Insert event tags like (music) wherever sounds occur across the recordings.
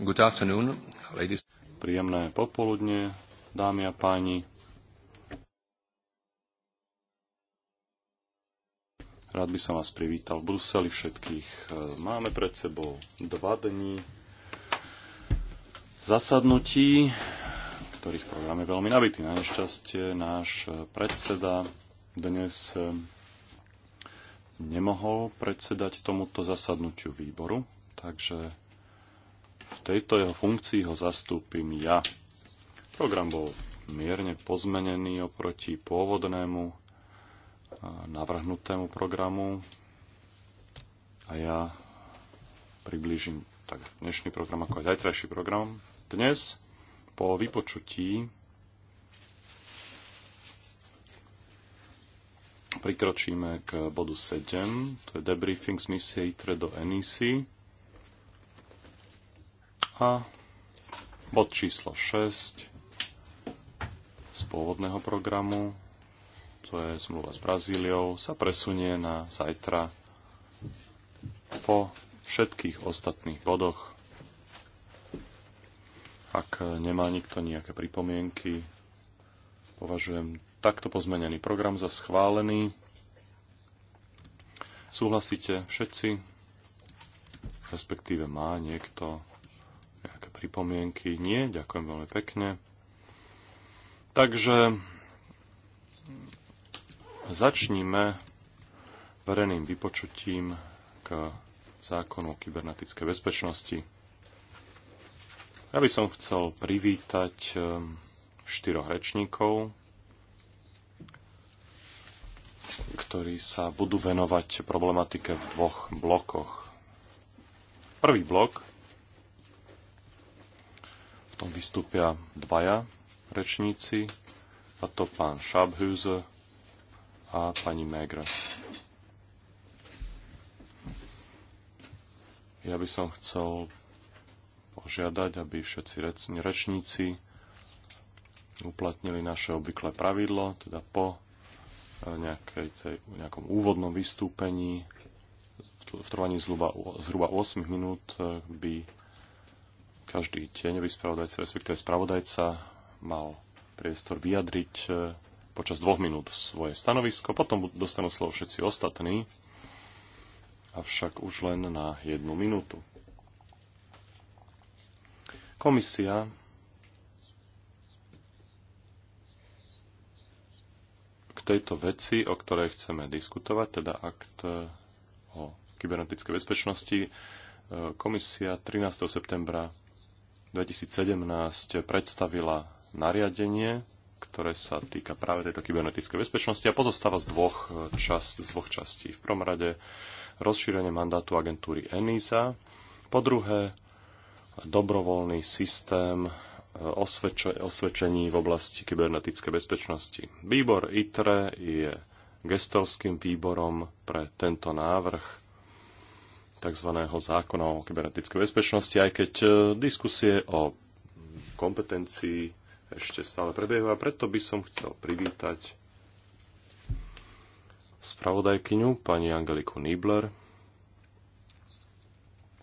Good afternoon, ladies. Príjemné popoludne, dámy a páni. Rád by som vás privítal v Bruseli všetkých. E, Máme pred sebou dva dni. zasadnutí, ktorých program je veľmi nabitý. Na nešťastie náš predseda dnes e, nemohol predsedať tomuto zasadnutiu výboru, takže v tejto jeho funkcii ho zastúpim ja. Program bol mierne pozmenený oproti pôvodnému navrhnutému programu a ja približím tak dnešný program ako aj zajtrajší program. Dnes po vypočutí prikročíme k bodu 7, to je debriefing z misie ITRE do NEC. A bod číslo 6 z pôvodného programu, to je zmluva s Brazíliou, sa presunie na zajtra po všetkých ostatných bodoch. Ak nemá nikto nejaké pripomienky, považujem takto pozmenený program za schválený. Súhlasíte všetci? Respektíve má niekto pripomienky? Nie, ďakujem veľmi pekne. Takže začníme verejným vypočutím k zákonu o kybernetickej bezpečnosti. Ja by som chcel privítať ehm, štyroch rečníkov, ktorí sa budú venovať problematike v dvoch blokoch. Prvý blok potom vystúpia dvaja rečníci, a to pán Schabhuse a pani Megre. Ja by som chcel požiadať, aby všetci rečníci uplatnili naše obvyklé pravidlo, teda po e, nejakej tej, nejakom úvodnom vystúpení v trvaní zhruba, zhruba 8 minút e, by každý tieňový spravodajca, respektíve spravodajca, mal priestor vyjadriť e, počas dvoch minút svoje stanovisko, potom dostanú slovo všetci ostatní, avšak už len na jednu minútu. Komisia k tejto veci, o ktorej chceme diskutovať, teda akt e, o kybernetickej bezpečnosti, e, komisia 13. septembra 2017 predstavila nariadenie, ktoré sa týka práve tejto kybernetickej bezpečnosti a pozostáva z dvoch, e, čas, z dvoch častí. V prvom rade rozšírenie mandátu agentúry ENISA, po druhé dobrovoľný systém e, osvedčení v oblasti kybernetickej bezpečnosti. Výbor ITRE je gestorským výborom pre tento návrh tzv. zákona o kybernetickej bezpečnosti, aj keď e, diskusie o kompetencii ešte stále prebiehajú a preto by som chcel privítať spravodajkyňu pani Angeliku Niebler.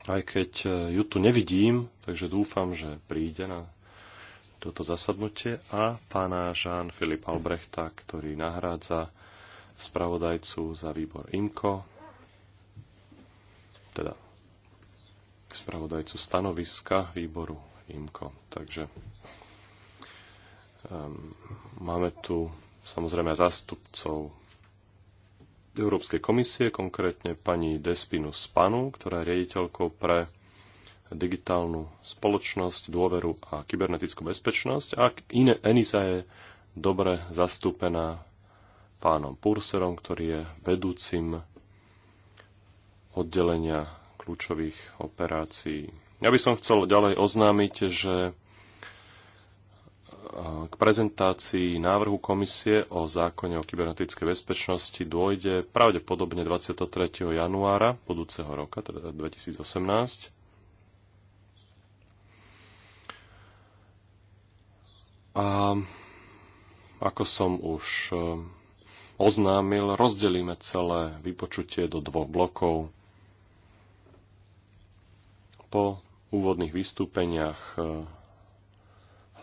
Aj keď e, ju tu nevidím, takže dúfam, že príde na toto zasadnutie a pána Jean-Philippe Albrechta, ktorý nahrádza spravodajcu za výbor IMCO, teda spravodajcu stanoviska výboru IMKO. Takže um, máme tu samozrejme zástupcov Európskej komisie, konkrétne pani Despinu Spanu, ktorá je riaditeľkou pre digitálnu spoločnosť, dôveru a kybernetickú bezpečnosť. A iné, ENISA je dobre zastúpená pánom Purserom, ktorý je vedúcim oddelenia kľúčových operácií. Ja by som chcel ďalej oznámiť, že e, k prezentácii návrhu komisie o zákone o kybernetickej bezpečnosti dôjde pravdepodobne 23. januára budúceho roka, teda 2018. A ako som už e, oznámil, rozdelíme celé vypočutie do dvoch blokov. Po úvodných vystúpeniach e,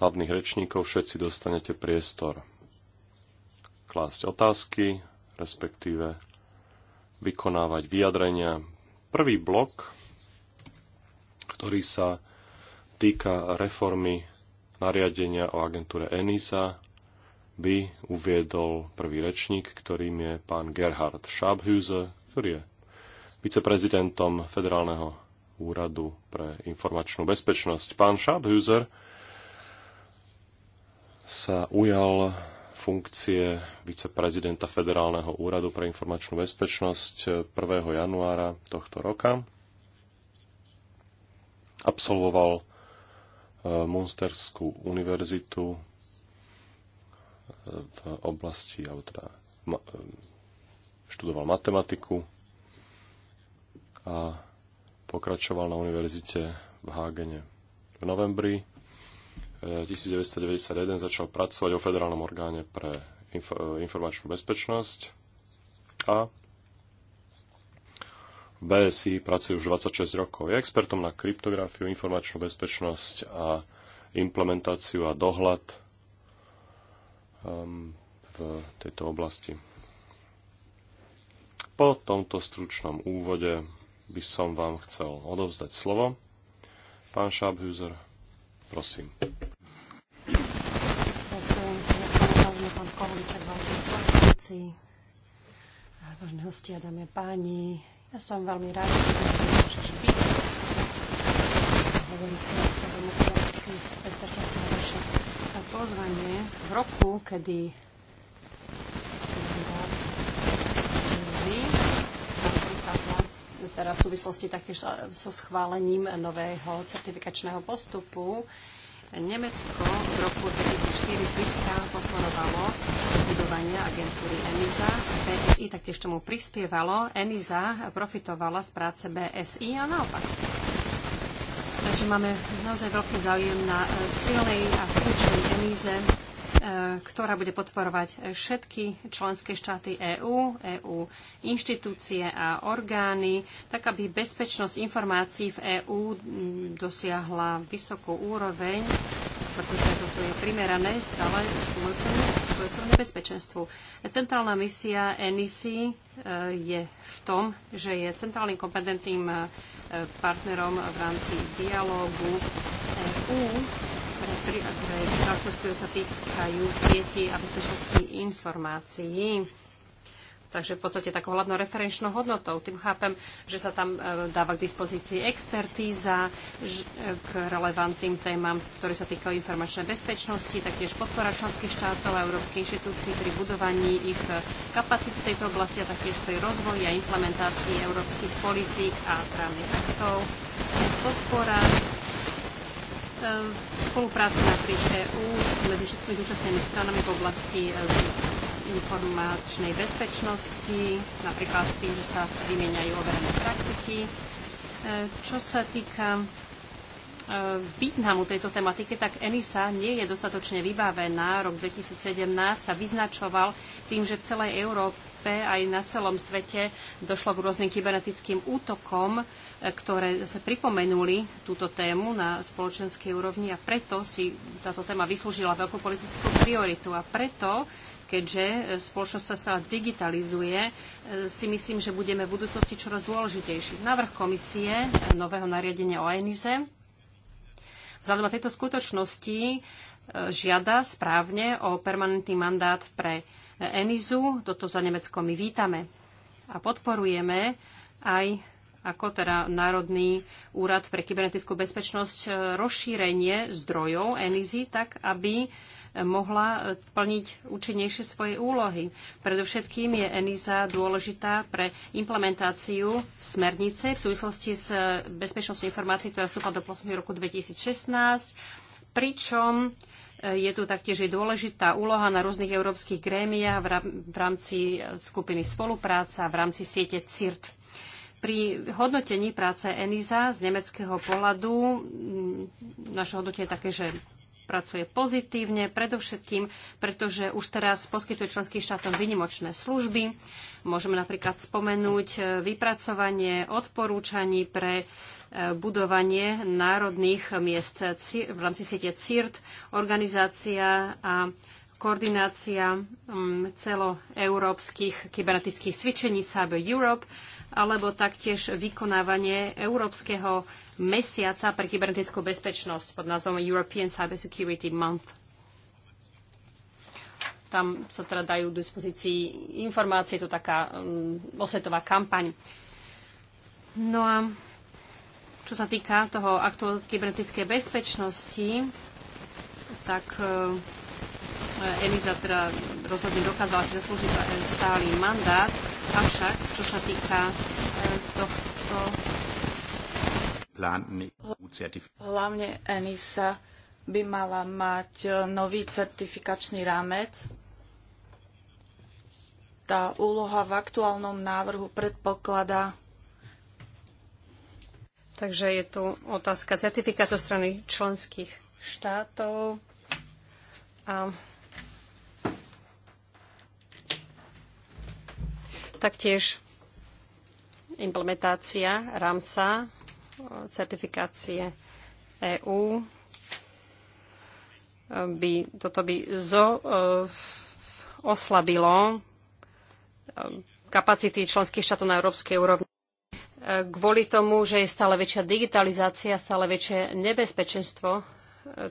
hlavných rečníkov všetci dostanete priestor klásť otázky, respektíve vykonávať vyjadrenia. Prvý blok, ktorý sa týka reformy nariadenia o agentúre ENISA, by uviedol prvý rečník, ktorým je pán Gerhard Schabhuse, ktorý je viceprezidentom Federálneho Úradu pre informačnú bezpečnosť. Pán Schabhuser sa ujal funkcie viceprezidenta Federálneho úradu pre informačnú bezpečnosť 1. januára tohto roka. Absolvoval e, Munsterskú univerzitu e, v oblasti, alebo teda e, študoval matematiku a pokračoval na univerzite v Hágene. V novembri 1991 eh, začal pracovať o federálnom orgáne pre eh, informačnú bezpečnosť a v BSI pracuje už 26 rokov. Je expertom na kryptografiu, informačnú bezpečnosť a implementáciu a dohľad ehm, v tejto oblasti. Po tomto stručnom úvode by som vám chcel odovzdať slovo. Pán Schabhuser, prosím. Vážení hostia, dámy a páni, ja som veľmi rád, že som sa môžeš byť. Hovoríte o ktorom bezpečnosti na vaše pozvanie v roku, kedy teda v súvislosti taktiež so schválením nového certifikačného postupu. Nemecko v roku 2004 zblízka podporovalo budovanie agentúry ENISA. BSI taktiež tomu prispievalo. ENISA profitovala z práce BSI a naopak. Takže máme naozaj veľký záujem na e, silnej a funkčnej ENISE E, ktorá bude podporovať všetky členské štáty EÚ, EÚ inštitúcie a orgány, tak aby bezpečnosť informácií v EÚ dosiahla vysokú úroveň, pretože toto je primerané stále svojcomu nebezpečenstvu. Centrálna misia ENISI e, je v tom, že je centrálnym kompetentným e, partnerom v rámci dialógu s EÚ tri teda záležitosti, ktoré sa týkajú sieti a bezpečnosti informácií. Takže v podstate takou hlavnou referenčnou hodnotou. Tým chápem, že sa tam e, dáva k dispozícii expertíza e, k relevantným témam, ktoré sa týkajú informačnej bezpečnosti, taktiež podpora členských štátov a európskych inštitúcií pri budovaní ich e, kapacity v tejto oblasti a taktiež pri rozvoji a implementácii európskych politík a právnych aktov, podpora E, spolupráca naprieč EÚ medzi všetkými zúčastnými stranami v oblasti e, informačnej bezpečnosti, napríklad s tým, že sa vymieňajú overené praktiky. E, čo sa týka významu tejto tematiky, tak ENISA nie je dostatočne vybavená. Rok 2017 sa vyznačoval tým, že v celej Európe aj na celom svete došlo k rôznym kybernetickým útokom ktoré sa pripomenuli túto tému na spoločenskej úrovni a preto si táto téma vyslúžila veľkú politickú prioritu. A preto, keďže spoločnosť sa stále digitalizuje, e, si myslím, že budeme v budúcnosti čoraz dôležitejší. Návrh komisie e, nového nariadenia o ENISE vzhľadom na tejto skutočnosti e, žiada správne o permanentný mandát pre ENISu. Toto za Nemecko my vítame a podporujeme aj ako teda Národný úrad pre kybernetickú bezpečnosť e, rozšírenie zdrojov ENISI tak, aby e, mohla e, plniť účinnejšie svoje úlohy. Predovšetkým je ENISA dôležitá pre implementáciu smernice v súvislosti s bezpečnosťou informácií, ktorá vstúpa do platnosti roku 2016, pričom je tu taktiež aj dôležitá úloha na rôznych európskych grémiách v rámci skupiny spolupráca, v rámci siete CIRT. Pri hodnotení práce ENISA z nemeckého pohľadu mm, naše hodnotenie je také, že pracuje pozitívne, predovšetkým, pretože už teraz poskytuje členským štátom vynimočné služby. Môžeme napríklad spomenúť e, vypracovanie odporúčaní pre e, budovanie národných miest v rámci siete CIRT, organizácia a koordinácia mm, celoeurópskych kybernetických cvičení Cyber Europe alebo taktiež vykonávanie Európskeho mesiaca pre kybernetickú bezpečnosť pod názvom European Cybersecurity Month. Tam sa teda dajú k dispozícii informácie, je to taká um, osvetová kampaň. No a čo sa týka toho aktu kybernetickej bezpečnosti, tak uh, Eliza teda rozhodne dokázala si zaslúžiť stály mandát Avšak, čo sa týka e, tohto hlavne ENISA by mala mať e, nový certifikačný rámec. Tá úloha v aktuálnom návrhu predpokladá Takže je tu otázka certifikácie zo strany členských štátov. A Taktiež implementácia rámca e, certifikácie EÚ e, by, toto by zo, e, oslabilo kapacity členských štátov na európskej úrovni kvôli tomu, že je stále väčšia digitalizácia, stále väčšie nebezpečenstvo,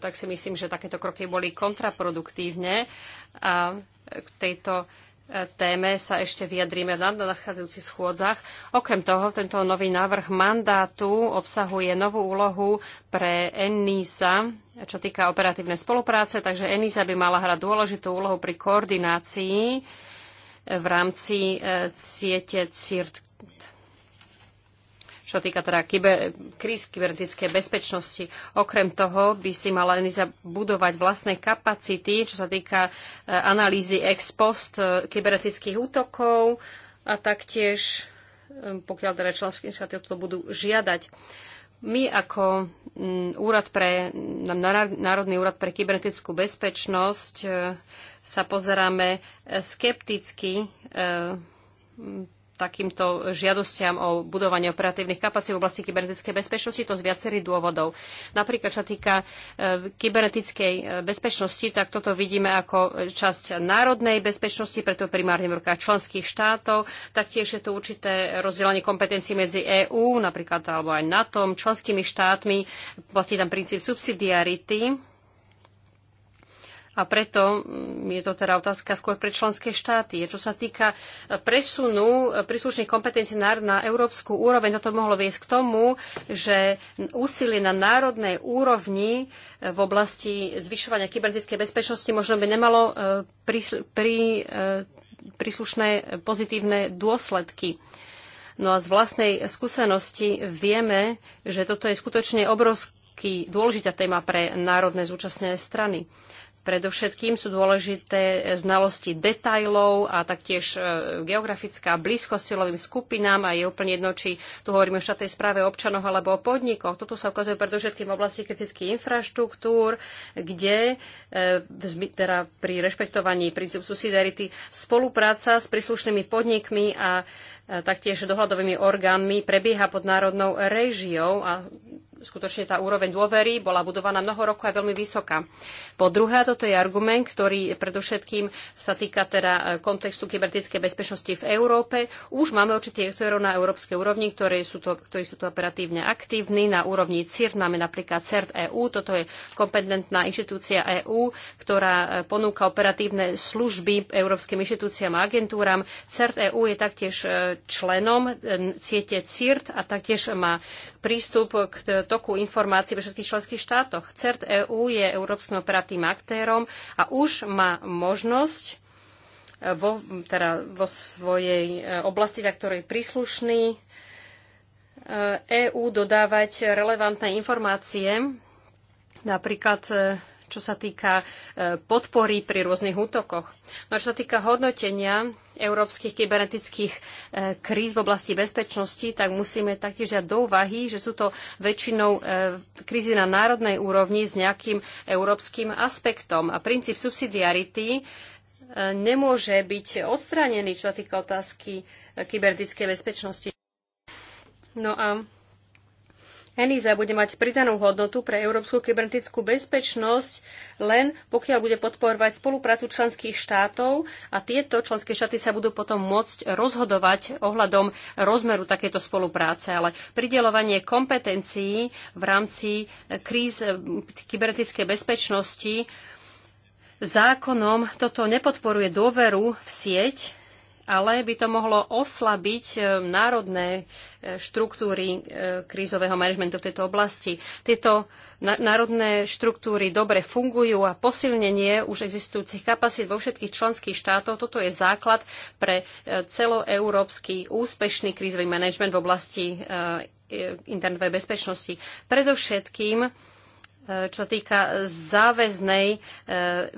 tak si myslím, že takéto kroky boli kontraproduktívne a k tejto téme sa ešte vyjadríme na nadchádzajúcich schôdzach. Okrem toho, tento nový návrh mandátu obsahuje novú úlohu pre ENISA, čo týka operatívnej spolupráce, takže ENISA by mala hrať dôležitú úlohu pri koordinácii v rámci e, siete CIRT čo týka teda kyber, kríz kybernetickej bezpečnosti. Okrem toho by si mala Eniza budovať vlastné kapacity, čo sa týka e, analýzy ex post e, kybernetických útokov a taktiež, e, pokiaľ teda členské štáty o to budú žiadať. My ako úrad pre, Národný úrad pre kybernetickú bezpečnosť sa pozeráme skepticky takýmto žiadostiam o budovanie operatívnych kapacít v oblasti kybernetickej bezpečnosti, to z viacerých dôvodov. Napríklad, čo týka e, kybernetickej e, bezpečnosti, tak toto vidíme ako časť národnej bezpečnosti, preto primárne v rukách členských štátov. Taktiež je tu určité rozdelenie kompetencií medzi EÚ, napríklad alebo aj NATO, členskými štátmi. Platí tam princíp subsidiarity a preto mm, je to teda otázka skôr pre členské štáty. Čo sa týka e, presunu e, príslušných kompetencií na, európsku úroveň, toto mohlo viesť k tomu, že úsilie na národnej úrovni e, v oblasti zvyšovania kybernetickej bezpečnosti možno by nemalo pri, príslušné pozitívne dôsledky. No a z vlastnej skúsenosti vieme, že toto je skutočne obrovský dôležitá téma pre národné zúčastnené strany. Predovšetkým sú dôležité znalosti detajlov a taktiež e, geografická blízkosť silovým skupinám a je úplne jedno, či tu hovoríme o štátnej správe o občanoch alebo o podnikoch. Toto sa ukazuje predovšetkým v oblasti kritických infraštruktúr, kde e, teda pri rešpektovaní princípu subsidiarity spolupráca s príslušnými podnikmi a e, taktiež dohľadovými orgánmi prebieha pod národnou režiou a skutočne tá úroveň dôvery bola budovaná mnoho rokov a veľmi vysoká. Po druhé, toto je argument, ktorý predovšetkým sa týka teda e, kontextu kybernetickej bezpečnosti v Európe. Už máme určitých aktérov na európskej úrovni, ktorí sú, to, ktorí sú tu operatívne aktívni. Na úrovni CIRT máme napríklad CERT EU, toto je kompetentná inštitúcia EU, ktorá e, ponúka operatívne služby európskym inštitúciám a agentúram. CERT EU je taktiež e, členom siete CIRT a taktiež má prístup k toku informácií vo všetkých členských štátoch. CERT EU je európskym operatívnym aktérom a už má možnosť e, vo, teda vo svojej e, oblasti, za ktorej príslušný EÚ e dodávať relevantné informácie, napríklad čo sa týka e, podpory pri rôznych útokoch. No a čo sa týka hodnotenia európskych kybernetických e, kríz v oblasti bezpečnosti, tak musíme taktiež dať do úvahy, že sú to väčšinou e, krízy na národnej úrovni s nejakým európskym aspektom. A princíp subsidiarity nemôže byť odstránený, čo sa týka otázky kybernetickej bezpečnosti. No a ENISA bude mať pridanú hodnotu pre európsku kybernetickú bezpečnosť len pokiaľ bude podporovať spoluprácu členských štátov a tieto členské štáty sa budú potom môcť rozhodovať ohľadom rozmeru takéto spolupráce. Ale pridelovanie kompetencií v rámci eh, kríz eh, kybernetickej bezpečnosti zákonom toto nepodporuje dôveru v sieť ale by to mohlo oslabiť e, národné e, štruktúry e, krízového manažmentu v tejto oblasti. Tieto národné štruktúry dobre fungujú a posilnenie už existujúcich kapacít vo všetkých členských štátoch, toto je základ pre celoeurópsky úspešný krízový manažment v oblasti internetovej bezpečnosti. Predovšetkým čo týka záväznej e,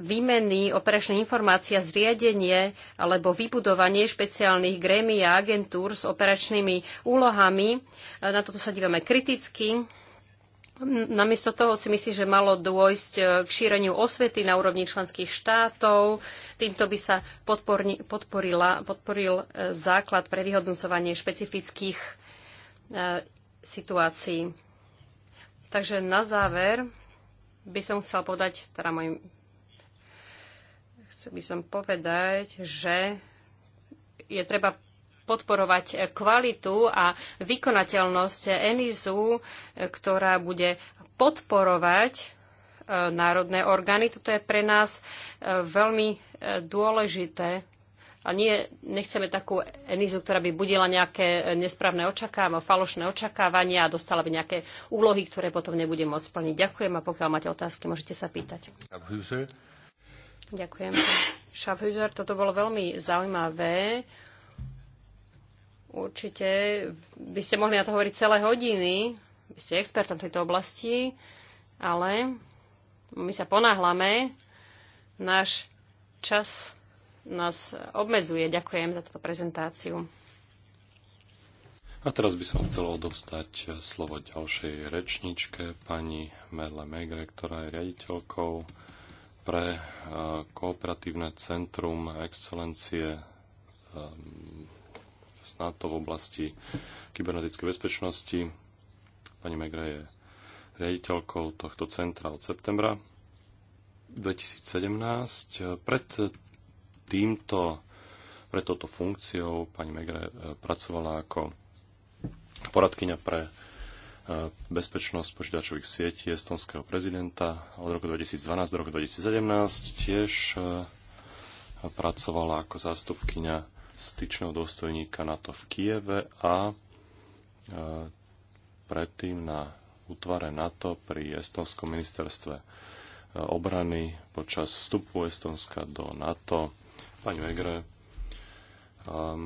výmeny operačnej informácia, zriadenie alebo vybudovanie špeciálnych grémy a agentúr s operačnými úlohami. E, na toto sa dívame kriticky. Namiesto toho si myslí, že malo dôjsť e, k šíreniu osvety na úrovni členských štátov. Týmto by sa podporila, podporil základ pre vyhodnocovanie špecifických situácií. Takže na záver by som chcel podať, teda môj, chcel by som povedať, že je treba podporovať kvalitu a vykonateľnosť ENISu, ktorá bude podporovať e, národné orgány. Toto je pre nás e, veľmi e, dôležité. A nie, nechceme takú Enizu, ktorá by budila nejaké nesprávne očakávania, falošné očakávania a dostala by nejaké úlohy, ktoré potom nebude môcť splniť. Ďakujem a pokiaľ máte otázky, môžete sa pýtať. Schaffhüser. Ďakujem. Schaffhüser, toto bolo veľmi zaujímavé. Určite by ste mohli na to hovoriť celé hodiny. Vy ste expertom v tejto oblasti, ale my sa ponáhlame. Náš čas nás obmedzuje. Ďakujem za túto prezentáciu. A teraz by som chcel odovstať slovo ďalšej rečničke, pani Merle Megre, ktorá je riaditeľkou pre eh, Kooperatívne centrum excelencie snad eh, to v oblasti kybernetickej bezpečnosti. Pani Megre je riaditeľkou tohto centra od septembra 2017. Pred týmto, pre touto funkciou pani Megre e, pracovala ako poradkyňa pre e, bezpečnosť počítačových sietí estonského prezidenta od roku 2012 do roku 2017. Tiež e, pracovala ako zástupkyňa styčného dôstojníka NATO v Kieve a predtým na útvare NATO pri Estonskom ministerstve obrany počas vstupu Estonska do NATO pani Megre um, ehm,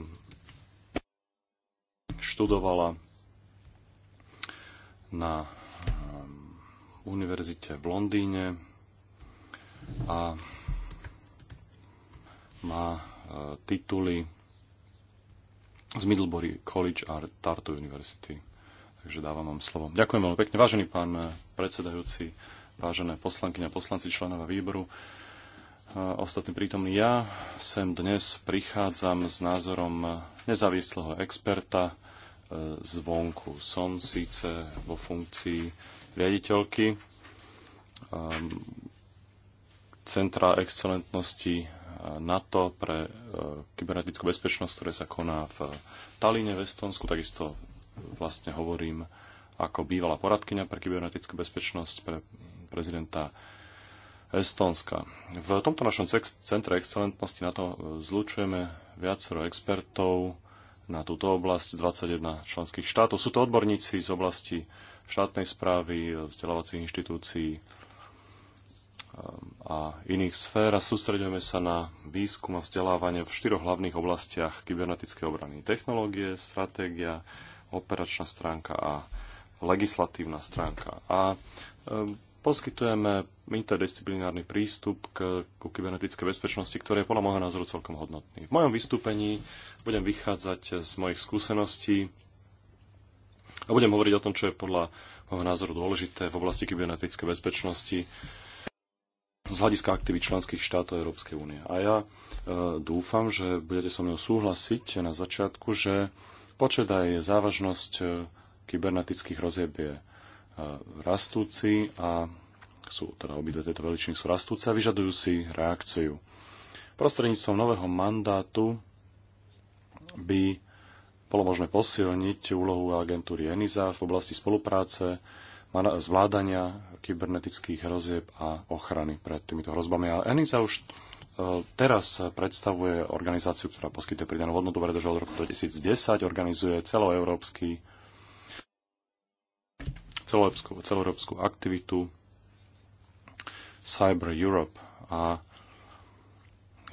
študovala na um, univerzite v Londýne a má uh, tituly z Middlebury College a Tartu University. Takže dávam vám slovo. Ďakujem veľmi pekne. Vážený pán predsedajúci, vážené a poslanci, členova výboru ostatní prítomní. Ja sem dnes prichádzam s názorom nezávislého experta e, zvonku. Som síce vo funkcii riaditeľky e, Centra excelentnosti NATO pre e, kybernetickú bezpečnosť, ktoré sa koná v Talíne v Estonsku. Takisto vlastne hovorím ako bývalá poradkyňa pre kybernetickú bezpečnosť pre prezidenta Estonska. V tomto našom centre excelentnosti na to e, zlučujeme viacero expertov na túto oblasť 21 členských štátov. Sú to odborníci z oblasti štátnej správy, vzdelávacích inštitúcií e, a iných sfér a sústredujeme sa na výskum a vzdelávanie v štyroch hlavných oblastiach kybernetickej obrany. Technológie, stratégia, operačná stránka a legislatívna stránka. A e, poskytujeme interdisciplinárny prístup k, ku kybernetickej bezpečnosti, ktorý je podľa môjho názoru celkom hodnotný. V mojom vystúpení budem vychádzať z mojich skúseností a budem hovoriť o tom, čo je podľa môjho názoru dôležité v oblasti kybernetickej bezpečnosti z hľadiska aktivít členských štátov Európskej únie. A ja e, dúfam, že budete so mnou súhlasiť na začiatku, že počet aj závažnosť e, kybernetických rozjeb je E, rastúci a sú, teda obidve tieto veličiny sú rastúce a vyžadujú si reakciu. Prostredníctvom nového mandátu by bolo možné posilniť úlohu agentúry ENISA v oblasti spolupráce, zvládania kybernetických hrozieb a ochrany pred týmito hrozbami. A ENISA už e, teraz predstavuje organizáciu, ktorá poskytuje pridanú hodnotu, pretože od roku 2010 organizuje celoeurópsky celoeurópsku, aktivitu Cyber Europe. A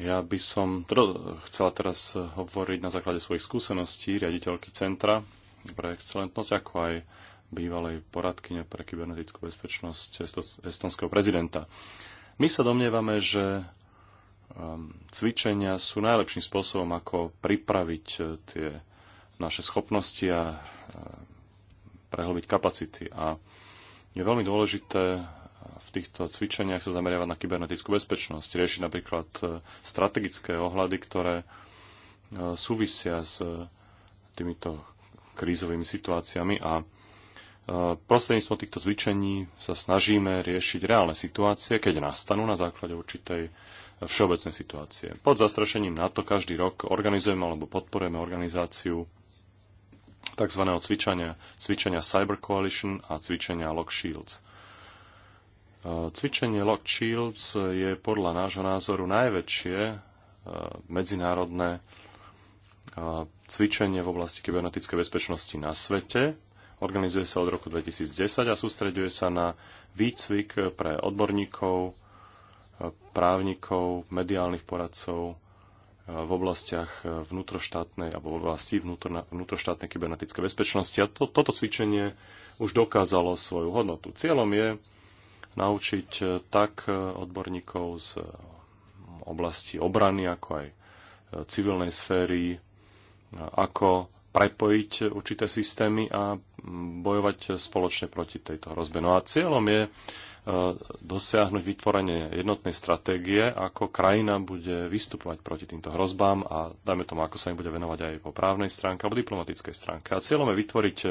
ja by som teda chcela teraz hovoriť na základe svojich skúseností riaditeľky Centra pre excelentnosť, ako aj bývalej poradkyne pre kybernetickú bezpečnosť estonského prezidenta. My sa domnievame, že um, cvičenia sú najlepším spôsobom, ako pripraviť eh, tie naše schopnosti a eh, prehlbiť kapacity. A je veľmi dôležité v týchto cvičeniach sa zameriavať na kybernetickú bezpečnosť, riešiť napríklad e, strategické ohľady, ktoré e, súvisia s e, týmito krízovými situáciami a prostredníctvom týchto zvyčení sa snažíme riešiť reálne situácie, keď nastanú na základe určitej všeobecnej situácie. Pod zastrašením NATO každý rok organizujeme alebo podporujeme organizáciu tzv. cvičenia, cvičenia Cyber Coalition a cvičenia Lock Shields. E, cvičenie Lock Shields je podľa nášho názoru najväčšie e, medzinárodné e, cvičenie v oblasti kybernetickej bezpečnosti na svete. Organizuje sa od roku 2010 a sústreďuje sa na výcvik pre odborníkov, právnikov, mediálnych poradcov, v oblastiach vnútroštátnej alebo v oblasti vnútroštátnej kybernetickej bezpečnosti. A to, toto cvičenie už dokázalo svoju hodnotu. Cieľom je naučiť tak odborníkov z oblasti obrany, ako aj civilnej sféry, ako prepojiť určité systémy a bojovať spoločne proti tejto hrozbe. No a cieľom je e, dosiahnuť vytvorenie jednotnej stratégie, ako krajina bude vystupovať proti týmto hrozbám a dajme tomu, ako sa im bude venovať aj po právnej stránke alebo diplomatickej stránke. A cieľom je vytvoriť e,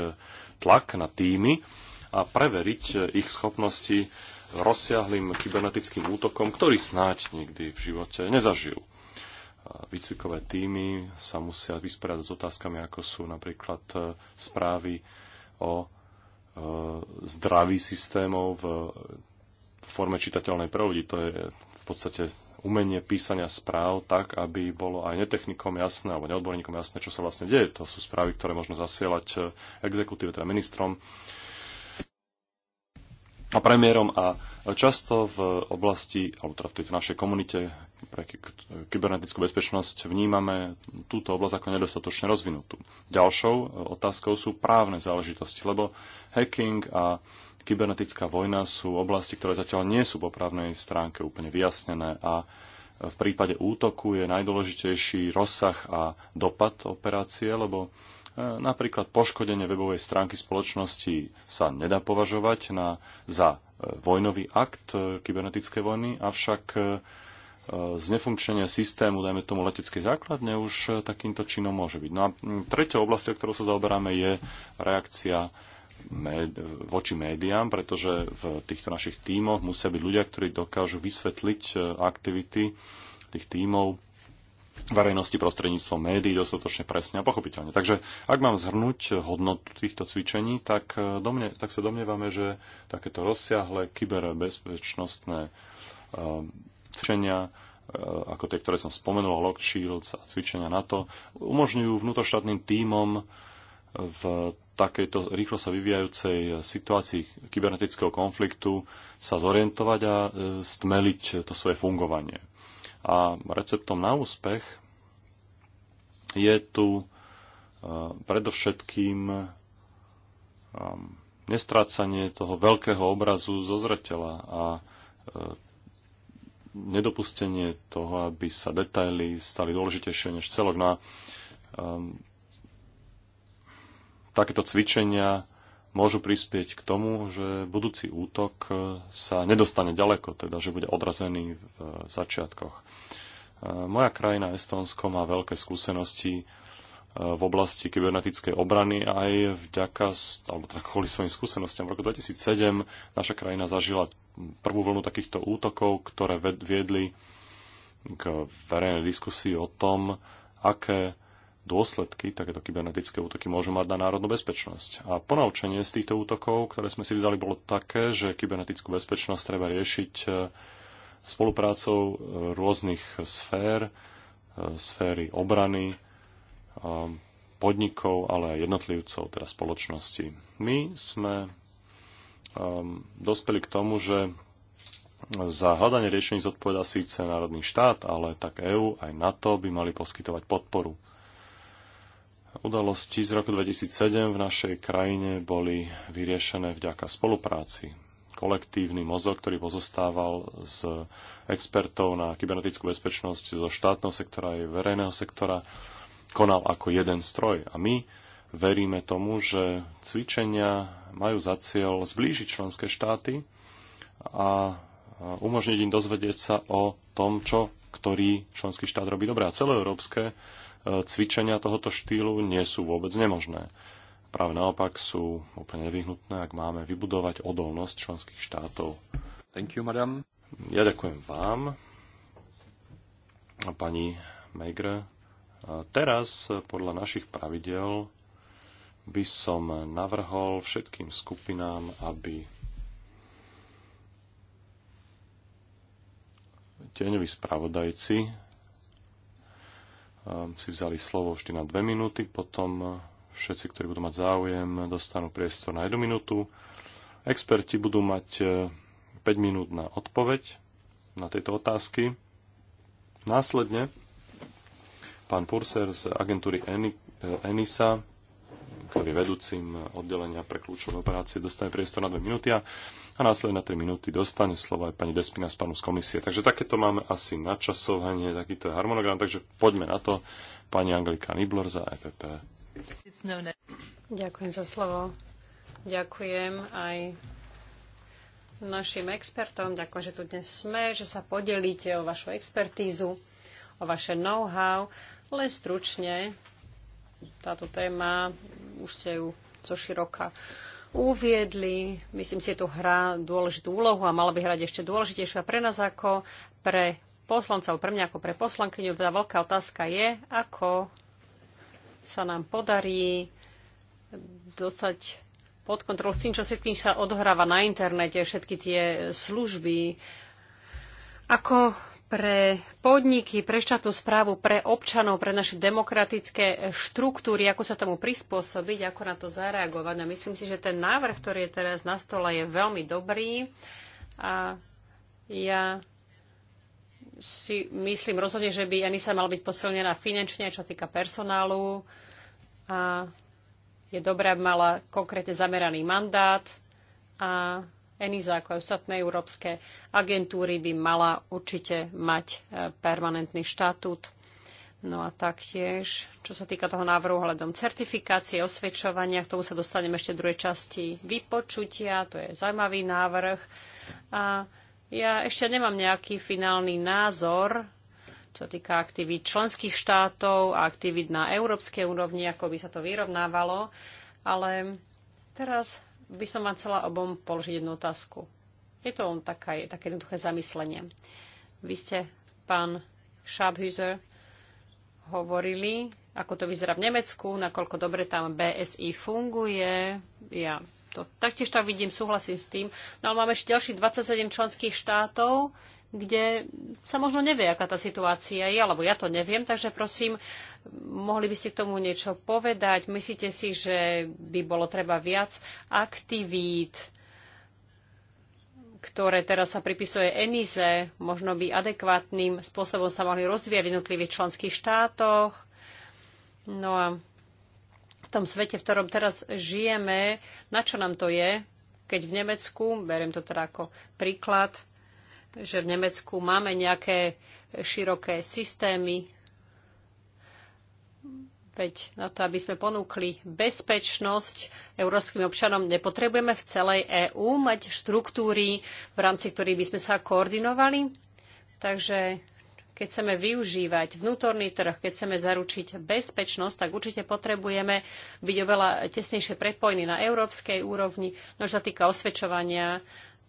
tlak na týmy a preveriť e, ich schopnosti rozsiahlým kybernetickým útokom, ktorý snáď nikdy v živote nezažijú výcvikové týmy sa musia vysporiadať s otázkami, ako sú napríklad e, správy o e, zdraví systémov v forme čitateľnej pravdy. To je v podstate umenie písania správ tak, aby bolo aj netechnikom jasné alebo neodborníkom jasné, čo sa vlastne deje. To sú správy, ktoré možno zasielať e, exekutíve, teda ministrom a premiérom a Často v oblasti, alebo teda v tejto našej komunite pre kybernetickú bezpečnosť vnímame túto oblasť ako nedostatočne rozvinutú. Ďalšou e, otázkou sú právne záležitosti, lebo hacking a kybernetická vojna sú oblasti, ktoré zatiaľ nie sú po právnej stránke úplne vyjasnené a e, v prípade útoku je najdôležitejší rozsah a dopad operácie, lebo Napríklad poškodenie webovej stránky spoločnosti sa nedá považovať na, za e, vojnový akt e, kybernetickej vojny, avšak e, znefunkčenie systému, dajme tomu leteckej základne, už takýmto činom môže byť. No a tretia oblasť, ktorou sa zaoberáme, je reakcia voči médiám, pretože v týchto našich tímoch musia byť ľudia, ktorí dokážu vysvetliť aktivity tých tímov verejnosti prostredníctvom médií dostatočne presne a pochopiteľne. Takže ak mám zhrnúť hodnotu týchto cvičení, tak, eh, mne, tak sa domnievame, že takéto rozsiahle kyberbezpečnostné eh, cvičenia eh, ako tie, ktoré som spomenul, Lock Shields a cvičenia na to, umožňujú vnútroštátnym tímom v takejto rýchlo sa vyvíjajúcej situácii kybernetického konfliktu sa zorientovať a stmeliť to svoje fungovanie. A receptom na úspech je tu e, predovšetkým e, nestrácanie toho veľkého obrazu zo zretela a e, nedopustenie toho, aby sa detaily stali dôležitejšie než celok. No a um, takéto cvičenia môžu prispieť k tomu, že budúci útok e, sa nedostane ďaleko, teda že bude odrazený v e, začiatkoch. E, moja krajina Estónsko má veľké skúsenosti v oblasti kybernetickej obrany a aj vďaka, alebo teda kvôli svojim skúsenostiam v roku 2007 naša krajina zažila prvú vlnu takýchto útokov, ktoré viedli k verejnej diskusii o tom, aké dôsledky takéto kybernetické útoky môžu mať na národnú bezpečnosť. A ponaučenie z týchto útokov, ktoré sme si vzali, bolo také, že kybernetickú bezpečnosť treba riešiť e, spoluprácou e, rôznych sfér, e, sféry obrany, podnikov, ale aj jednotlivcov, teda spoločnosti. My sme dospeli k tomu, že za hľadanie riešení zodpoveda síce národný štát, ale tak EÚ aj NATO by mali poskytovať podporu. Udalosti z roku 2007 v našej krajine boli vyriešené vďaka spolupráci. Kolektívny mozog, ktorý pozostával z expertov na kybernetickú bezpečnosť zo štátneho sektora aj verejného sektora, konal ako jeden stroj. A my veríme tomu, že cvičenia majú za cieľ zblížiť členské štáty a umožniť im dozvedieť sa o tom, čo ktorý členský štát robí dobre. A celoeurópske cvičenia tohoto štýlu nie sú vôbec nemožné. Práve naopak sú úplne nevyhnutné, ak máme vybudovať odolnosť členských štátov. Thank you, madam. Ja ďakujem vám, pani Megre. Teraz, podľa našich pravidel, by som navrhol všetkým skupinám, aby tieňoví spravodajci Ehm, si vzali slovo vždy na dve minúty, potom eh, všetci, ktorí budú mať záujem, dostanú priestor na jednu minútu. Experti budú mať 5 eh, minút na odpoveď na tejto otázky. Následne pán Purser z agentúry eh, ENISA ktorý je vedúcim oddelenia pre kľúčové operácie, dostane priestor na 2 minúty a, a následne na 3 minúty dostane slovo aj pani Despina z pánu z komisie. Takže takéto máme asi načasovanie, takýto je harmonogram, takže poďme na to. Pani Angelika Nibler za EPP. Ďakujem za slovo. Ďakujem aj našim expertom. Ďakujem, že tu dnes sme, že sa podelíte o vašu expertízu, o vaše know-how. Len stručne táto téma, už ste ju zo široka uviedli. Myslím si, že tu hrá dôležitú úlohu a mala by hrať ešte dôležitejšia pre nás ako pre poslancov. Pre mňa ako pre poslankyňu tá teda veľká otázka je, ako sa nám podarí dostať pod kontrolu s tým, čo všetkým sa odohráva na internete, všetky tie služby. Ako pre podniky, pre štátnu správu, pre občanov, pre naše demokratické štruktúry, ako sa tomu prispôsobiť, ako na to zareagovať. A myslím si, že ten návrh, ktorý je teraz na stole, je veľmi dobrý. A ja si myslím rozhodne, že by ani sa mala byť posilnená finančne, čo týka personálu. A je dobré, aby mala konkrétne zameraný mandát. A ENISA ako aj ostatné európske agentúry by mala určite mať e, permanentný štatút. No a taktiež, čo sa týka toho návrhu hľadom certifikácie, osvedčovania, k tomu sa dostaneme ešte v druhej časti vypočutia, to je zaujímavý návrh. A ja ešte nemám nejaký finálny názor, čo týka aktivít členských štátov a aktivít na európskej úrovni, ako by sa to vyrovnávalo, ale teraz by som vám chcela obom položiť jednu otázku. Je to on taká, také jednoduché zamyslenie. Vy ste, pán Schabhüzer, hovorili, ako to vyzerá v Nemecku, nakoľko dobre tam BSI funguje. Ja to taktiež tak vidím, súhlasím s tým. No ale máme ešte ďalších 27 členských štátov, kde sa možno nevie, aká tá situácia je, alebo ja to neviem, takže prosím, mohli by ste k tomu niečo povedať? Myslíte si, že by bolo treba viac aktivít, ktoré teraz sa pripisuje ENIZE, možno by adekvátnym spôsobom sa mohli rozvíjať v jednotlivých členských štátoch? No a v tom svete, v ktorom teraz žijeme, na čo nám to je, keď v Nemecku, beriem to teda ako príklad, že v Nemecku máme nejaké široké systémy, veď na to, aby sme ponúkli bezpečnosť európskym občanom, nepotrebujeme v celej EÚ mať štruktúry, v rámci ktorých by sme sa koordinovali. Takže keď chceme využívať vnútorný trh, keď chceme zaručiť bezpečnosť, tak určite potrebujeme byť oveľa tesnejšie prepojení na európskej úrovni. No, čo sa týka osvedčovania,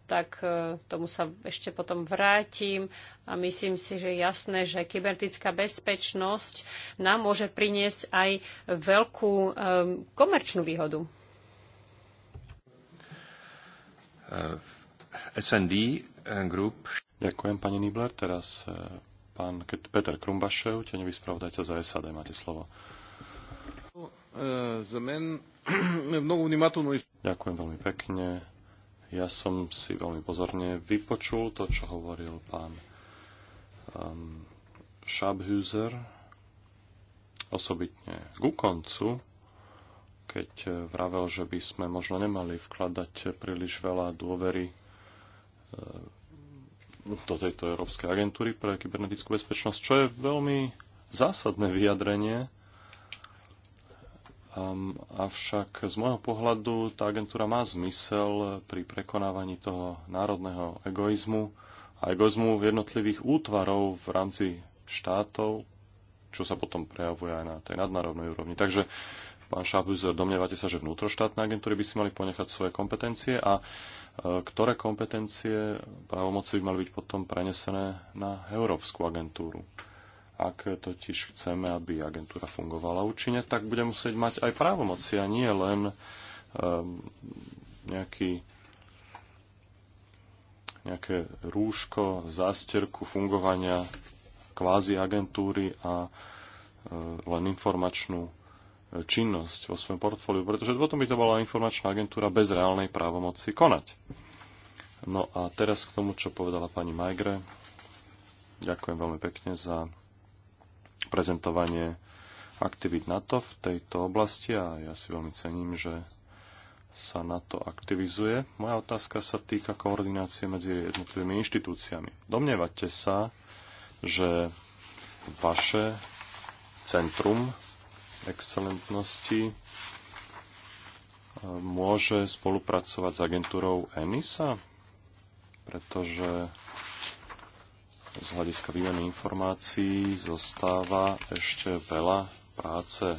tak e, tomu sa ešte potom vrátim a myslím si, že je jasné, že kybernetická bezpečnosť nám môže priniesť aj veľkú e, komerčnú výhodu. E, SND Group. Ďakujem, pani Nibler. Teraz pán Peter Krumbašev, teňový spravodajca za SAD. Máte slovo. (clears throat) Ďakujem veľmi pekne ja som si veľmi pozorne vypočul to, čo hovoril pán um, Schabhuser, osobitne ku koncu, keď eh, vravel, že by sme možno nemali vkladať príliš veľa dôvery eh, do tejto Európskej agentúry pre kybernetickú bezpečnosť, čo je veľmi zásadné vyjadrenie, Um, avšak z môjho pohľadu tá agentúra má zmysel pri prekonávaní toho národného egoizmu a egoizmu jednotlivých útvarov v rámci štátov, čo sa potom prejavuje aj na tej nadnárodnej úrovni. Takže, pán Šabuzer, domnievate sa, že vnútroštátne agentúry by si mali ponechať svoje kompetencie a e, ktoré kompetencie právomoci by mali byť potom prenesené na Európsku agentúru? Ak totiž chceme, aby agentúra fungovala účinne, tak bude musieť mať aj právomoci a nie len um, nejaký, nejaké rúško, zásterku fungovania kvázi agentúry a e, len informačnú e, činnosť vo svojom portfóliu, pretože potom by to bola informačná agentúra bez reálnej právomoci konať. No a teraz k tomu, čo povedala pani Majgre. Ďakujem veľmi pekne za prezentovanie aktivít NATO v tejto oblasti a ja si veľmi cením, že sa NATO aktivizuje. Moja otázka sa týka koordinácie medzi jednotlivými inštitúciami. Domnievate sa, že vaše centrum excelentnosti e, môže spolupracovať s agentúrou ENISA, pretože z hľadiska výmeny informácií zostáva ešte veľa práce e,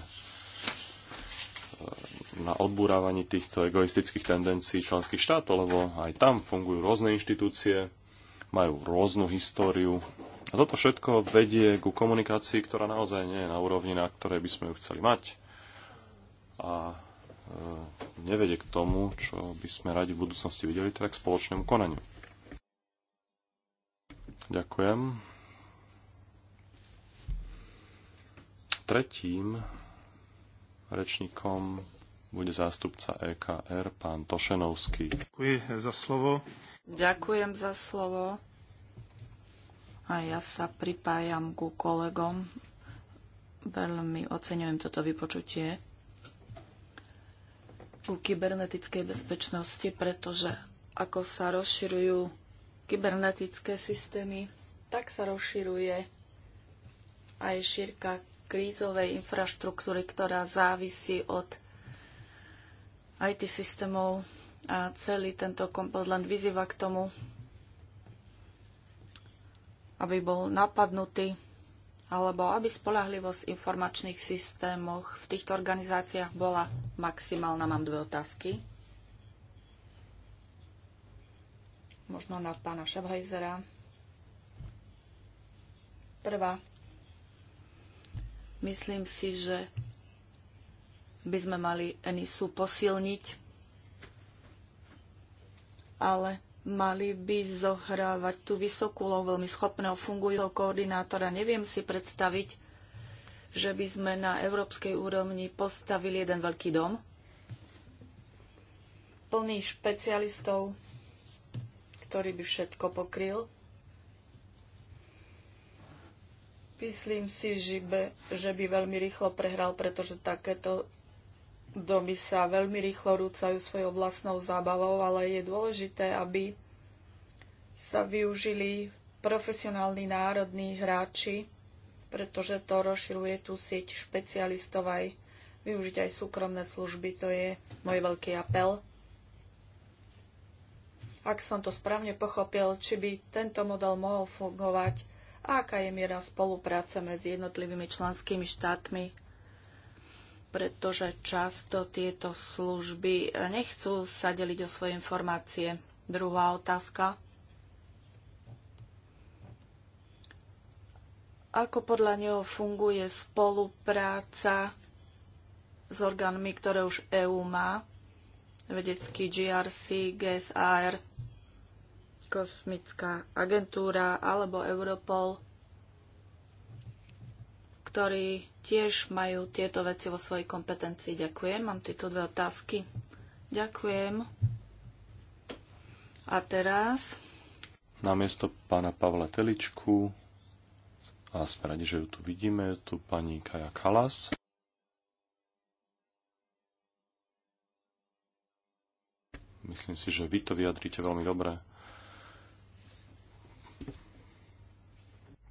na odburávaní týchto egoistických tendencií členských štátov, lebo aj tam fungujú rôzne inštitúcie, majú rôznu históriu. A toto všetko vedie ku komunikácii, ktorá naozaj nie je na úrovni, na ktorej by sme ju chceli mať. A e, nevedie k tomu, čo by sme radi v budúcnosti videli, teda k spoločnému konaniu. Ďakujem. Tretím rečníkom bude zástupca EKR, pán Tošenovský. Ďakujem za slovo. Ďakujem za slovo. A ja sa pripájam ku kolegom. Veľmi oceňujem toto vypočutie ku kybernetickej bezpečnosti, pretože ako sa rozširujú kybernetické systémy, tak sa rozširuje aj šírka krízovej infraštruktúry, ktorá závisí od IT systémov a celý tento komplet len vyzýva k tomu, aby bol napadnutý alebo aby spolahlivosť informačných systémoch v týchto organizáciách bola maximálna. Mám dve otázky. možno na pána Šabhajzera. Prvá. Myslím si, že by sme mali Enisu posilniť, ale mali by zohrávať tú vysokú lov veľmi schopného fungujúceho koordinátora. Neviem si predstaviť, že by sme na európskej úrovni postavili jeden veľký dom plný špecialistov, ktorý by všetko pokryl. Myslím si, že by, že by veľmi rýchlo prehral, pretože takéto domy sa veľmi rýchlo rúcajú svojou vlastnou zábavou, ale je dôležité, aby sa využili profesionálni národní hráči, pretože to rozširuje tú sieť špecialistov aj využiť aj súkromné služby. To je môj veľký apel ak som to správne pochopil, či by tento model mohol fungovať a aká je miera spolupráce medzi jednotlivými členskými štátmi, pretože často tieto služby nechcú sa deliť o svoje informácie. Druhá otázka. Ako podľa neho funguje spolupráca s orgánmi, ktoré už EÚ má? vedecký GRC, GSAR kosmická agentúra alebo Europol, ktorí tiež majú tieto veci vo svojej kompetencii. Ďakujem. Mám tieto dve otázky. Ďakujem. A teraz... na miesto pána Pavla Teličku a sme radi, že ju tu vidíme, tu pani Kaja Kalas. Myslím si, že vy to vyjadrite veľmi dobre.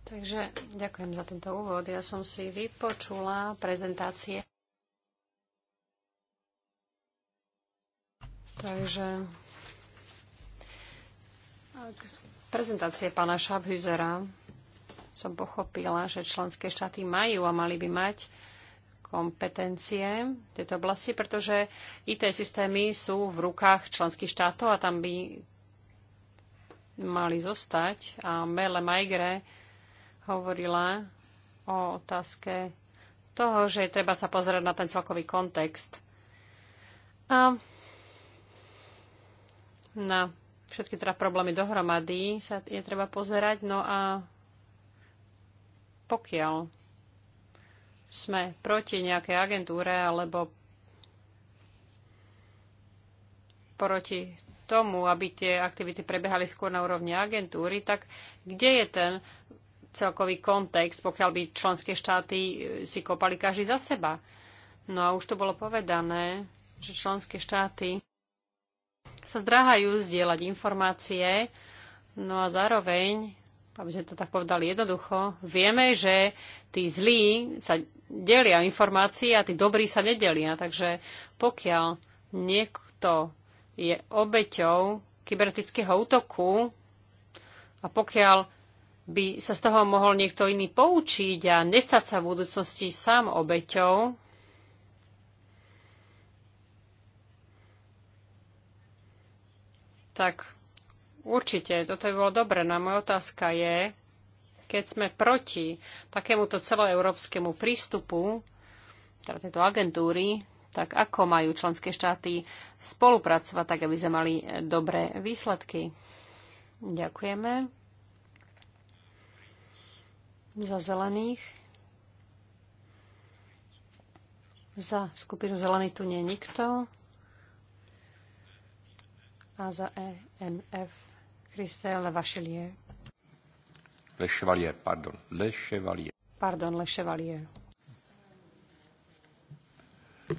Takže ďakujem za tento úvod. Ja som si vypočula prezentácie. Takže prezentácie pána Šabhüzera som pochopila, že členské štáty majú a mali by mať kompetencie v tejto oblasti, pretože IT systémy sú v rukách členských štátov a tam by mali zostať. A Mele Maigre hovorila o otázke toho, že treba sa pozerať na ten celkový kontext a na všetky teda problémy dohromady sa je treba pozerať. No a pokiaľ sme proti nejakej agentúre alebo proti tomu, aby tie aktivity prebehali skôr na úrovni agentúry, tak kde je ten celkový kontext, pokiaľ by členské štáty e, si kopali každý za seba. No a už to bolo povedané, že členské štáty sa zdráhajú zdieľať informácie, no a zároveň, aby sme to tak povedali jednoducho, vieme, že tí zlí sa delia informácie a tí dobrí sa nedelia. Takže pokiaľ niekto je obeťou kybernetického útoku a pokiaľ by sa z toho mohol niekto iný poučiť a nestať sa v budúcnosti sám obeťou. Tak určite, toto by bolo dobre. No moja otázka je, keď sme proti takémuto celoeurópskemu prístupu, teda tejto agentúry, tak ako majú členské štáty spolupracovať, tak aby sme mali dobré výsledky. Ďakujeme za zelených. Za skupinu zelených tu nie je nikto. A za ENF Le Vachelier. Le Chevalier, pardon. Le Chevalier. Pardon, Le Chevalier.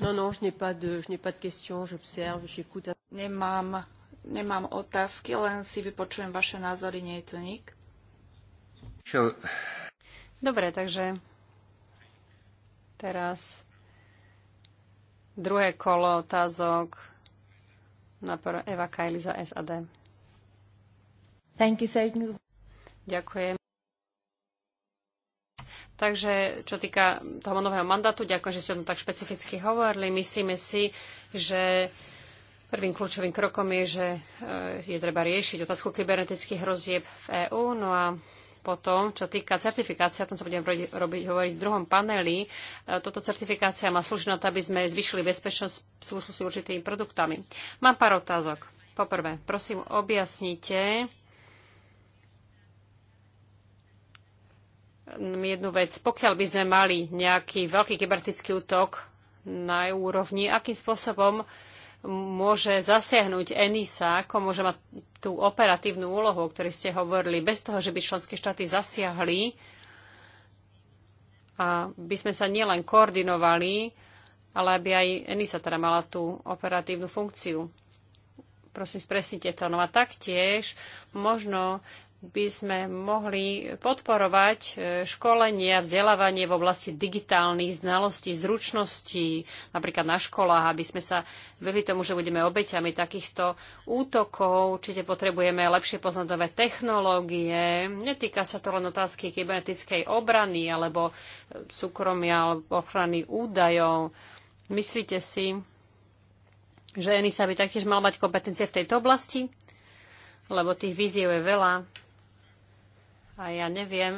Non, non, je n'ai pas de, je n'ai pas de questions, j'observe, j'écoute. Nemám, nemám otázky, len si vypočujem vaše názory, nie je to nik. Michel, Dobre, takže teraz druhé kolo otázok na Eva Kajli za SAD. Thank you, thank you. Ďakujem. Takže čo týka toho nového mandátu, ďakujem, že ste o tom tak špecificky hovorili. Myslíme si, že prvým kľúčovým krokom je, že eh, je treba riešiť otázku kybernetických hrozieb v EÚ. No a potom, čo týka certifikácia, o tom sa budem robiť, robiť, hovoriť v druhom paneli, e, toto certifikácia má slúžiť na to, aby sme zvýšili bezpečnosť v súvislosti s určitými produktami. Mám pár otázok. Poprvé, prosím, objasnite jednu vec. Pokiaľ by sme mali nejaký veľký kybernetický útok na úrovni, akým spôsobom môže zasiahnuť ENISA, ako môže mať tú operatívnu úlohu, o ktorej ste hovorili, bez toho, že by členské štáty zasiahli a by sme sa nielen koordinovali, ale aby aj ENISA teda mala tú operatívnu funkciu. Prosím, spresnite to. No a taktiež možno by sme mohli podporovať e, školenie a vzdelávanie v oblasti digitálnych znalostí, zručností, napríklad na školách, aby sme sa veli tomu, že budeme obeťami takýchto útokov. Určite potrebujeme lepšie poznať nové technológie. Netýka sa to len otázky kybernetickej obrany alebo e, súkromia alebo ochrany údajov. Myslíte si, že ENISA by taktiež mal mať kompetencie v tejto oblasti? Lebo tých víziev je veľa a ja neviem,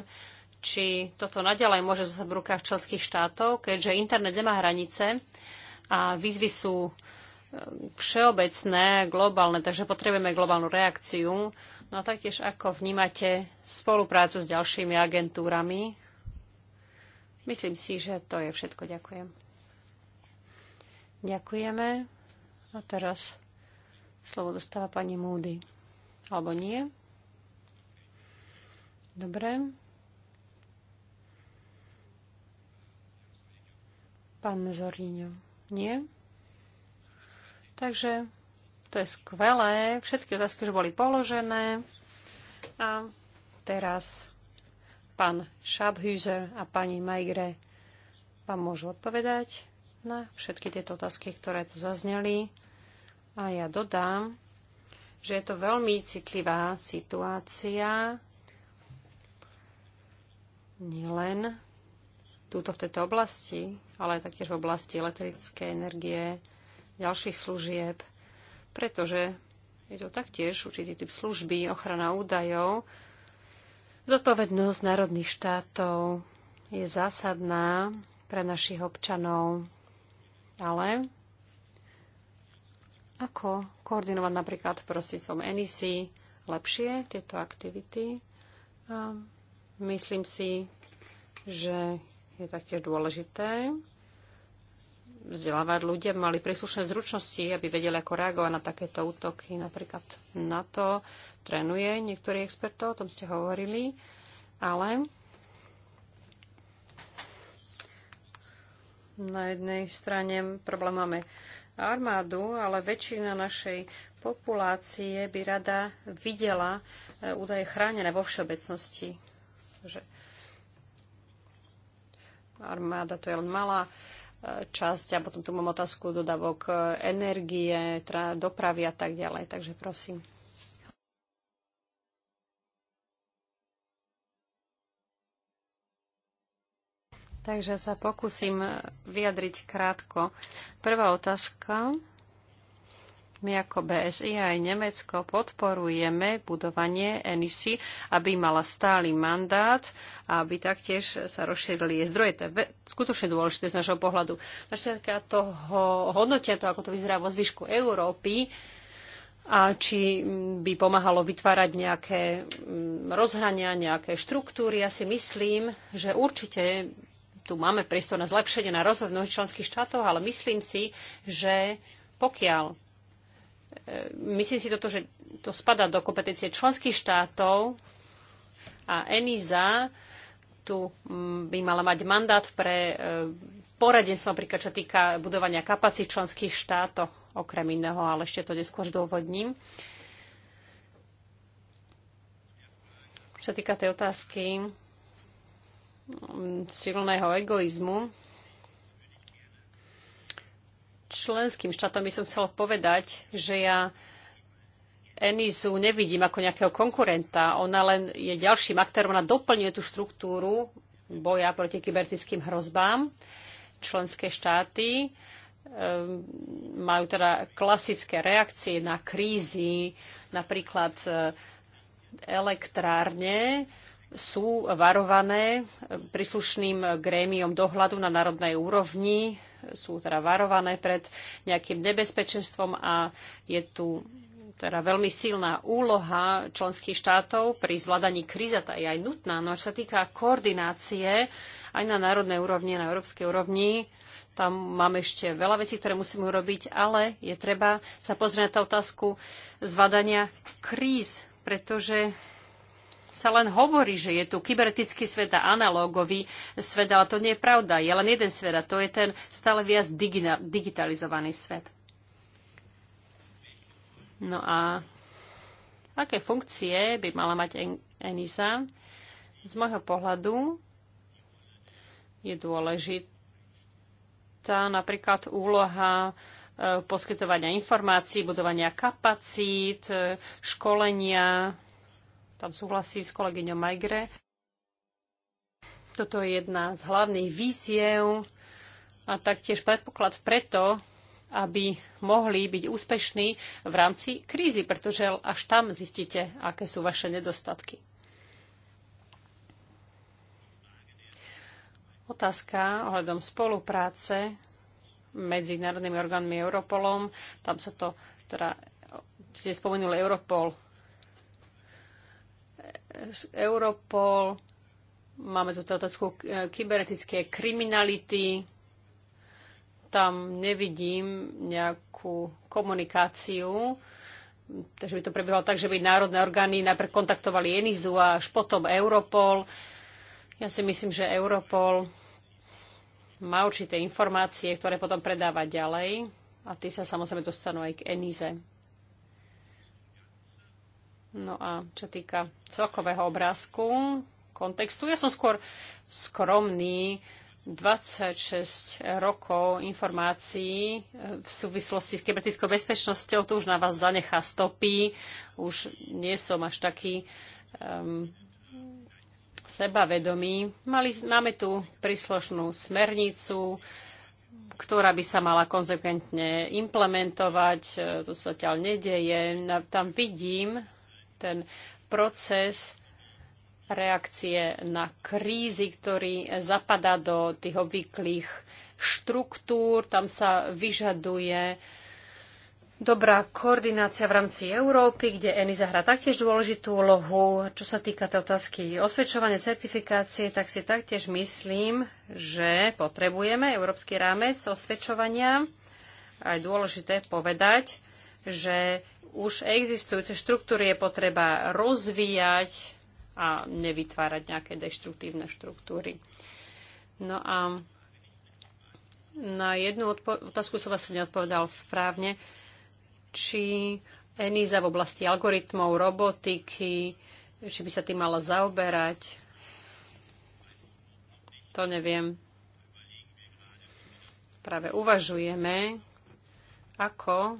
či toto naďalej môže zostať v rukách členských štátov, keďže internet nemá hranice a výzvy sú e, všeobecné, globálne, takže potrebujeme globálnu reakciu. No a taktiež ako vnímate spoluprácu s ďalšími agentúrami? Myslím si, že to je všetko. Ďakujem. Ďakujeme. A teraz slovo dostáva pani Múdy. Alebo nie? Dobre. Pán Zoríňo, nie? Takže to je skvelé. Všetky otázky už boli položené. A teraz pán Schabhüzer a pani Majgre vám môžu odpovedať na všetky tieto otázky, ktoré tu zazneli. A ja dodám, že je to veľmi citlivá situácia, nielen túto v tejto oblasti, ale taktiež v oblasti elektrické energie, ďalších služieb, pretože je to taktiež určitý typ služby, ochrana údajov. Zodpovednosť národných štátov je zásadná pre našich občanov, ale ako koordinovať napríklad prostredstvom NEC lepšie tieto aktivity? Myslím si, že je taktiež dôležité vzdelávať ľudia, mali príslušné zručnosti, aby vedeli, ako reagovať na takéto útoky. Napríklad na to trénuje niektorí expertov, o tom ste hovorili, ale na jednej strane problém máme armádu, ale väčšina našej populácie by rada videla e, údaje chránené vo všeobecnosti že armáda to je len malá e, časť a potom tu mám otázku dodavok e, energie, dopravy a tak ďalej. Takže prosím. Takže sa pokúsim e, vyjadriť krátko. Prvá otázka my ako BSI aj Nemecko podporujeme budovanie ENISI, aby mala stály mandát a aby taktiež sa rozšírili jej zdroje. To je skutočne dôležité z našho pohľadu. Naša týka toho hodnotia, to ako to vyzerá vo zvyšku Európy, a či mm, by pomáhalo vytvárať nejaké mm, rozhrania, nejaké štruktúry. Ja si myslím, že určite tu máme priestor na zlepšenie, na rozvoj v mnohých členských štátoch, ale myslím si, že pokiaľ E, myslím si toto, že to spada do kompetencie členských štátov a ENISA tu mm, by mala mať mandát pre e, poradenstvo, napríklad čo týka budovania kapacít v členských štátoch, okrem iného, ale ešte to neskôr zdôvodním. Čo sa týka tej otázky mm, silného egoizmu, členským štátom by som chcel povedať, že ja Enisu nevidím ako nejakého konkurenta. Ona len je ďalším aktérom, ona doplňuje tú štruktúru boja proti kybernetickým hrozbám. Členské štáty ehm, majú teda klasické reakcie na krízy, napríklad eh, elektrárne sú varované príslušným grémiom dohľadu na národnej úrovni sú teda varované pred nejakým nebezpečenstvom a je tu teda veľmi silná úloha členských štátov pri zvládaní kríza, tá je aj nutná. No a čo sa týka koordinácie aj na národnej úrovni, na európskej úrovni, tam máme ešte veľa vecí, ktoré musíme urobiť, ale je treba sa pozrieť na tá otázku zvládania kríz, pretože sa len hovorí, že je tu kybernetický svet a analógový svet, ale to nie je pravda. Je len jeden svet a to je ten stále viac digitalizovaný svet. No a aké funkcie by mala mať ENISA? Z môjho pohľadu je dôležitá napríklad úloha e, poskytovania informácií, budovania kapacít, e, školenia tam súhlasí s kolegyňou Majgre. Toto je jedna z hlavných víziev a taktiež predpoklad preto, aby mohli byť úspešní v rámci krízy, pretože až tam zistíte, aké sú vaše nedostatky. Otázka ohľadom spolupráce medzi národnými orgánmi Europolom. Tam sa to, teda, ste spomenuli Europol Europol, máme tu otázku e, kybernetické kriminality. Tam nevidím nejakú komunikáciu. Takže by to prebiehalo tak, že by národné orgány najprv kontaktovali Enizu a až potom Europol. Ja si myslím, že Europol má určité informácie, ktoré potom predáva ďalej a tie sa samozrejme dostanú aj k Enize. No a čo týka celkového obrázku, kontextu, ja som skôr skromný, 26 rokov informácií eh, v súvislosti s kybernetickou bezpečnosťou, to už na vás zanechá stopy, už nie som až taký um, sebavedomý. Mali, máme tu príslušnú smernicu, ktorá by sa mala konzekventne implementovať, eh, to sa ťaľ nedeje. Tam vidím ten proces reakcie na krízy, ktorý zapadá do tých obvyklých štruktúr. Tam sa vyžaduje dobrá koordinácia v rámci Európy, kde ENISA hrá taktiež dôležitú úlohu. Čo sa týka tej otázky osvedčovania certifikácie, tak si taktiež myslím, že potrebujeme európsky rámec osvedčovania. A je dôležité povedať, že už existujúce štruktúry je potreba rozvíjať a nevytvárať nejaké deštruktívne štruktúry. No a na jednu otázku som vlastne neodpovedal správne, či ENISA v oblasti algoritmov, robotiky, či by sa tým mala zaoberať. To neviem. Práve uvažujeme, ako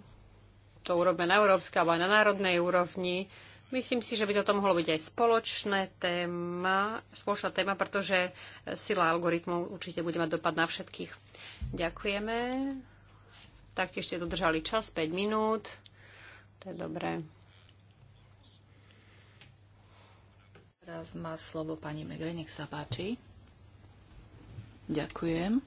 to urobme na európskej alebo aj na národnej úrovni. Myslím si, že by toto mohlo byť aj spoločné téma, spoločná téma, pretože sila algoritmu určite bude mať dopad na všetkých. Ďakujeme. Taktiež ste dodržali čas, 5 minút. To je dobré. Teraz má slovo pani Megre, nech sa páči. Ďakujem.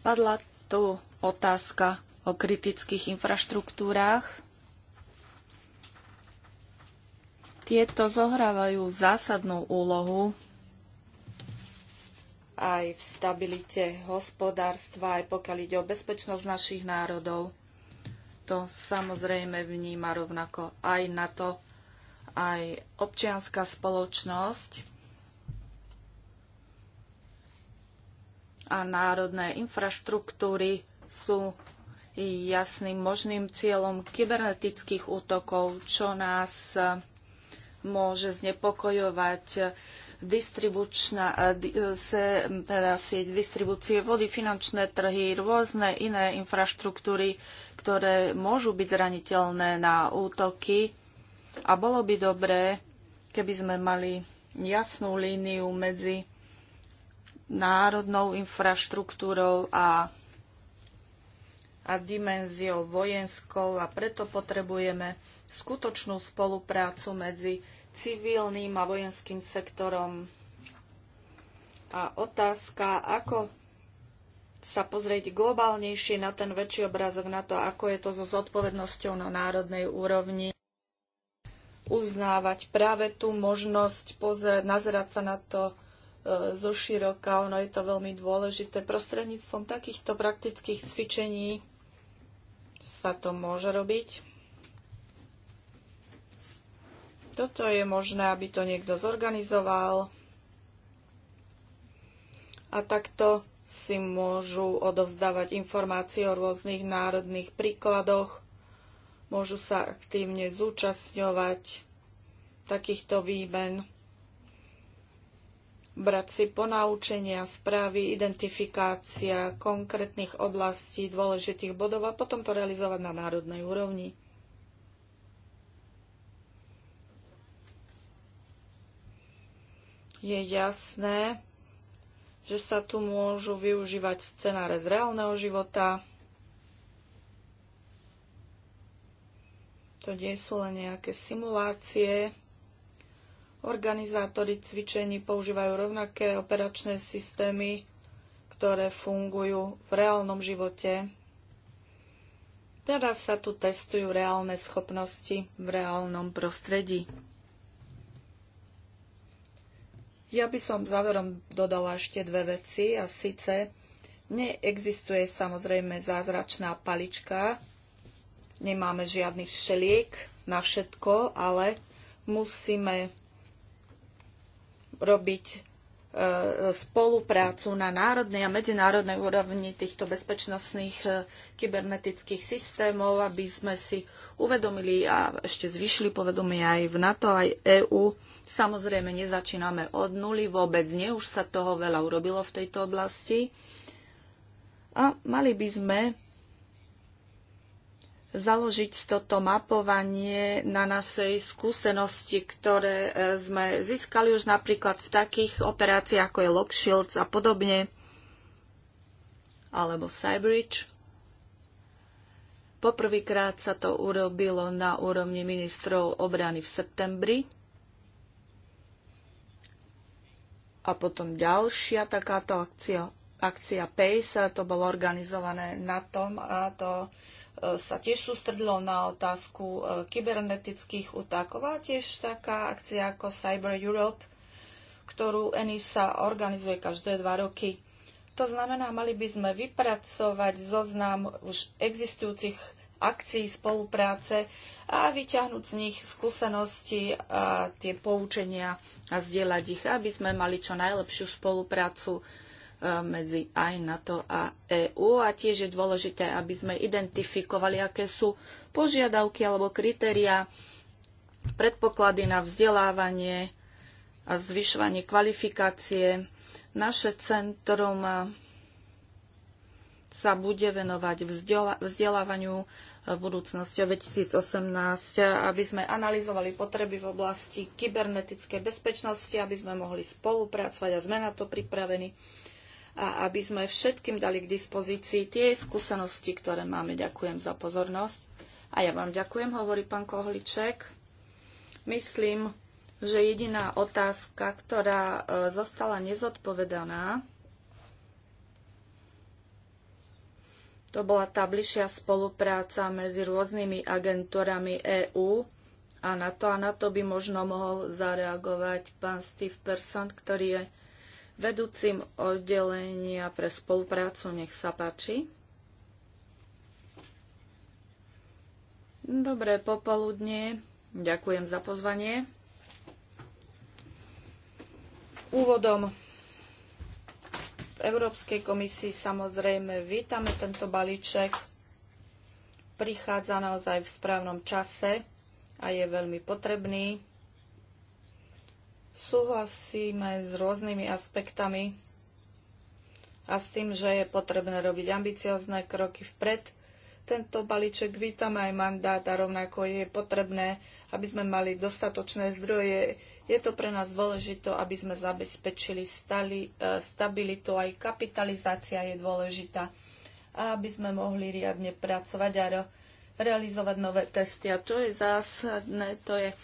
Padla tu otázka o kritických infraštruktúrách. Tieto zohrávajú zásadnú úlohu aj v stabilite hospodárstva, aj pokiaľ ide o bezpečnosť našich národov. To samozrejme vníma rovnako aj na to, aj občianská spoločnosť. a národné infraštruktúry sú jasným možným cieľom kybernetických útokov, čo nás e, môže znepokojovať distribučná, e, e, teda sieť distribúcie vody, finančné trhy, rôzne iné infraštruktúry, ktoré môžu byť zraniteľné na útoky. A bolo by dobré, keby sme mali jasnú líniu medzi národnou infraštruktúrou a, a dimenziou vojenskou a preto potrebujeme skutočnú spoluprácu medzi civilným a vojenským sektorom. A otázka, ako sa pozrieť globálnejšie na ten väčší obrázok, na to, ako je to so zodpovednosťou na národnej úrovni. Uznávať práve tú možnosť pozrieť, nazerať sa na to E, zo široka, ono je to veľmi dôležité. Prostredníctvom takýchto praktických cvičení sa to môže robiť. Toto je možné, aby to niekto zorganizoval. A takto si môžu odovzdávať informácie o rôznych národných príkladoch, môžu sa aktívne zúčastňovať takýchto výmen brať si ponaučenia, správy, identifikácia konkrétnych oblastí, dôležitých bodov a potom to realizovať na národnej úrovni. Je jasné, že sa tu môžu využívať scenáre z reálneho života. To nie sú len nejaké simulácie. Organizátori cvičení používajú rovnaké operačné systémy, ktoré fungujú v reálnom živote. Teraz sa tu testujú reálne schopnosti v reálnom prostredí. Ja by som záverom dodala ešte dve veci a síce neexistuje samozrejme zázračná palička, nemáme žiadny všeliek na všetko, ale musíme robiť e, spoluprácu na národnej a medzinárodnej úrovni týchto bezpečnostných e, kybernetických systémov, aby sme si uvedomili a ešte zvyšili povedomie aj v NATO, aj EÚ. Samozrejme, nezačíname od nuly, vôbec nie, už sa toho veľa urobilo v tejto oblasti. A mali by sme založiť toto mapovanie na našej skúsenosti, ktoré e, sme získali už napríklad v takých operáciách ako je Lockshields a podobne, alebo Cybridge. Poprvýkrát sa to urobilo na úrovni ministrov obrany v septembri. A potom ďalšia takáto akcia, akcia PACE, to bolo organizované na tom a to sa tiež sústredilo na otázku e, kybernetických útakov a tiež taká akcia ako Cyber Europe, ktorú ENISA organizuje každé dva roky. To znamená, mali by sme vypracovať zoznam už existujúcich akcií spolupráce a vyťahnuť z nich skúsenosti a tie poučenia a zdieľať ich, aby sme mali čo najlepšiu spoluprácu medzi aj NATO a EÚ a tiež je dôležité, aby sme identifikovali, aké sú požiadavky alebo kritéria, predpoklady na vzdelávanie a zvyšovanie kvalifikácie. Naše centrum sa bude venovať vzdelávaniu v budúcnosti 2018, aby sme analyzovali potreby v oblasti kybernetickej bezpečnosti, aby sme mohli spolupracovať a sme na to pripravení a aby sme všetkým dali k dispozícii tie skúsenosti, ktoré máme. Ďakujem za pozornosť. A ja vám ďakujem, hovorí pán Kohliček. Myslím, že jediná otázka, ktorá e, zostala nezodpovedaná, to bola tá bližšia spolupráca medzi rôznymi agentúrami EÚ a na to a na to by možno mohol zareagovať pán Steve Person, ktorý je vedúcim oddelenia pre spoluprácu. Nech sa páči. Dobré popoludne. Ďakujem za pozvanie. Úvodom v Európskej komisii samozrejme vítame tento balíček. Prichádza naozaj v správnom čase a je veľmi potrebný Súhlasíme s rôznymi aspektami a s tým, že je potrebné robiť ambiciozne kroky vpred. Tento balíček vítame aj mandát a rovnako je potrebné, aby sme mali dostatočné zdroje. Je to pre nás dôležité, aby sme zabezpečili stali, e, stabilitu, aj kapitalizácia je dôležitá, a aby sme mohli riadne pracovať a realizovať nové testy. A čo je zásadné, to je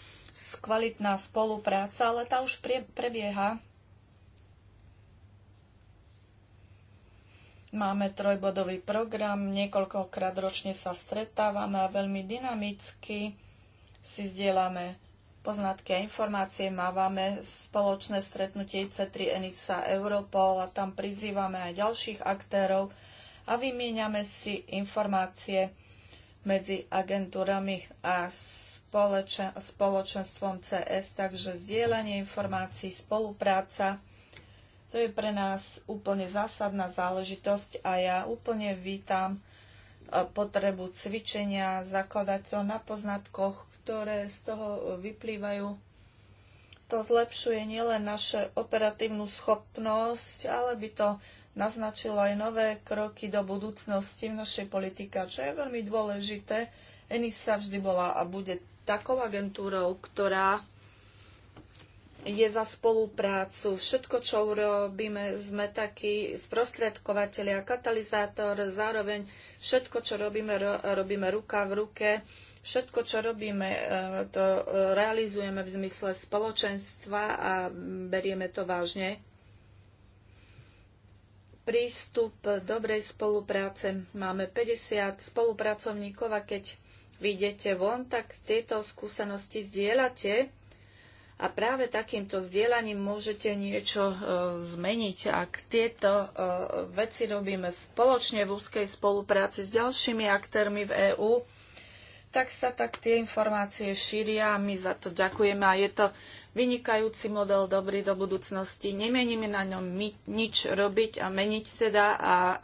kvalitná spolupráca, ale tá už prie, prebieha. Máme trojbodový program, niekoľkokrát ročne sa stretávame a veľmi dynamicky si zdieľame poznatky a informácie. Mávame spoločné stretnutie IC3 ENISA Europol a tam prizývame aj ďalších aktérov a vymieňame si informácie medzi agentúrami a spoločen- spoločenstvom CS, takže zdieľanie informácií, spolupráca, to je pre nás úplne zásadná záležitosť a ja úplne vítam e, potrebu cvičenia zakladať na poznatkoch, ktoré z toho vyplývajú. To zlepšuje nielen našu operatívnu schopnosť, ale by to naznačilo aj nové kroky do budúcnosti v našej politike, čo je veľmi dôležité. Enisa vždy bola a bude takou agentúrou, ktorá je za spoluprácu. Všetko, čo robíme, sme takí sprostredkovateľi a katalizátor. Zároveň všetko, čo robíme, ro, robíme ruka v ruke. Všetko, čo robíme, e, to realizujeme v zmysle spoločenstva a berieme to vážne. Prístup dobrej spolupráce. Máme 50 spolupracovníkov a keď vyjdete von, tak tieto skúsenosti zdieľate a práve takýmto zdieľaním môžete niečo e, zmeniť. Ak tieto e, veci robíme spoločne v úzkej spolupráci s ďalšími aktérmi v EÚ, tak sa tak tie informácie šíria a my za to ďakujeme a je to vynikajúci model dobrý do budúcnosti. Nemeníme na ňom my, nič robiť a meniť teda a e,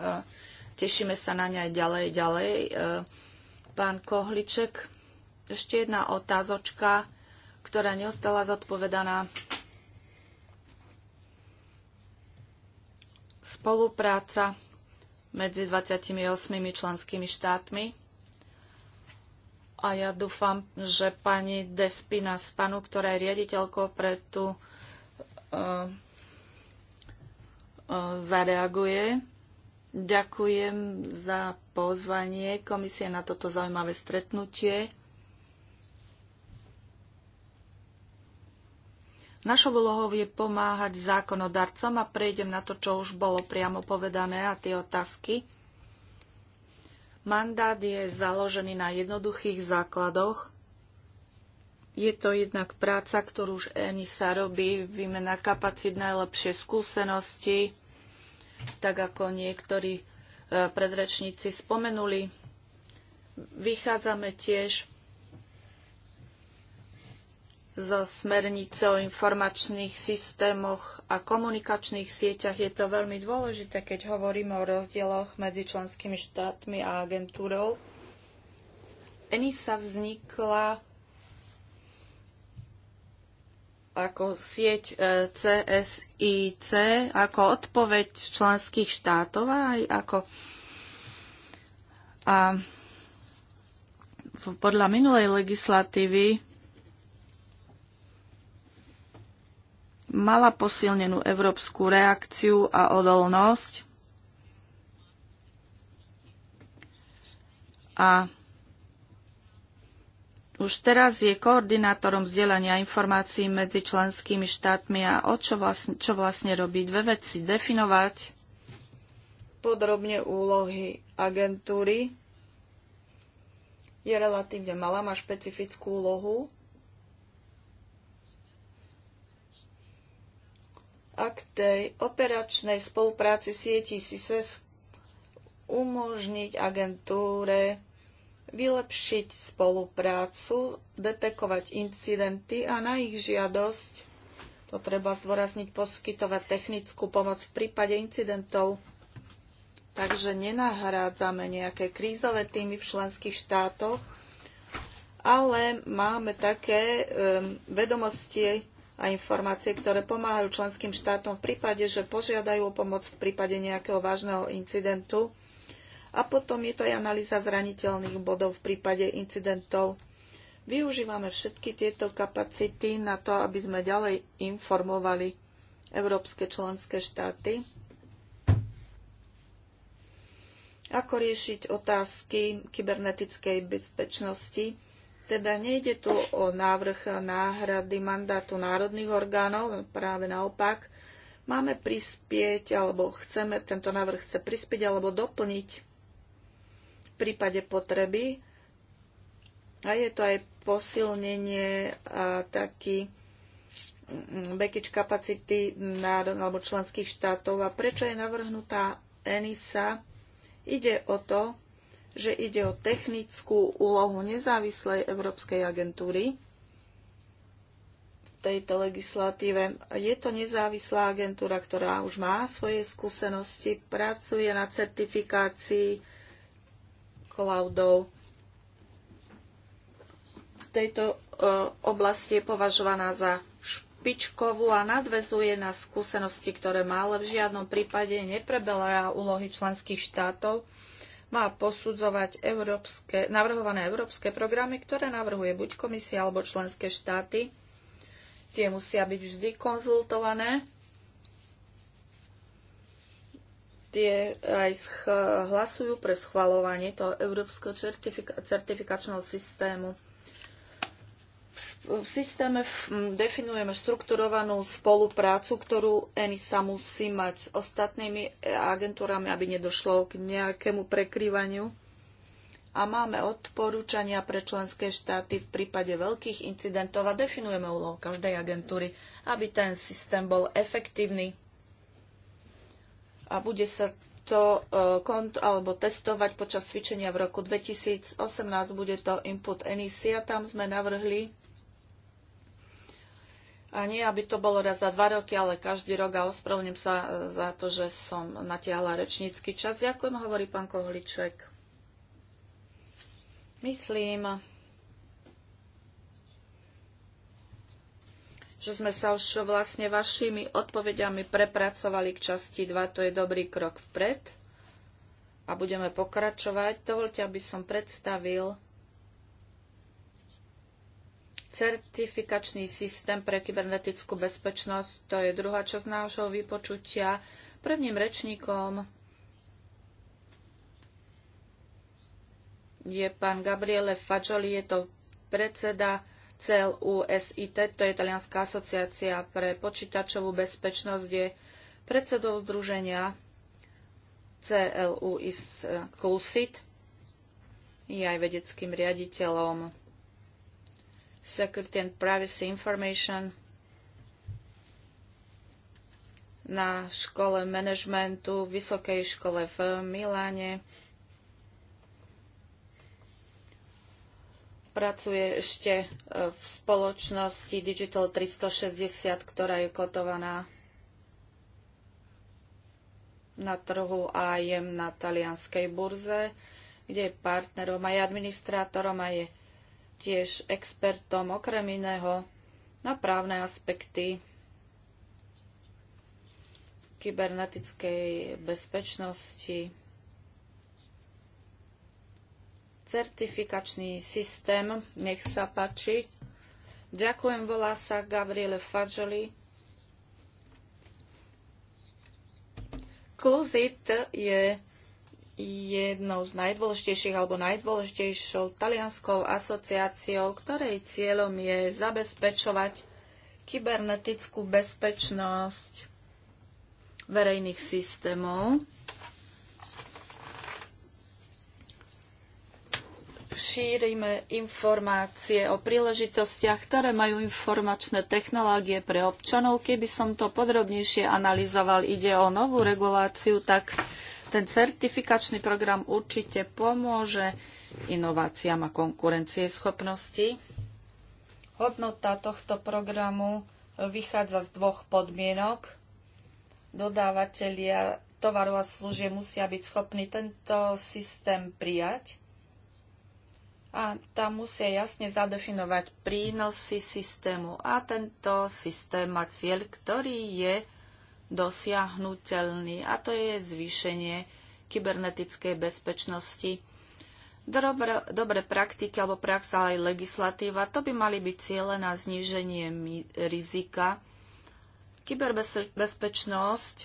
tešíme sa na ne aj ďalej, ďalej. E, Pán Kohliček, ešte jedna otázočka, ktorá neostala zodpovedaná. Spolupráca medzi 28 členskými štátmi. A ja dúfam, že pani Despina z panu, ktorá je riaditeľkou pre tú uh, eh, uh, eh, zareaguje Ďakujem za pozvanie komisie na toto zaujímavé stretnutie. Našou úlohou je pomáhať zákonodarcom a prejdem na to, čo už bolo priamo povedané a tie otázky. Mandát je založený na jednoduchých základoch. Je to jednak práca, ktorú už ENISA robí, výmena kapacít, najlepšie skúsenosti, tak ako niektorí e, predrečníci spomenuli. Vychádzame tiež zo smernice o informačných systémoch a komunikačných sieťach je to veľmi dôležité, keď hovoríme o rozdieloch medzi členskými štátmi a agentúrou. ENISA vznikla ako sieť CSIC, e, ako odpoveď členských štátov a aj ako a podľa minulej legislatívy mala posilnenú európsku reakciu a odolnosť a už teraz je koordinátorom vzdelania informácií medzi členskými štátmi a o čo vlastne, čo vlastne robí dve veci. Definovať podrobne úlohy agentúry. Je relatívne malá, má špecifickú úlohu. A k tej operačnej spolupráci sieti SISES umožniť agentúre vylepšiť spoluprácu, detekovať incidenty a na ich žiadosť, to treba zdôrazniť, poskytovať technickú pomoc v prípade incidentov. Takže nenahrádzame nejaké krízové týmy v členských štátoch, ale máme také um, vedomosti a informácie, ktoré pomáhajú členským štátom v prípade, že požiadajú o pomoc v prípade nejakého vážneho incidentu a potom je to aj analýza zraniteľných bodov v prípade incidentov. Využívame všetky tieto kapacity na to, aby sme ďalej informovali európske členské štáty, ako riešiť otázky kybernetickej bezpečnosti. Teda nejde tu o návrh náhrady mandátu národných orgánov, práve naopak. Máme prispieť, alebo chceme, tento návrh chce prispieť alebo doplniť v prípade potreby. A je to aj posilnenie a taký mm, backage kapacity alebo členských štátov. A prečo je navrhnutá ENISA? Ide o to, že ide o technickú úlohu nezávislej Európskej agentúry v tejto legislatíve. Je to nezávislá agentúra, ktorá už má svoje skúsenosti, pracuje na certifikácii cloudov. V tejto e, oblasti je považovaná za špičkovú a nadvezuje na skúsenosti, ktoré má, ale v žiadnom prípade neprebelá úlohy členských štátov. Má posudzovať európske, navrhované európske programy, ktoré navrhuje buď komisia alebo členské štáty. Tie musia byť vždy konzultované tie aj hlasujú pre schvalovanie toho Európskeho certifikačného systému. V systéme definujeme štrukturovanú spoluprácu, ktorú ENISA musí mať s ostatnými agentúrami, aby nedošlo k nejakému prekrývaniu. A máme odporúčania pre členské štáty v prípade veľkých incidentov a definujeme úlohu každej agentúry, aby ten systém bol efektívny a bude sa to e, kont- alebo testovať počas cvičenia v roku 2018. Bude to input emisia. Tam sme navrhli a nie, aby to bolo raz za dva roky, ale každý rok a ospravedlňujem sa e, za to, že som natiahla rečnícky čas. Ďakujem, hovorí pán Kohliček. Myslím, že sme sa už vlastne vašimi odpovediami prepracovali k časti 2. To je dobrý krok vpred a budeme pokračovať. Dovolte, aby som predstavil certifikačný systém pre kybernetickú bezpečnosť. To je druhá časť nášho vypočutia. Prvým rečníkom je pán Gabriele Fadžoli, je to predseda CLUSIT, to je Talianská asociácia pre počítačovú bezpečnosť, je predsedou združenia CLUSIT, je aj vedeckým riaditeľom Security and Privacy Information na škole manažmentu Vysokej škole v Miláne pracuje ešte e, v spoločnosti Digital 360, ktorá je kotovaná na trhu AIM na talianskej burze, kde je partnerom aj administrátorom a je tiež expertom okrem iného na právne aspekty kybernetickej bezpečnosti. certifikačný systém. Nech sa páči. Ďakujem, volá sa Gabriele Fadžoli. Kluzit je jednou z najdôležitejších alebo najdôležitejšou talianskou asociáciou, ktorej cieľom je zabezpečovať kybernetickú bezpečnosť verejných systémov. šírime informácie o príležitostiach, ktoré majú informačné technológie pre občanov. Keby som to podrobnejšie analyzoval, ide o novú reguláciu, tak ten certifikačný program určite pomôže inováciám a konkurencieschopnosti. Hodnota tohto programu vychádza z dvoch podmienok. Dodávateľia tovaru a služieb musia byť schopní tento systém prijať a tam musia jasne zadefinovať prínosy systému a tento systém má cieľ, ktorý je dosiahnutelný a to je zvýšenie kybernetickej bezpečnosti. Dobre, dobre praktiky alebo prax, ale aj legislatíva, to by mali byť ciele na zníženie rizika. Kyberbezpečnosť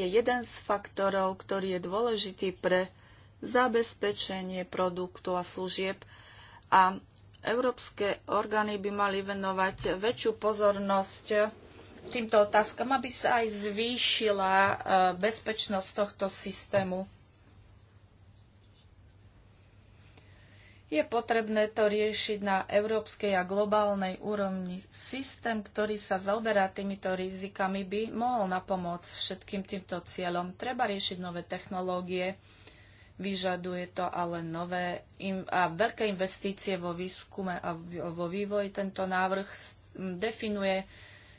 je jeden z faktorov, ktorý je dôležitý pre zabezpečenie produktov a služieb a európske orgány by mali venovať väčšiu pozornosť týmto otázkam, aby sa aj zvýšila e, bezpečnosť tohto systému. Je potrebné to riešiť na európskej a globálnej úrovni. Systém, ktorý sa zaoberá týmito rizikami, by mohol napomôcť všetkým týmto cieľom. Treba riešiť nové technológie, Vyžaduje to ale nové a veľké investície vo výskume a vo vývoji. Tento návrh definuje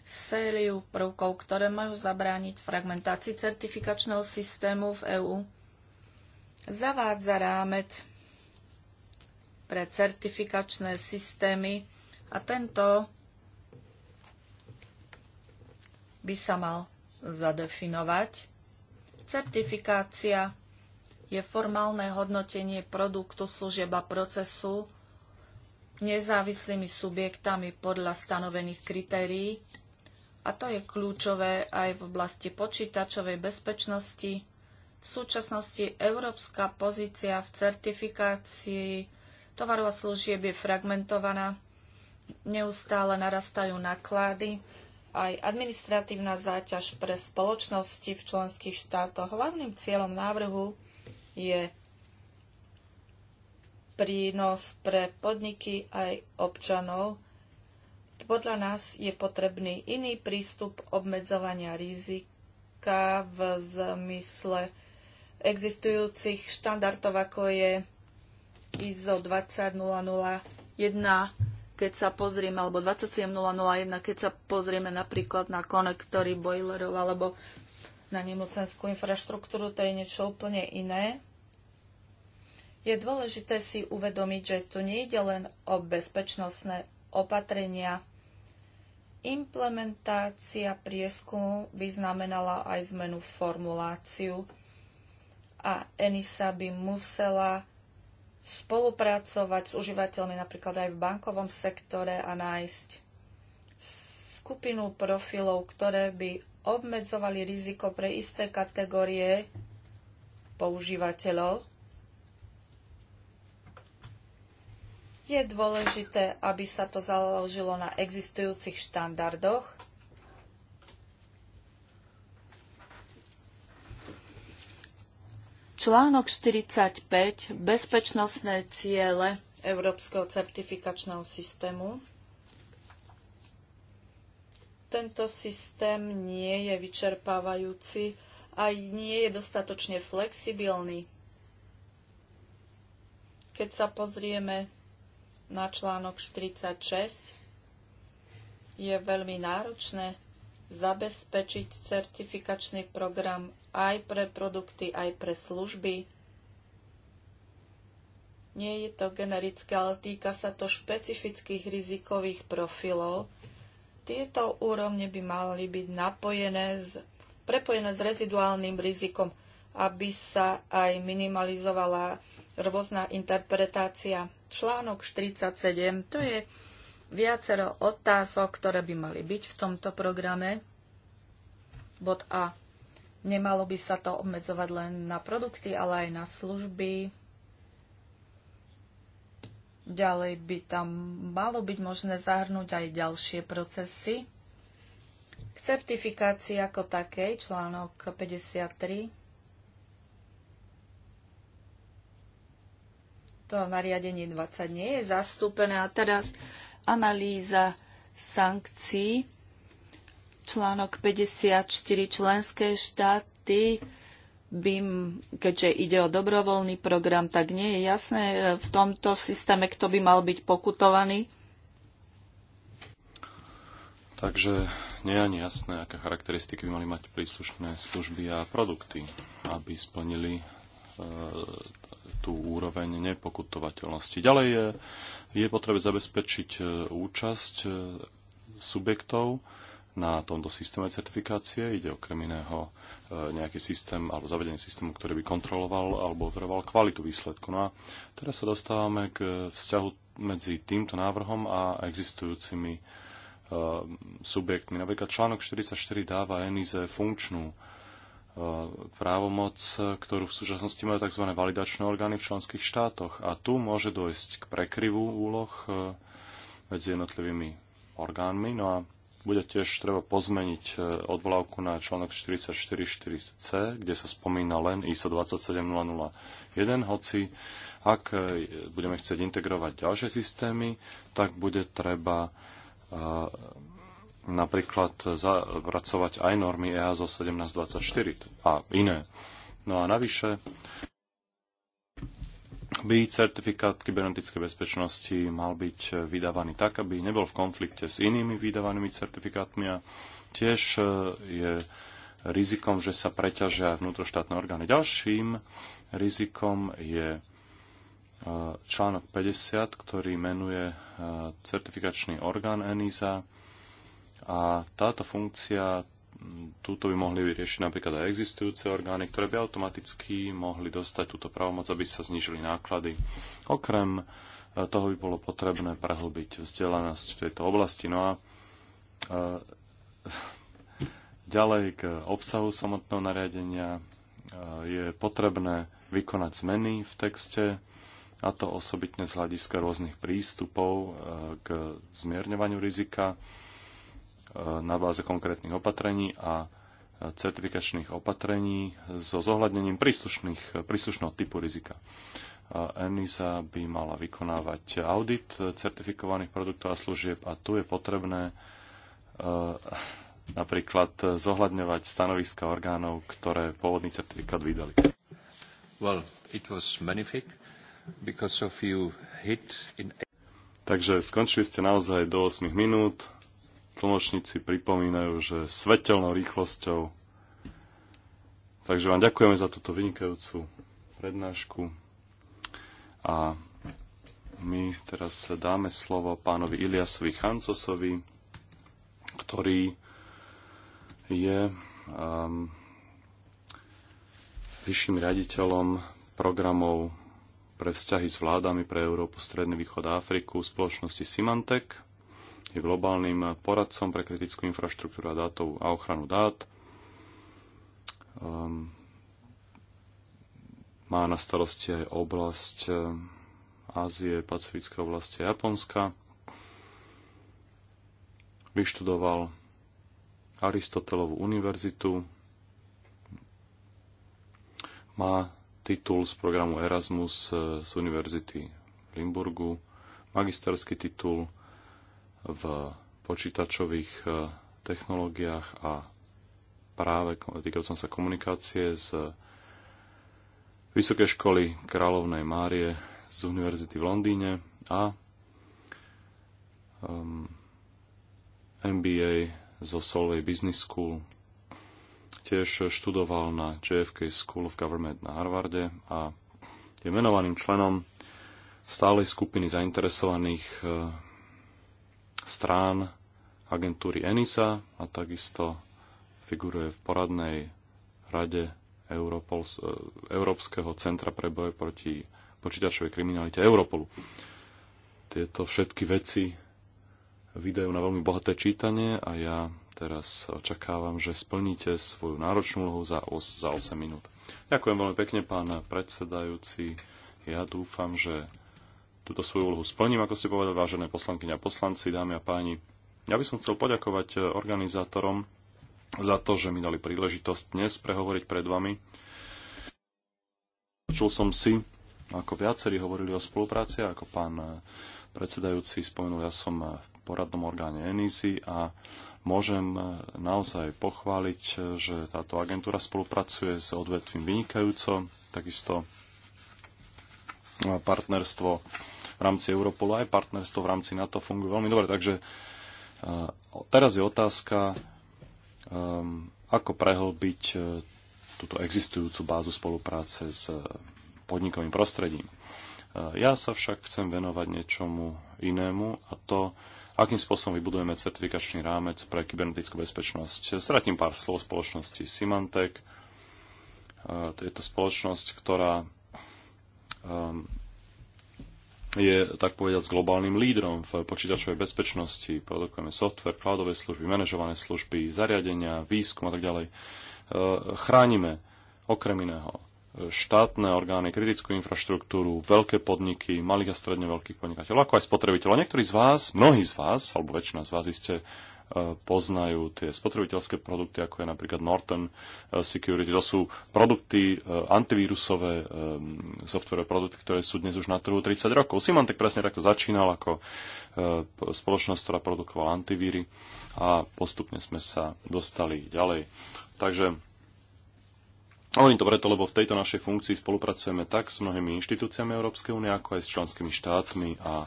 sériu prvkov, ktoré majú zabrániť fragmentácii certifikačného systému v EÚ. Zavádza rámec pre certifikačné systémy a tento by sa mal zadefinovať. Certifikácia je formálne hodnotenie produktu, služieba procesu nezávislými subjektami podľa stanovených kritérií a to je kľúčové aj v oblasti počítačovej bezpečnosti. V súčasnosti európska pozícia v certifikácii tovarov a služieb je fragmentovaná, neustále narastajú náklady, aj administratívna záťaž pre spoločnosti v členských štátoch. Hlavným cieľom návrhu je prínos pre podniky aj občanov. Podľa nás je potrebný iný prístup obmedzovania rizika v zmysle existujúcich štandardov, ako je ISO 20001, keď sa pozrieme, alebo 27001, keď sa pozrieme napríklad na konektory boilerov alebo na nemocenskú infraštruktúru, to je niečo úplne iné. Je dôležité si uvedomiť, že tu nejde len o bezpečnostné opatrenia. Implementácia prieskumu by znamenala aj zmenu formuláciu a ENISA by musela spolupracovať s užívateľmi napríklad aj v bankovom sektore a nájsť skupinu profilov, ktoré by obmedzovali riziko pre isté kategórie používateľov. Je dôležité, aby sa to založilo na existujúcich štandardoch. Článok 45. Bezpečnostné ciele Európskeho certifikačného systému. Tento systém nie je vyčerpávajúci a nie je dostatočne flexibilný. Keď sa pozrieme na článok 46, je veľmi náročné zabezpečiť certifikačný program aj pre produkty, aj pre služby. Nie je to generické, ale týka sa to špecifických rizikových profilov, tieto úrovne by mali byť napojené z, prepojené s reziduálnym rizikom, aby sa aj minimalizovala rôzna interpretácia. Článok 47, to je viacero otázok, ktoré by mali byť v tomto programe. Bod A. Nemalo by sa to obmedzovať len na produkty, ale aj na služby, Ďalej by tam malo byť možné zahrnúť aj ďalšie procesy. K certifikácii ako takej, článok 53. to nariadenie 20 nie je zastúpené. A teraz analýza sankcií. Článok 54. Členské štáty by, keďže ide o dobrovoľný program, tak nie je jasné e, v tomto systéme, kto by mal byť pokutovaný? Takže nie je ani jasné, aké charakteristiky by mali mať príslušné služby a produkty, aby splnili e, tú úroveň nepokutovateľnosti. Ďalej je, je potrebe zabezpečiť e, účasť subjektov, na tomto systéme certifikácie. Ide okrem iného e, nejaký systém alebo zavedenie systému, ktorý by kontroloval alebo overoval kvalitu výsledku. No a teraz sa dostávame k vzťahu medzi týmto návrhom a existujúcimi e, subjektmi. Napríklad článok 44 dáva ENIZE funkčnú e, právomoc, ktorú v súčasnosti majú tzv. validačné orgány v členských štátoch. A tu môže dojsť k prekryvu úloh medzi jednotlivými orgánmi. No a bude tiež treba pozmeniť e, odvolávku na článok 44.4c, kde sa spomína len ISO 27001, hoci ak e, budeme chcieť integrovať ďalšie systémy, tak bude treba e, napríklad zapracovať aj normy EASO 1724 a iné. No a navyše by certifikát kybernetickej bezpečnosti mal byť vydávaný tak, aby nebol v konflikte s inými vydávanými certifikátmi a tiež e, je rizikom, že sa preťažia vnútroštátne orgány. Ďalším rizikom je e, článok 50, ktorý menuje e, certifikačný orgán ENISA a táto funkcia túto by mohli vyriešiť napríklad aj existujúce orgány, ktoré by automaticky mohli dostať túto pravomoc, aby sa znížili náklady. Okrem e, toho by bolo potrebné prehlbiť vzdelanosť v tejto oblasti. No a e, (laughs) ďalej k obsahu samotného nariadenia e, je potrebné vykonať zmeny v texte, a to osobitne z hľadiska rôznych prístupov k zmierňovaniu rizika na báze konkrétnych opatrení a certifikačných opatrení so zohľadnením príslušných, príslušného typu rizika. ENISA by mala vykonávať audit certifikovaných produktov a služieb a tu je potrebné e, napríklad zohľadňovať stanoviska orgánov, ktoré pôvodný certifikát vydali. Well, it was magnific because of you hit in... Takže skončili ste naozaj do 8 minút tlmočníci pripomínajú, že svetelnou rýchlosťou. Takže vám ďakujeme za túto vynikajúcu prednášku a my teraz dáme slovo pánovi Iliasovi Chancosovi, ktorý je um, vyšším riaditeľom programov pre vzťahy s vládami pre Európu, Stredný východ a Afriku spoločnosti Symantec je vlastne globálnym poradcom pre kritickú infraštruktúru a dátov a ochranu dát. Um, má na starosti aj oblasť ehm, Ázie, Pacifické oblasti a Japonska. Vyštudoval Aristotelovú univerzitu. Má titul z programu Erasmus ehm, z univerzity v Limburgu, magisterský titul v počítačových e, technológiách a práve týkal som sa komunikácie z Vysokej školy Kráľovnej Márie z Univerzity v Londýne a um, MBA zo Solvay Business School. Tiež študoval na JFK School of Government na Harvarde a je menovaným členom stálej skupiny zainteresovaných e, strán agentúry ENISA a takisto figuruje v poradnej rade Europol, e, Európskeho centra pre boje proti počítačovej kriminalite Europolu. Tieto všetky veci vydajú na veľmi bohaté čítanie a ja teraz očakávam, že splníte svoju náročnú úlohu za, os, za 8 minút. Ďakujem veľmi pekne, pán predsedajúci. Ja dúfam, že túto svoju úlohu splním, ako ste povedali, vážené poslankyňa a poslanci, dámy a páni. Ja by som chcel poďakovať e, organizátorom za to, že mi dali príležitosť dnes prehovoriť pred vami. Počul som si, ako viacerí hovorili o spolupráci, ako pán e, predsedajúci spomenul, ja som e, v poradnom orgáne ENISI a môžem naozaj pochváliť, že táto agentúra spolupracuje s odvetvím vynikajúco, takisto partnerstvo v rámci Europolu, aj partnerstvo v rámci NATO funguje veľmi dobre. Takže e, teraz je otázka, e, ako prehlbiť e, túto existujúcu bázu spolupráce s podnikovým prostredím. Ja sa však chcem venovať niečomu inému a to, akým spôsobom vybudujeme certifikačný rámec pre kybernetickú bezpečnosť. Stratím pár slov spoločnosti Symantec. Je to spoločnosť, ktorá je tak s globálnym lídrom v počítačovej bezpečnosti. Produkujeme software, cloudové služby, manažované služby, zariadenia, výskum a tak ďalej. E, chránime okrem iného štátne orgány, kritickú infraštruktúru, veľké podniky, malých a stredne veľkých podnikateľov, ako aj spotrebiteľov. Niektorí z vás, mnohí z vás, alebo väčšina z vás iste poznajú tie spotrebiteľské produkty, ako je napríklad Norton eh, Security. To sú produkty eh, antivírusové, eh, softverové produkty, ktoré sú dnes už na trhu 30 rokov. Symantec presne takto začínal ako spoločnosť, ktorá produkovala antivíry a postupne sme sa dostali ďalej. Takže Hovorím to preto, lebo v tejto našej funkcii spolupracujeme tak s mnohými inštitúciami Európskej únie, ako aj s členskými štátmi a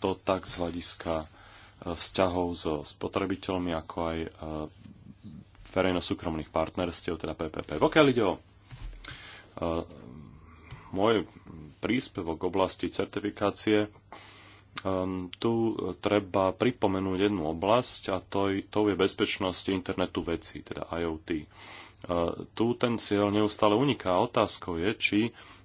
to tak z hľadiska vzťahov so spotrebiteľmi, ako aj e, verejno-súkromných partnerstiev, teda PPP. Pokiaľ ide o e, môj príspevok k oblasti certifikácie, e, tu treba pripomenúť jednu oblasť a to je bezpečnosť internetu vecí, teda IoT tu ten cieľ neustále uniká. Otázkou je, či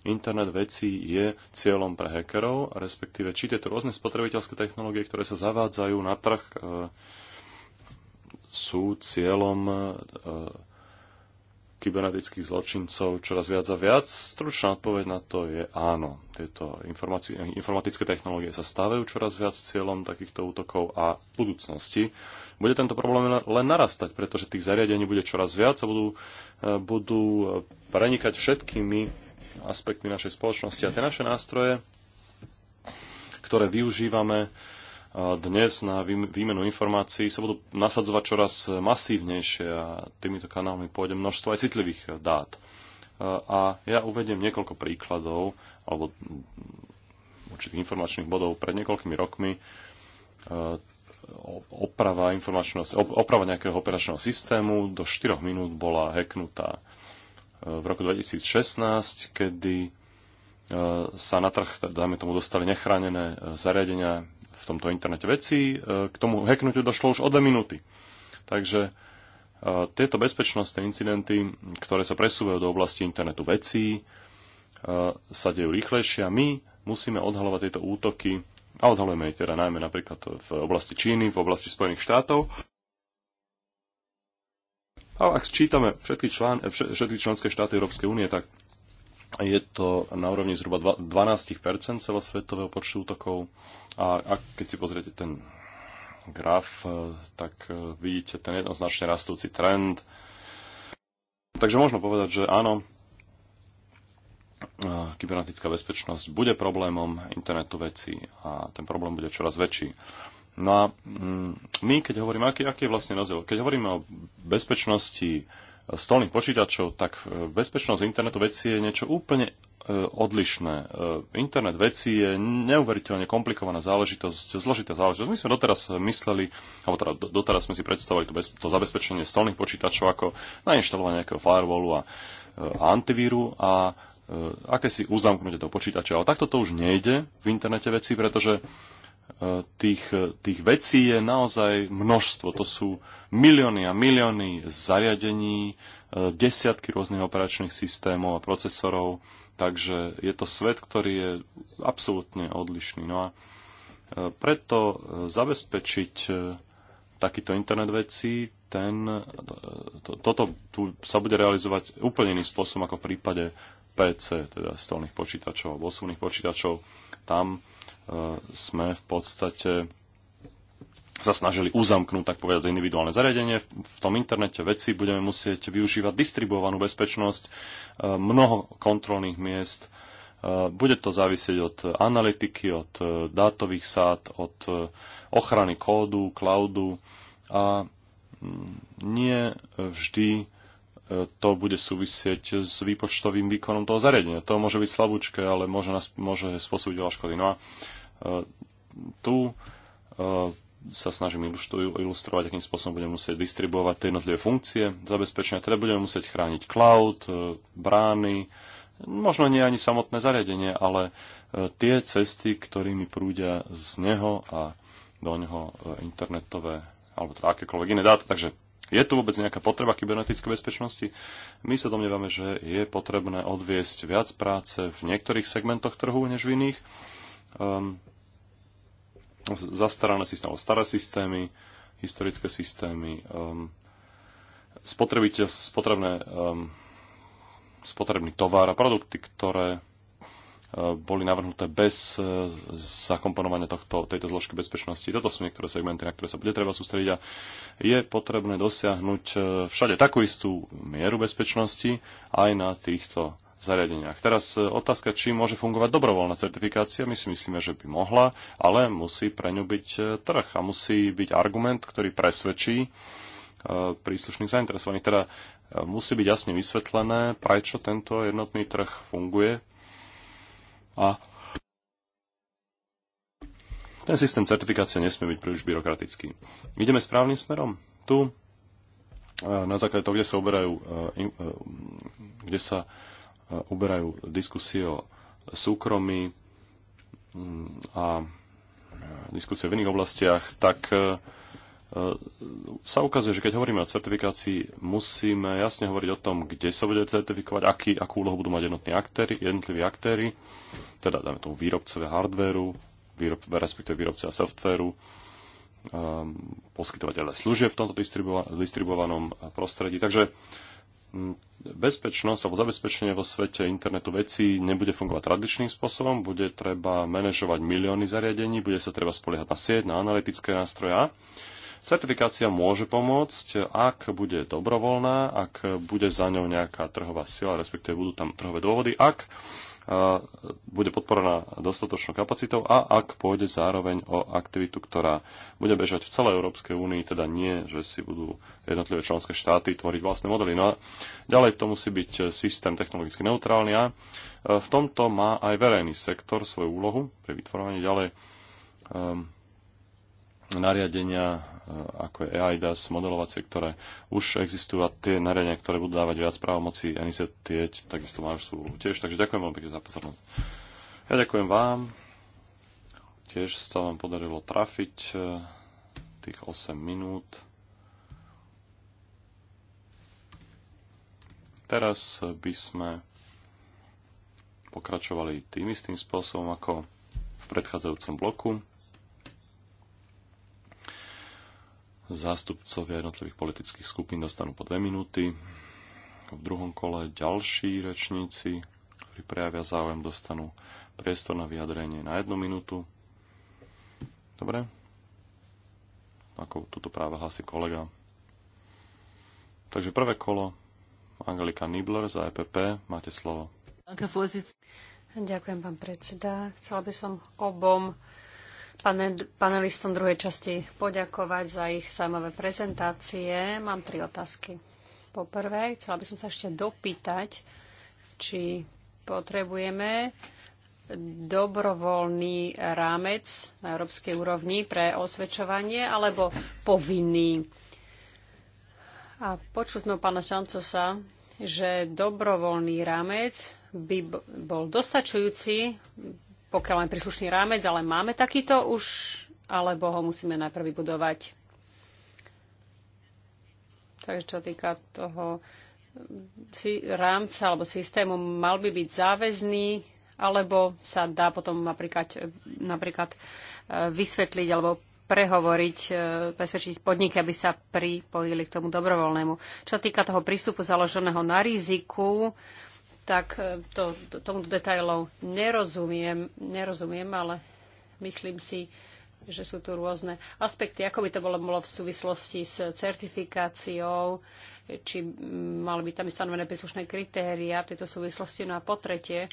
internet vecí je cieľom pre hackerov, respektíve či tieto rôzne spotrebiteľské technológie, ktoré sa zavádzajú na trh, e, sú cieľom e, kybernetických zločincov čoraz viac a viac? Stručná odpoveď na to je áno. Tieto informatické technológie sa stávajú čoraz viac cieľom takýchto útokov a v budúcnosti bude tento problém len narastať, pretože tých zariadení bude čoraz viac a budú, e, budú prenikať všetkými aspektmi našej spoločnosti. A tie naše nástroje, ktoré využívame, dnes na výmenu informácií sa budú nasadzovať čoraz masívnejšie a týmito kanálmi pôjde množstvo aj citlivých dát. A ja uvediem niekoľko príkladov alebo určitých informačných bodov pred niekoľkými rokmi e, oprava, informačného, oprava nejakého operačného systému do 4 minút bola hacknutá. E, v roku 2016, kedy e, sa na trh, dajme tomu, dostali nechránené zariadenia v tomto internete vecí. E, k tomu hacknutiu došlo už o dve minúty. Takže e, tieto bezpečnostné incidenty, ktoré sa presúvajú do oblasti internetu vecí, e, sa dejú rýchlejšie a my musíme odhalovať tieto útoky a odhalujeme ich teda najmä napríklad v oblasti Číny, v oblasti Spojených štátov. A ak čítame všetky, člán, všetky členské štáty Európskej únie, tak je to na úrovni zhruba 12 celosvetového počtu útokov. A, a keď si pozriete ten graf, eh, tak eh, vidíte ten jednoznačne rastúci trend. Takže možno povedať, že áno, eh, kybernetická bezpečnosť bude problémom internetu veci a ten problém bude čoraz väčší. No a mm, my, keď hovoríme, aký, aký je vlastne rozdiel? Keď hovoríme o bezpečnosti stolných počítačov, tak e, bezpečnosť internetu veci je niečo úplne e, odlišné. E, internet veci je neuveriteľne komplikovaná záležitosť, zložitá záležitosť. My sme doteraz mysleli, alebo teda doteraz sme si predstavovali to, bez, to zabezpečenie stolných počítačov ako nainštalovanie nejakého firewallu a, a antivíru a aké si uzamknutie do počítača. Ale takto to už nejde v internete veci, pretože tých, tých vecí je naozaj množstvo. To sú milióny a milióny zariadení, e, desiatky rôznych operačných systémov a procesorov, takže je to svet, ktorý je absolútne odlišný. No a e, preto e, zabezpečiť takýto internet vecí, ten, to, toto tu sa bude realizovať úplne iným spôsobom ako v prípade PC, teda stolných počítačov alebo osobných počítačov. Tam sme v podstate sa snažili uzamknúť, tak povedať, individuálne zariadenie. V tom internete veci budeme musieť využívať distribuovanú bezpečnosť, e, mnoho kontrolných miest. E, bude to závisieť od analytiky, od e, dátových sád, od ochrany kódu, cloudu a mm, nie vždy to bude súvisieť s výpočtovým výkonom toho zariadenia. To môže byť slabúčke, ale môže, nás, môže spôsobiť veľa škody. No a tu e, sa snažím ilustrovať, akým spôsobom budeme musieť distribuovať tie jednotlivé funkcie zabezpečenia. Teda budeme musieť chrániť cloud, e, brány, možno nie ani samotné zariadenie, ale e, tie cesty, ktorými prúdia z neho a do neho internetové alebo teda akékoľvek iné dáta. Takže je tu vôbec nejaká potreba kybernetickej bezpečnosti? My sa domnievame, že je potrebné odviesť viac práce v niektorých segmentoch trhu než v iných um, zastarané systémy, staré systémy, historické systémy, um, spotrebiteľ, spotrebné, um, spotrebný tovar a produkty, ktoré uh, boli navrhnuté bez uh, zakomponovania tohto, tejto zložky bezpečnosti. Toto sú niektoré segmenty, na ktoré sa bude treba sústrediť a je potrebné dosiahnuť uh, všade takú istú mieru bezpečnosti aj na týchto zariadeniach. Teraz e, otázka, či môže fungovať dobrovoľná certifikácia. My si myslíme, že by mohla, ale musí pre ňu byť e, trh a musí byť argument, ktorý presvedčí e, príslušných zainteresovaných. Teda musí byť jasne vysvetlené, prečo tento jednotný trh funguje a ten systém certifikácie nesmie byť príliš byrokratický. Ideme správnym smerom. Tu na základe toho, kde sa oberajú, kde sa uberajú diskusie o súkromí mm, a e, diskusie v iných oblastiach, tak e, e, sa ukazuje, že keď hovoríme o certifikácii, musíme jasne hovoriť o tom, kde sa bude certifikovať, aký, akú úlohu budú mať jednotní aktéry, jednotliví aktéry, teda dáme tomu výrobcovia hardvéru, výrob, respektíve výrobcovia softvéru, um, poskytovateľe služieb v tomto distribuovanom prostredí. Takže bezpečnosť alebo zabezpečenie vo svete internetu vecí nebude fungovať tradičným spôsobom, bude treba manažovať milióny zariadení, bude sa treba spoliehať na sieť, na analytické nástroje. Certifikácia môže pomôcť, ak bude dobrovoľná, ak bude za ňou nejaká trhová sila, respektíve budú tam trhové dôvody, ak bude podporená dostatočnou kapacitou a ak pôjde zároveň o aktivitu, ktorá bude bežať v celej Európskej únii, teda nie, že si budú jednotlivé členské štáty tvoriť vlastné modely. No a ďalej to musí byť systém technologicky neutrálny a e, v tomto má aj verejný sektor svoju úlohu pri vytvorovaní ďalej um, nariadenia ako je EIDAS, modelovacie, ktoré už existujú a tie nariadenia, ktoré budú dávať viac právomocí ENISE, tie takisto majú svoju tiež. Takže ďakujem veľmi pekne za pozornosť. Ja ďakujem vám. Tiež sa vám podarilo trafiť eh, tých 8 minút. Teraz by sme pokračovali tým istým spôsobom ako v predchádzajúcom bloku. Zástupcovia jednotlivých politických skupín dostanú po dve minúty. V druhom kole ďalší rečníci, ktorí prejavia záujem, dostanú priestor na vyjadrenie na jednu minútu. Dobre? Ako tuto práve hlasí kolega. Takže prvé kolo. Angelika Nibler za EPP. Máte slovo. Ďakujem, pán predseda. Chcela by som obom panelistom druhej časti poďakovať za ich zaujímavé prezentácie. Mám tri otázky. Poprvé, chcela by som sa ešte dopýtať, či potrebujeme dobrovoľný rámec na európskej úrovni pre osvedčovanie alebo povinný. A počuť sme pána Šancosa, že dobrovoľný rámec by bol dostačujúci pokiaľ len príslušný rámec, ale máme takýto už, alebo ho musíme najprv vybudovať. Takže čo týka toho rámca alebo systému, mal by byť záväzný, alebo sa dá potom napríklad, napríklad e, vysvetliť alebo prehovoriť, e, presvedčiť podniky, aby sa pripojili k tomu dobrovoľnému. Čo týka toho prístupu založeného na riziku, tak e, to, to, tomu detailov nerozumiem, nerozumiem, ale myslím si, že sú tu rôzne aspekty, ako by to bolo, bolo v súvislosti s certifikáciou, či mali by tam stanovené príslušné kritéria v tejto súvislosti. No a po tretie,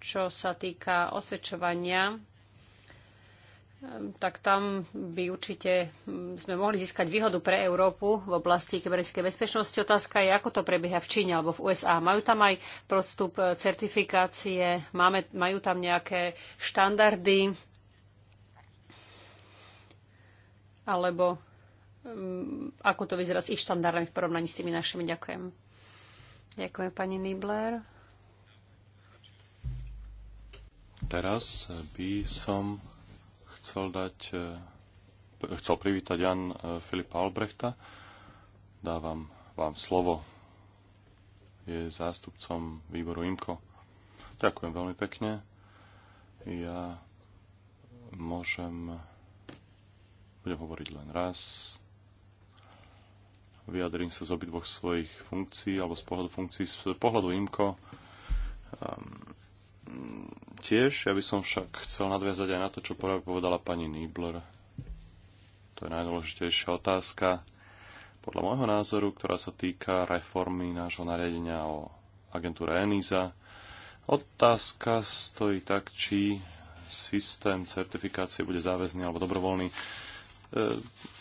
čo sa týka osvedčovania tak tam by určite sme mohli získať výhodu pre Európu v oblasti kybernetickej bezpečnosti. Otázka je, ako to prebieha v Číne alebo v USA. Majú tam aj prostup e, certifikácie, máme, majú tam nejaké štandardy alebo mm, ako to vyzerá s ich štandardami v porovnaní s tými našimi. Ďakujem. Ďakujem pani Nibler. Teraz by som chcel dať, e, chcel privítať Jan e, Filipa Albrechta. Dávam vám slovo. Je zástupcom výboru IMKO. Ďakujem veľmi pekne. Ja môžem, budem hovoriť len raz, vyjadrím sa z obidvoch svojich funkcií alebo z pohľadu funkcií, z pohľadu IMKO. Um, ehm, tiež. Ja by som však chcel nadviazať aj na to, čo práve povedala pani Nibler. To je najdôležitejšia otázka, podľa môjho názoru, ktorá sa týka reformy nášho nariadenia o agentúre ENISA. Otázka stojí tak, či systém certifikácie bude záväzný alebo dobrovoľný. E,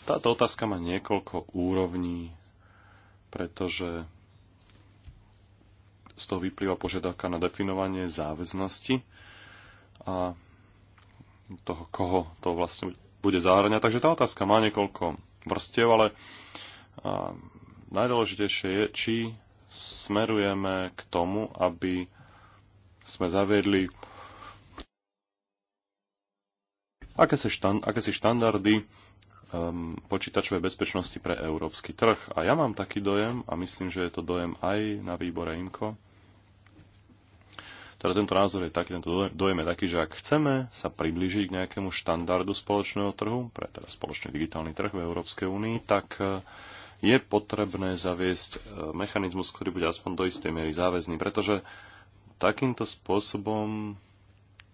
táto otázka má niekoľko úrovní, pretože z toho vyplýva požiadavka na definovanie záväznosti a toho, koho to vlastne bude zahrania. Takže tá otázka má niekoľko vrstiev, ale najdôležitejšie je, či smerujeme k tomu, aby sme zaviedli akési, štand, štandardy um, počítačovej bezpečnosti pre európsky trh. A ja mám taký dojem, a myslím, že je to dojem aj na výbore IMCO, teda tento názor je taký, tento dojem je taký, že ak chceme sa priblížiť k nejakému štandardu spoločného trhu, pre teda spoločný digitálny trh v Európskej únii, tak e, je potrebné zaviesť e, mechanizmus, ktorý bude aspoň do istej miery záväzný, pretože takýmto spôsobom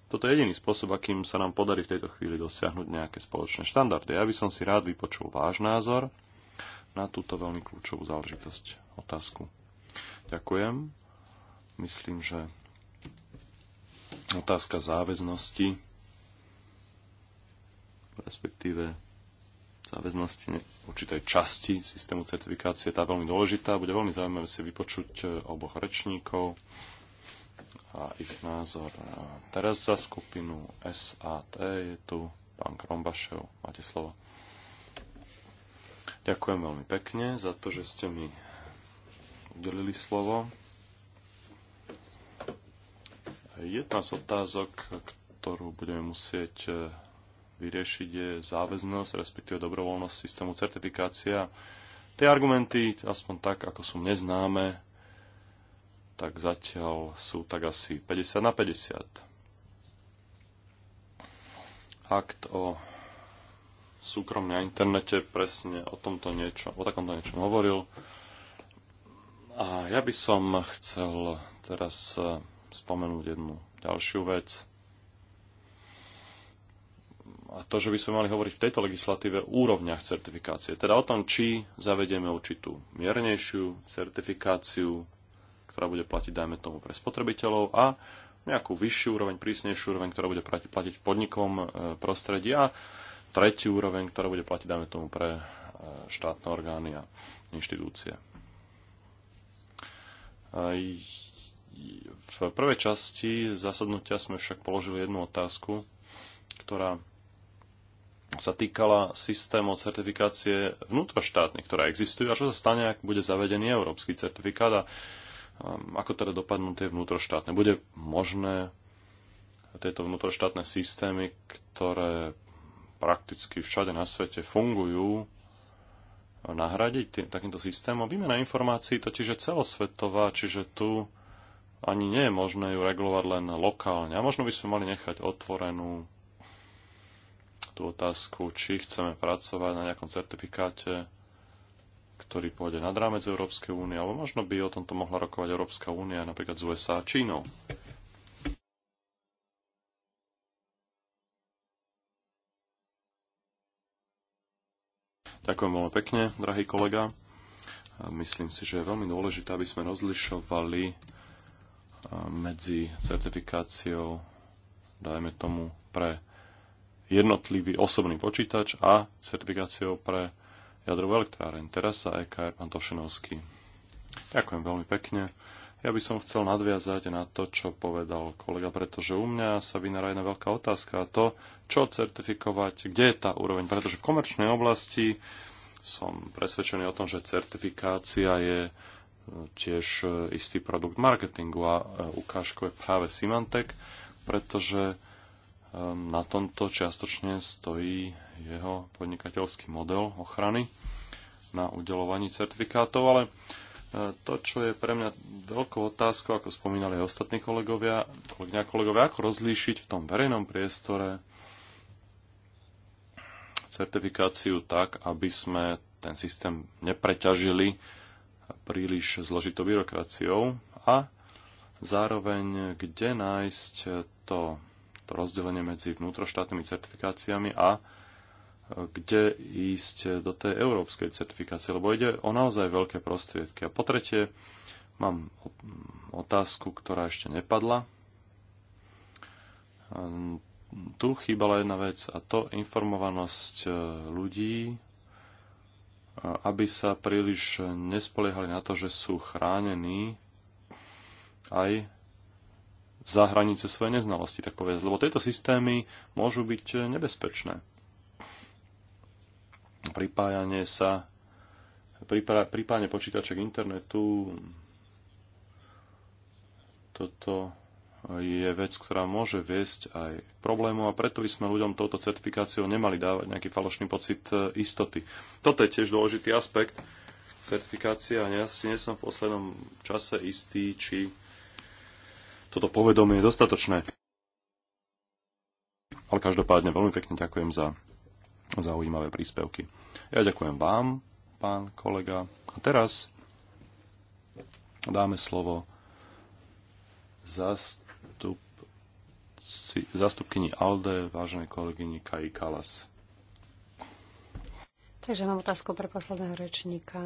toto je jediný spôsob, akým sa nám podarí v tejto chvíli dosiahnuť nejaké spoločné štandardy. Ja by som si rád vypočul váš názor na túto veľmi kľúčovú záležitosť, otázku. Ďakujem. Myslím, že otázka záväznosti, respektíve záväznosti určitej časti systému certifikácie, tá je veľmi dôležitá. Bude veľmi zaujímavé si vypočuť e, oboch rečníkov a ich názor. A teraz za skupinu SAT je tu pán Krombašev. Máte slovo. Ďakujem veľmi pekne za to, že ste mi udelili slovo. Jedna z otázok, ktorú budeme musieť e, vyriešiť, je záväznosť, respektíve dobrovoľnosť systému certifikácia. Tie argumenty, aspoň tak, ako sú neznáme, tak zatiaľ sú tak asi 50 na 50. Akt o súkromne na internete presne o tomto niečo, o takomto niečom hovoril. A ja by som chcel teraz e, spomenúť jednu ďalšiu vec. A to, že by sme mali hovoriť v tejto legislatíve o úrovniach certifikácie. Teda o tom, či zavedieme určitú miernejšiu certifikáciu, ktorá bude platiť, dajme tomu, pre spotrebiteľov a nejakú vyššiu úroveň, prísnejšiu úroveň, ktorá bude platiť v podnikom e, prostredí a tretí úroveň, ktorá bude platiť, dajme tomu, pre e, štátne orgány a inštitúcie. E, v prvej časti zasadnutia sme však položili jednu otázku, ktorá sa týkala systému certifikácie vnútroštátnych, ktoré existujú, a čo sa stane, ak bude zavedený európsky certifikát a um, ako teda dopadnú tie vnútroštátne. Bude možné tieto vnútroštátne systémy, ktoré prakticky všade na svete fungujú, nahradiť tým, takýmto systémom. Výmena informácií totiž je celosvetová, čiže tu ani nie je možné ju regulovať len lokálne. A možno by sme mali nechať otvorenú tú otázku, či chceme pracovať na nejakom certifikáte, ktorý pôjde nad rámec Európskej únie, alebo možno by o tomto mohla rokovať Európska únia napríklad z USA a Čínou. Ďakujem veľmi pekne, drahý kolega. Myslím si, že je veľmi dôležité, aby sme rozlišovali medzi certifikáciou, dajme tomu, pre jednotlivý osobný počítač a certifikáciou pre jadrovú elektráreň. Teraz sa EKR pán Tošinovský. Ďakujem veľmi pekne. Ja by som chcel nadviazať na to, čo povedal kolega, pretože u mňa sa vynára jedna veľká otázka a to, čo certifikovať, kde je tá úroveň, pretože v komerčnej oblasti som presvedčený o tom, že certifikácia je tiež e, istý produkt marketingu a e, ukážkou je práve Symantec, pretože e, na tomto čiastočne stojí jeho podnikateľský model ochrany na udelovaní certifikátov, ale to, čo je pre mňa veľkou otázkou, ako spomínali aj ostatní kolegovia, kolegyňa kolegovia, ako rozlíšiť v tom verejnom priestore certifikáciu tak, aby sme ten systém nepreťažili príliš zložitou byrokraciou a zároveň, kde nájsť to, to rozdelenie medzi vnútroštátnymi certifikáciami a kde ísť do tej európskej certifikácie, lebo ide o naozaj veľké prostriedky. A po tretie, mám otázku, ktorá ešte nepadla. Ehm, tu chýbala jedna vec a to informovanosť e, ľudí aby sa príliš nespoliehali na to, že sú chránení aj za hranice svojej neznalosti, tak povedať. Lebo tieto systémy môžu byť nebezpečné. Pripájanie sa, pripájanie počítača k internetu, toto je vec, ktorá môže viesť aj k problému a preto by sme ľuďom touto certifikáciou nemali dávať nejaký falošný pocit e, istoty. Toto je tiež dôležitý aspekt certifikácia a ja si nie som v poslednom čase istý, či toto povedomie je dostatočné. Ale každopádne veľmi pekne ďakujem za zaujímavé príspevky. Ja ďakujem vám, pán kolega. A teraz dáme slovo zast zastupkyni Alde, váženej kolegyni Kai Kalas. Takže mám otázku pre posledného rečníka.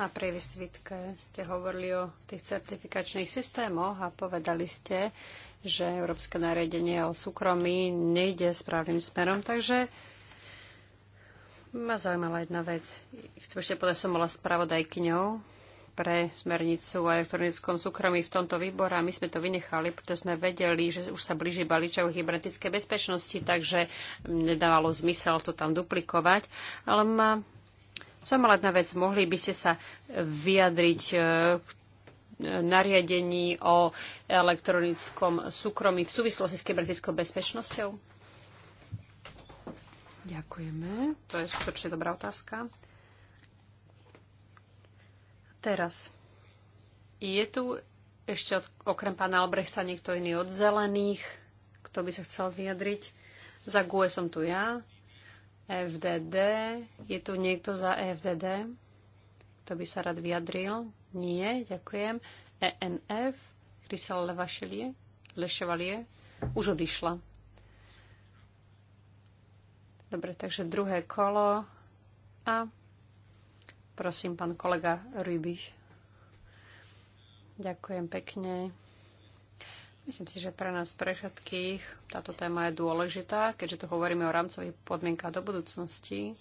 Na prievysvitke ste hovorili o tých certifikačných systémoch a povedali ste, že Európske nariadenie o súkromí nejde správnym smerom, takže ma zaujímala jedna vec. Chcem ešte povedať, som bola spravodajkyňou pre smernicu o elektronickom súkromí v tomto výbore a my sme to vynechali, pretože sme vedeli, že už sa blíži balíček o kybernetickej bezpečnosti, takže nedávalo zmysel to tam duplikovať. Ale ma... Som mala jedna vec, mohli by ste sa vyjadriť e, k nariadení o elektronickom súkromí v súvislosti s kybernetickou bezpečnosťou? Ďakujeme. To je skutočne dobrá otázka. Teraz, je tu ešte od, okrem pána Albrechta niekto iný od zelených, kto by sa chcel vyjadriť? Za GUE som tu ja. FDD. Je tu niekto za e FDD? Kto by sa rád vyjadril? Nie, ďakujem. ENF. Chrysel Levašelie. Leševalie. Už odišla. Dobre, takže druhé kolo. A Prosím, pán kolega Rybiš. Ďakujem pekne. Myslím si, že pre nás, pre všetkých, táto téma je dôležitá, keďže tu hovoríme o rámcových podmienkách do budúcnosti.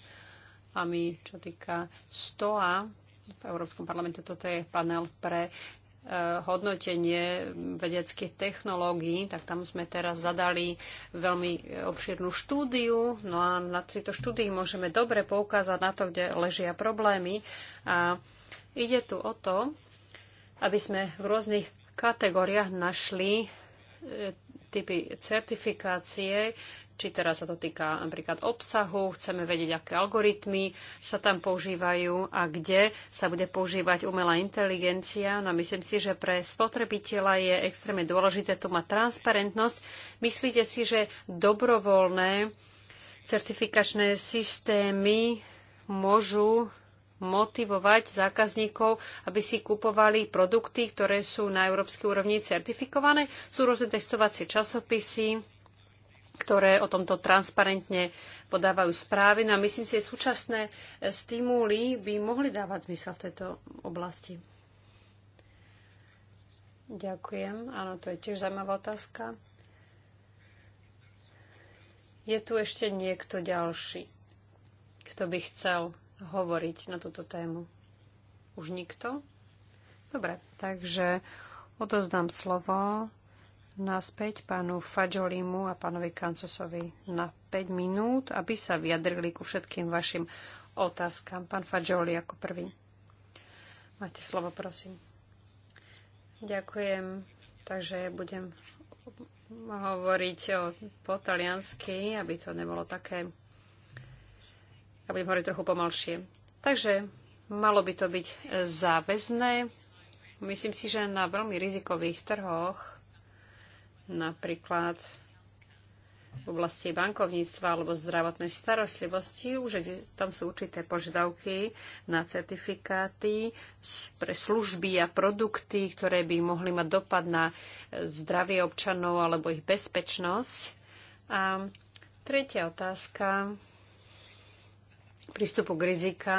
A my, čo týka STOA, v Európskom parlamente toto je panel pre Eh, hodnotenie vedeckých technológií, tak tam sme teraz zadali veľmi eh, obširnú štúdiu. No a na tejto štúdii môžeme dobre poukázať na to, kde ležia problémy. A ide tu o to, aby sme v rôznych kategóriách našli eh, typy certifikácie, či teraz sa to týka napríklad obsahu, chceme vedieť, aké algoritmy sa tam používajú a kde sa bude používať umelá inteligencia. No myslím si, že pre spotrebiteľa je extrémne dôležité tu mať transparentnosť. Myslíte si, že dobrovoľné certifikačné systémy môžu motivovať zákazníkov, aby si kupovali produkty, ktoré sú na európskej úrovni certifikované. Sú rôzne testovacie časopisy, ktoré o tomto transparentne podávajú správy. No a myslím si, že súčasné stimuly by mohli dávať zmysel v tejto oblasti. Ďakujem. Áno, to je tiež zaujímavá otázka. Je tu ešte niekto ďalší, kto by chcel hovoriť na túto tému? Už nikto? Dobre, takže odozdám slovo naspäť pánu Fadžolimu a pánovi Kancosovi na 5 minút, aby sa vyjadrili ku všetkým vašim otázkam. Pán Fadžoli ako prvý. Máte slovo, prosím. Ďakujem. Takže budem hovoriť o, po taliansky, aby to nebolo také... Ja budem hovoriť trochu pomalšie. Takže malo by to byť záväzné. Myslím si, že na veľmi rizikových trhoch Napríklad v oblasti bankovníctva alebo zdravotnej starostlivosti už tam sú určité požiadavky na certifikáty pre služby a produkty, ktoré by mohli mať dopad na e, zdravie občanov alebo ich bezpečnosť. A tretia otázka prístupu k rizika.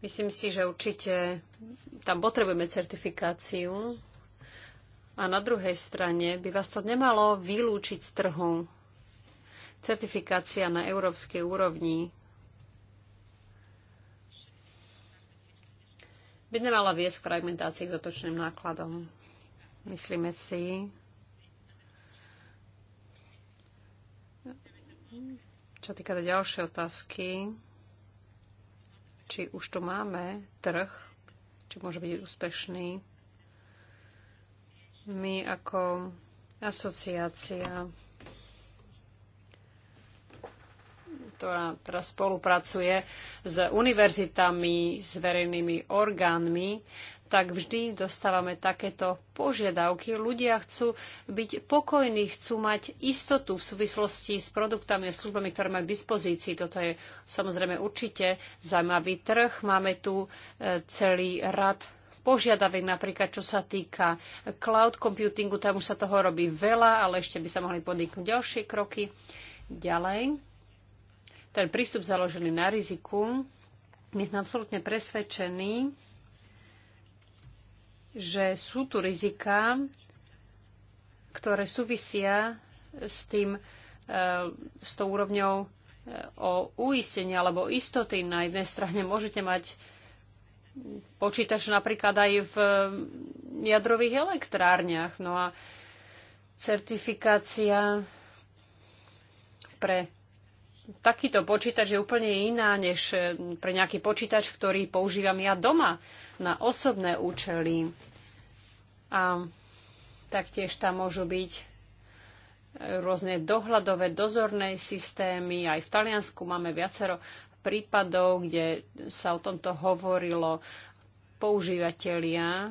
Myslím si, že určite tam potrebujeme certifikáciu a na druhej strane by vás to nemalo vylúčiť z trhu. Certifikácia na európskej úrovni by nemala viesť k fragmentácii k dotočným nákladom. Myslíme si, čo týka ďalšie otázky, či už tu máme trh, či môže byť úspešný my ako asociácia, ktorá teraz spolupracuje s univerzitami, s verejnými orgánmi, tak vždy dostávame takéto požiadavky. Ľudia chcú byť pokojní, chcú mať istotu v súvislosti s produktami a službami, ktoré majú k dispozícii. Toto je samozrejme určite zaujímavý trh. Máme tu e, celý rad požiadaviek, napríklad čo sa týka cloud computingu, tam už sa toho robí veľa, ale ešte by sa mohli podniknúť ďalšie kroky. Ďalej, ten prístup založený na riziku. My sme absolútne presvedčení, že sú tu rizika, ktoré súvisia s tým, e, s tou úrovňou e, o uistenie alebo istoty. Na jednej strane môžete mať počítač napríklad aj v eh, jadrových elektrárniach. No a certifikácia pre takýto počítač je úplne iná než eh, pre nejaký počítač, ktorý používam ja doma na osobné účely. A taktiež tam môžu byť eh, rôzne dohľadové, dozorné systémy. Aj v Taliansku máme viacero prípadov, kde sa o tomto hovorilo používateľia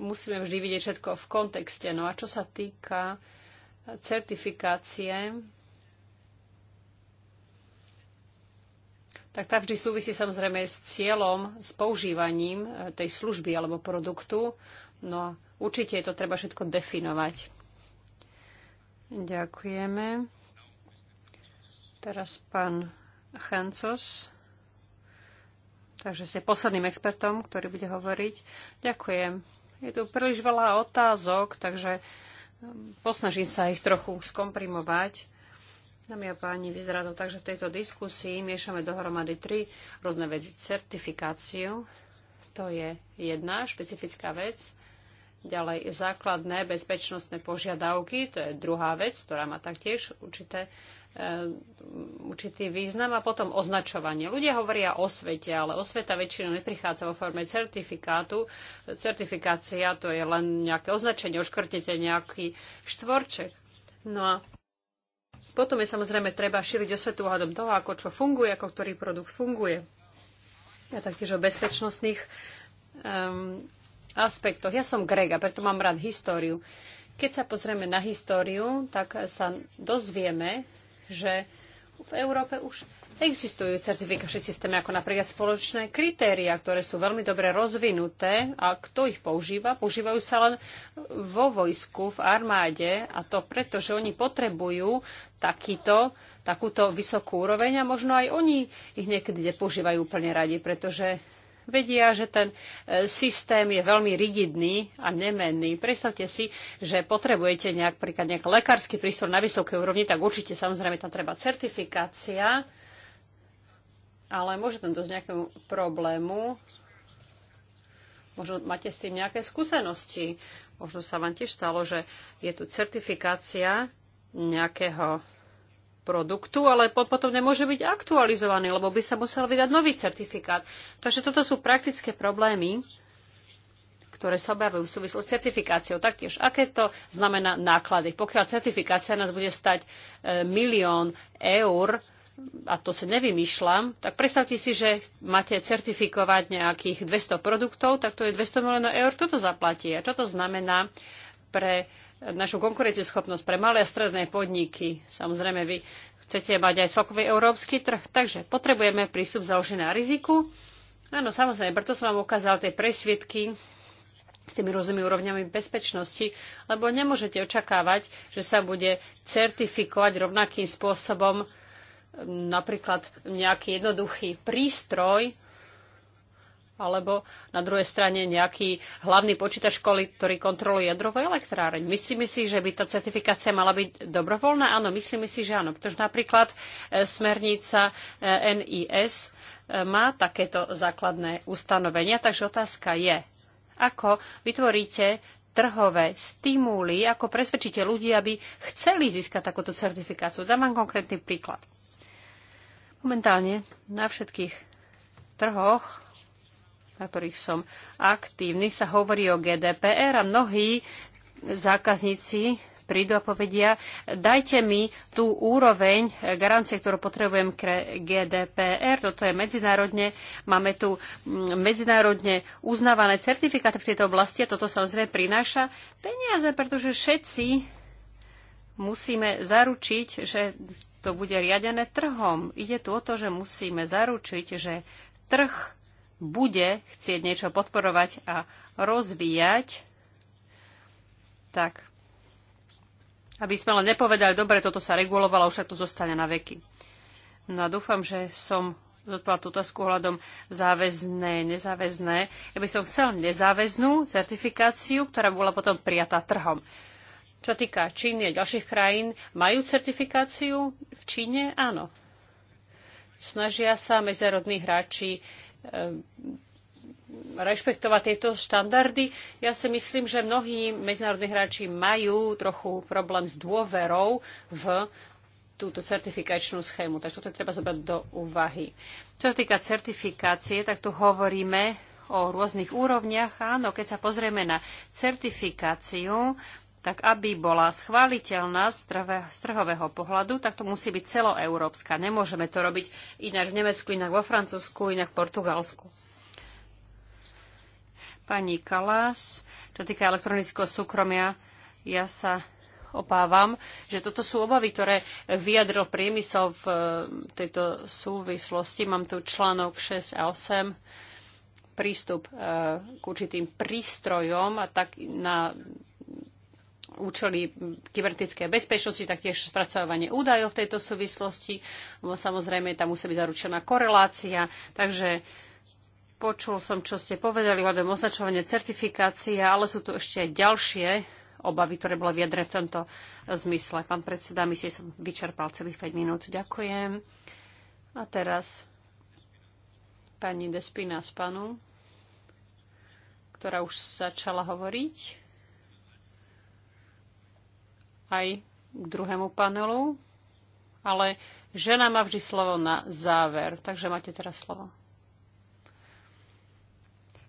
musíme vždy vidieť všetko v kontexte. No a čo sa týka certifikácie, tak tá vždy súvisí samozrejme s cieľom, s používaním tej služby alebo produktu. No a určite je to treba všetko definovať. Ďakujeme. Teraz pán Chancos. Takže ste posledným expertom, ktorý bude hovoriť. Ďakujem. Je tu príliš veľa otázok, takže ehm, posnažím sa ich trochu skomprimovať. Dámy a páni, vyzerá to tak, že v tejto diskusii miešame dohromady tri rôzne veci. Certifikáciu, to je jedna špecifická vec, Ďalej základné bezpečnostné požiadavky, to je druhá vec, ktorá má taktiež určité, e, určitý význam. A potom označovanie. Ľudia hovoria o svete, ale o sveta väčšinou neprichádza vo forme certifikátu. Certifikácia to je len nejaké označenie, oškrtnete nejaký štvorček. No a potom je samozrejme treba šíriť osvetu ohľadom toho, ako čo funguje, ako ktorý produkt funguje. A taktiež o bezpečnostných um, aspektoch. Ja som Greg a preto mám rád históriu. Keď sa pozrieme na históriu, tak sa dozvieme, že v Európe už existujú certifikačné systémy, ako napríklad spoločné kritéria, ktoré sú veľmi dobre rozvinuté a kto ich používa? Používajú sa len vo vojsku, v armáde a to preto, že oni potrebujú takýto, takúto vysokú úroveň a možno aj oni ich niekedy nepoužívajú úplne radi, pretože vedia, že ten e, systém je veľmi rigidný a nemenný. Predstavte si, že potrebujete nejak, príklad, nejak lekársky prístroj na vysokej úrovni, tak určite samozrejme tam treba certifikácia, ale môže tam dosť nejakému problému. Možno máte s tým nejaké skúsenosti. Možno sa vám tiež stalo, že je tu certifikácia nejakého produktu, ale potom nemôže byť aktualizovaný, lebo by sa musel vydať nový certifikát. Takže toto sú praktické problémy, ktoré sa objavujú v súvislosti s certifikáciou. Taktiež, aké to znamená náklady? Pokiaľ certifikácia nás bude stať e, milión eur, a to si nevymýšľam, tak predstavte si, že máte certifikovať nejakých 200 produktov, tak to je 200 miliónov eur, kto to zaplatí? A čo to znamená pre našu konkurencieschopnosť pre malé a stredné podniky. Samozrejme, vy chcete mať aj celkový európsky trh, takže potrebujeme prístup založený na riziku. Áno, samozrejme, preto som vám ukázal tie presvietky s tými rôznymi úrovňami bezpečnosti, lebo nemôžete očakávať, že sa bude certifikovať rovnakým spôsobom napríklad nejaký jednoduchý prístroj, alebo na druhej strane nejaký hlavný počítač školy, ktorý kontroluje jadrovú elektráreň. Myslíme si, že by tá certifikácia mala byť dobrovoľná? Áno, myslíme si, že áno. Pretože napríklad e, smernica e, NIS e, má takéto základné ustanovenia, takže otázka je, ako vytvoríte trhové stimuly, ako presvedčíte ľudí, aby chceli získať takúto certifikáciu. Dám vám konkrétny príklad. Momentálne na všetkých trhoch na ktorých som aktívny, sa hovorí o GDPR a mnohí zákazníci prídu a povedia, dajte mi tú úroveň garancie, ktorú potrebujem k GDPR. Toto je medzinárodne, máme tu mm, medzinárodne uznávané certifikáty v tejto oblasti a toto samozrejme prináša peniaze, pretože všetci musíme zaručiť, že to bude riadené trhom. Ide tu o to, že musíme zaručiť, že trh bude chcieť niečo podporovať a rozvíjať, tak aby sme len nepovedali, dobre, toto sa regulovalo, už však to zostane na veky. No a dúfam, že som zodpovedal tú otázku ohľadom záväzné, nezáväzné. Ja by som chcel nezáväznú certifikáciu, ktorá bola potom prijatá trhom. Čo týka Číny a ďalších krajín, majú certifikáciu v Číne? Áno. Snažia sa medzinárodní hráči Eh, rešpektovať tieto štandardy. Ja si myslím, že mnohí medzinárodní hráči majú trochu problém s dôverou v túto certifikačnú schému. Takže toto treba zobrať do úvahy. Čo sa týka certifikácie, tak tu hovoríme o rôznych úrovniach. Áno, keď sa pozrieme na certifikáciu, tak aby bola schváliteľná z, z trhového pohľadu, tak to musí byť celoeurópska. Nemôžeme to robiť ináč v Nemecku, inak vo Francúzsku, inak v Portugalsku. Pani Kalas, čo týka elektronického súkromia, ja sa obávam, že toto sú obavy, ktoré vyjadril priemysel v e, tejto súvislosti. Mám tu článok 6 a 8 prístup e, k určitým prístrojom a tak na účely kybernetickej bezpečnosti, taktiež spracovanie údajov v tejto súvislosti, samozrejme tam musí byť zaručená korelácia. Takže počul som, čo ste povedali hľadom označovania certifikácie, ale sú tu ešte ďalšie obavy, ktoré bolo vyjadrené v tomto zmysle. Pán predseda, myslím, som vyčerpal celých 5 minút. Ďakujem. A teraz pani Despina z panu, ktorá už začala hovoriť aj k druhému panelu, ale žena má vždy slovo na záver, takže máte teraz slovo.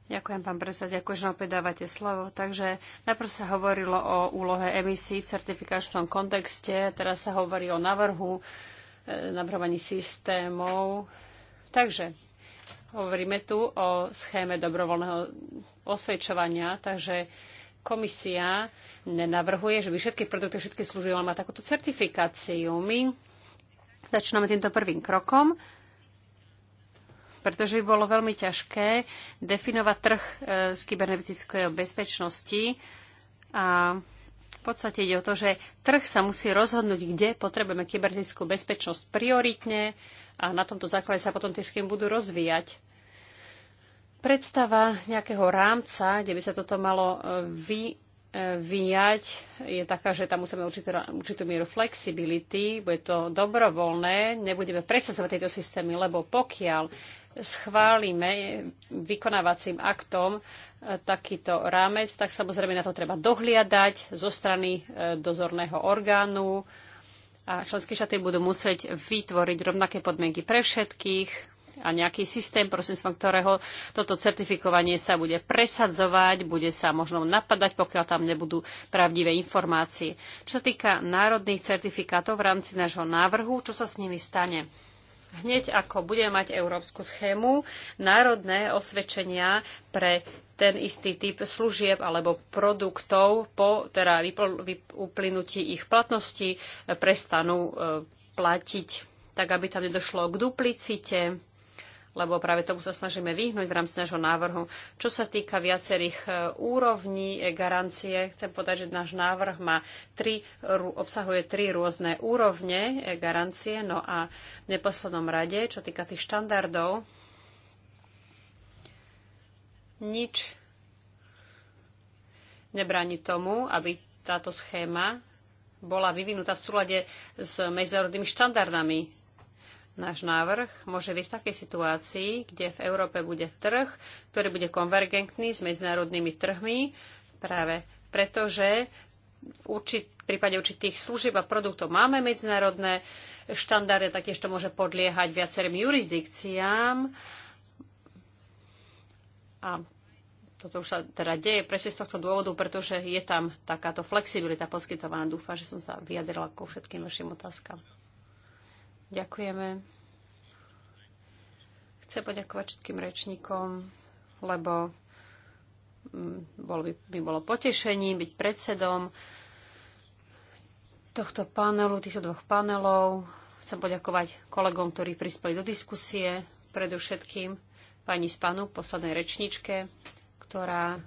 Ďakujem, pán predseda, ďakujem, že opäť dávate slovo. Takže najprv sa hovorilo o úlohe emisí v certifikačnom kontexte, teraz sa hovorí o navrhu, e, navrhovaní systémov. Takže hovoríme tu o schéme dobrovoľného osvedčovania, takže komisia nenavrhuje, že by všetky produkty, všetky služby mali mať takúto certifikáciu. My začíname týmto prvým krokom, pretože by bolo veľmi ťažké definovať trh e, z kybernetickej bezpečnosti a v podstate ide o to, že trh sa musí rozhodnúť, kde potrebujeme kybernetickú bezpečnosť prioritne a na tomto základe sa potom tie schém budú rozvíjať. Predstava nejakého rámca, kde by sa toto malo e, vyjať, je taká, že tam musíme určitú, určitú mieru flexibility, bude to dobrovoľné, nebudeme presadzovať tieto systémy, lebo pokiaľ schválime vykonávacím aktom e, takýto rámec, tak samozrejme na to treba dohliadať zo strany e, dozorného orgánu a členské štáty budú musieť vytvoriť rovnaké podmienky pre všetkých a nejaký systém, prostredstvom ktorého toto certifikovanie sa bude presadzovať, bude sa možno napadať, pokiaľ tam nebudú pravdivé informácie. Čo sa týka národných certifikátov v rámci nášho návrhu, čo sa s nimi stane? Hneď ako budeme mať európsku schému, národné osvedčenia pre ten istý typ služieb alebo produktov po teda uplynutí ich platnosti prestanú e, platiť, tak aby tam nedošlo k duplicite lebo práve tomu sa snažíme vyhnúť v rámci nášho návrhu. Čo sa týka viacerých e, úrovní e, garancie, chcem povedať, že náš návrh má tri, obsahuje tri rôzne úrovne e, garancie, no a v neposlednom rade, čo týka tých štandardov, nič nebráni tomu, aby táto schéma bola vyvinutá v súlade s medzinárodnými štandardami náš návrh môže viesť v takej situácii, kde v Európe bude trh, ktorý bude konvergentný s medzinárodnými trhmi, práve preto, že v určit, prípade určitých služieb a produktov máme medzinárodné štandardy, taktiež to môže podliehať viacerým jurisdikciám. A toto už sa teda deje presne z tohto dôvodu, pretože je tam takáto flexibilita poskytovaná. Dúfam, že som sa vyjadrila ku všetkým vašim otázkam. Ďakujeme. Chcem poďakovať všetkým rečníkom, lebo mm, bol by, by bolo potešením byť predsedom tohto panelu, týchto dvoch panelov. Chcem poďakovať kolegom, ktorí prispeli do diskusie, predovšetkým pani panu, poslednej rečničke, ktorá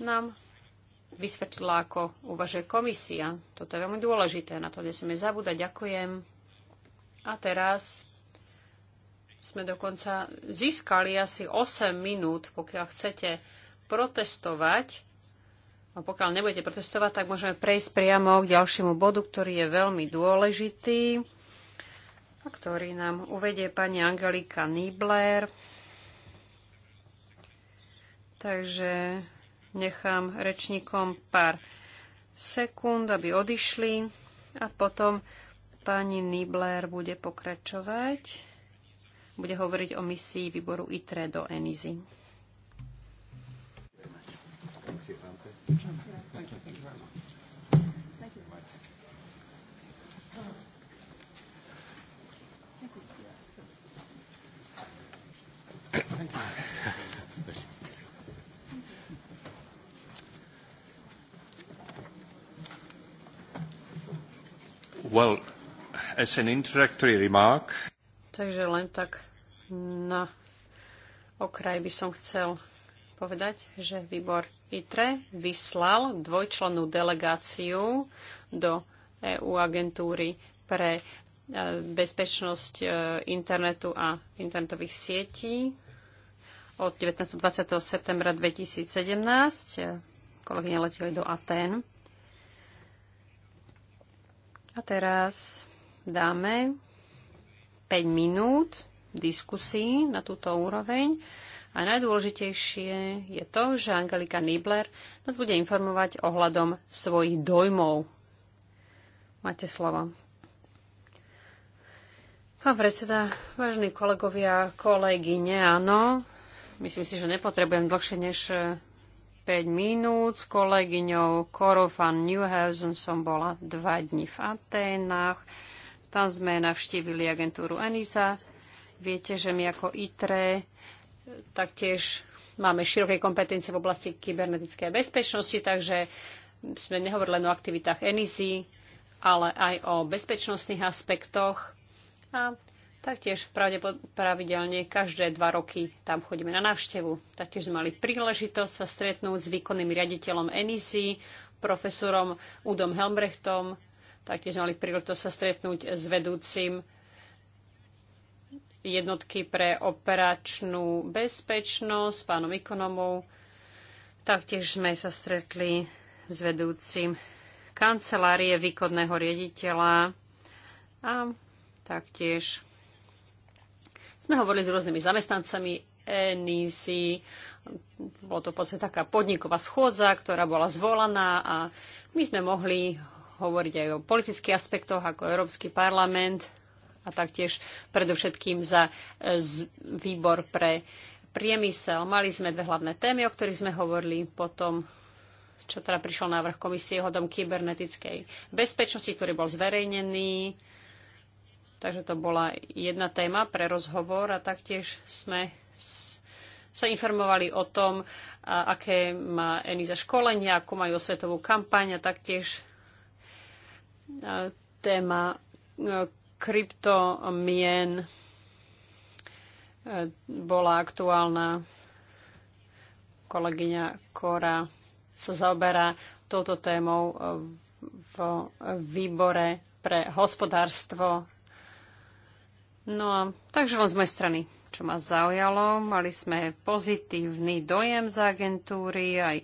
nám vysvetlila, ako uvažuje komisia. Toto je veľmi dôležité, na to nesmieme zabúdať. Ďakujem. A teraz sme dokonca získali asi 8 minút, pokiaľ chcete protestovať. A pokiaľ nebudete protestovať, tak môžeme prejsť priamo k ďalšiemu bodu, ktorý je veľmi dôležitý a ktorý nám uvedie pani Angelika Niebler. Takže nechám rečníkom pár sekúnd, aby odišli a potom Pani Nibler bude pokračovať. Bude hovoriť o misii výboru ITRE do ENIZY. Well, as an introductory remark. Takže len tak na okraj by som chcel povedať, že výbor ITRE vyslal dvojčlennú delegáciu do EU agentúry pre e, bezpečnosť e, internetu a internetových sietí od 19. 20. septembra 2017. E, kolegyne leteli do Atén. A teraz dáme 5 minút diskusí na túto úroveň. A najdôležitejšie je to, že Angelika Nibler nás bude informovať ohľadom svojich dojmov. Máte slovo. Pán predseda, vážení kolegovia, kolegyne, áno. Myslím si, že nepotrebujem dlhšie než 5 eh, minút. S kolegyňou Korofan Newhausen som bola 2 dní v Atenách. Tam sme navštívili agentúru ANISA. Viete, že my ako ITRE e, taktiež máme široké kompetencie v oblasti kybernetickej bezpečnosti, takže sme nehovorili len o aktivitách ENISI, ale aj o bezpečnostných aspektoch. A taktiež pravidelne každé dva roky tam chodíme na návštevu. Taktiež sme mali príležitosť sa stretnúť s výkonným riaditeľom ENISI, profesorom Udom Helmbrechtom Taktiež mali príležitosť sa stretnúť s vedúcim jednotky pre operačnú bezpečnosť, pánom ekonomou. Taktiež sme sa stretli s vedúcim kancelárie výkonného riaditeľa a taktiež sme hovorili s rôznymi zamestnancami NEC. Bolo to v podstate taká podniková schôdza, ktorá bola zvolaná a my sme mohli hovoriť aj o politických aspektoch ako Európsky parlament a taktiež predovšetkým za e, výbor pre priemysel. Mali sme dve hlavné témy, o ktorých sme hovorili potom čo teda prišiel návrh komisie hodom kybernetickej bezpečnosti, ktorý bol zverejnený. Takže to bola jedna téma pre rozhovor a taktiež sme sa informovali o tom, aké má ENISA školenia, akú majú osvetovú kampaň a taktiež téma e, kryptomien e, bola aktuálna. Kolegyňa Kora sa zaoberá touto témou e, v výbore pre hospodárstvo. No a takže len z mojej strany, čo ma zaujalo, mali sme pozitívny dojem z agentúry, aj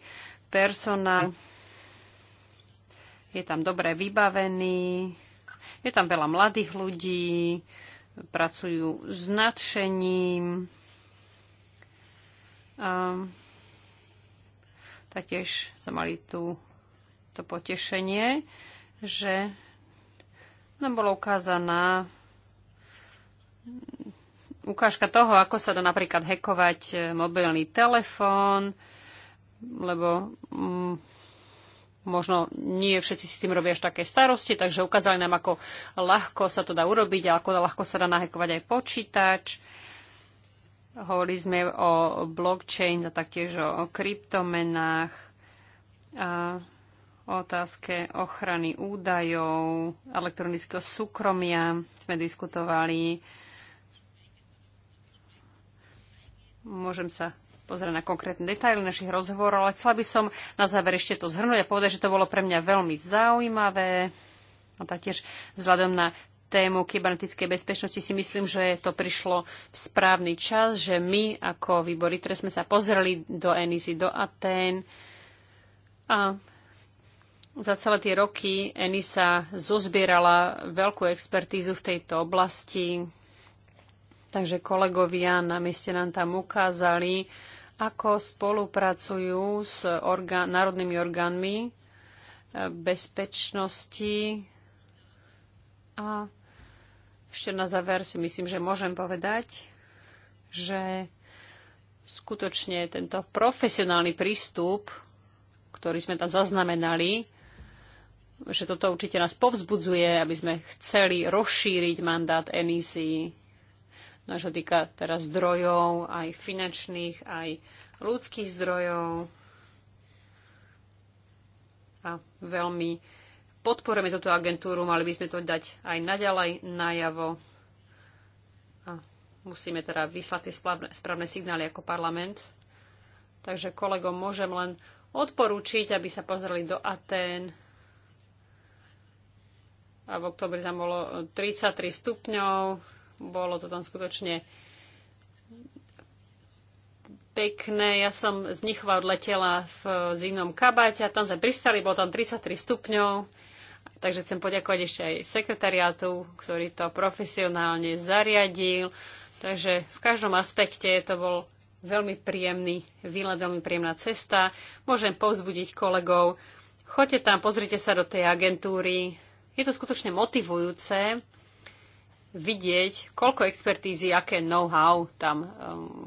personál je tam dobre vybavený, je tam veľa mladých ľudí, pracujú s nadšením. A taktiež sa mali tu to potešenie, že nám bola ukázaná ukážka toho, ako sa dá napríklad hekovať mobilný telefón, lebo mm, možno nie všetci si s tým robia až také starosti, takže ukázali nám, ako ľahko sa to dá urobiť a ako ľahko sa dá nahekovať aj počítač. Hovorili sme o blockchain a taktiež o kryptomenách a otázke ochrany údajov, elektronického súkromia sme diskutovali. Môžem sa pozrieť na konkrétne detaily našich rozhovorov, ale chcela by som na záver ešte to zhrnúť a povedať, že to bolo pre mňa veľmi zaujímavé a taktiež vzhľadom na tému kybernetickej bezpečnosti si myslím, že to prišlo v správny čas, že my ako výbory, ktoré sme sa pozreli do Enisy, do Atén a za celé tie roky Enisa zozbierala veľkú expertízu v tejto oblasti. Takže kolegovia na mieste nám tam ukázali, ako spolupracujú s orgán, národnými orgánmi e, bezpečnosti. A ešte na záver si myslím, že môžem povedať, že skutočne tento profesionálny prístup, ktorý sme tam zaznamenali, že toto určite nás povzbudzuje, aby sme chceli rozšíriť mandát NEC No čo týka teraz zdrojov, aj finančných, aj ľudských zdrojov. A veľmi podporujeme túto agentúru, mali by sme to dať aj naďalej najavo. A musíme teda vyslať tie správne, správne signály ako parlament. Takže kolegom môžem len odporúčiť, aby sa pozreli do Atén. A v oktobri tam bolo 33 stupňov bolo to tam skutočne pekné. Ja som z nich odletela v zimnom kabáte a tam sme pristali, bolo tam 33 stupňov. Takže chcem poďakovať ešte aj sekretariátu, ktorý to profesionálne zariadil. Takže v každom aspekte to bol veľmi príjemný výlet, veľmi príjemná cesta. Môžem povzbudiť kolegov. Choďte tam, pozrite sa do tej agentúry. Je to skutočne motivujúce vidieť, koľko expertízy, aké know-how tam eh,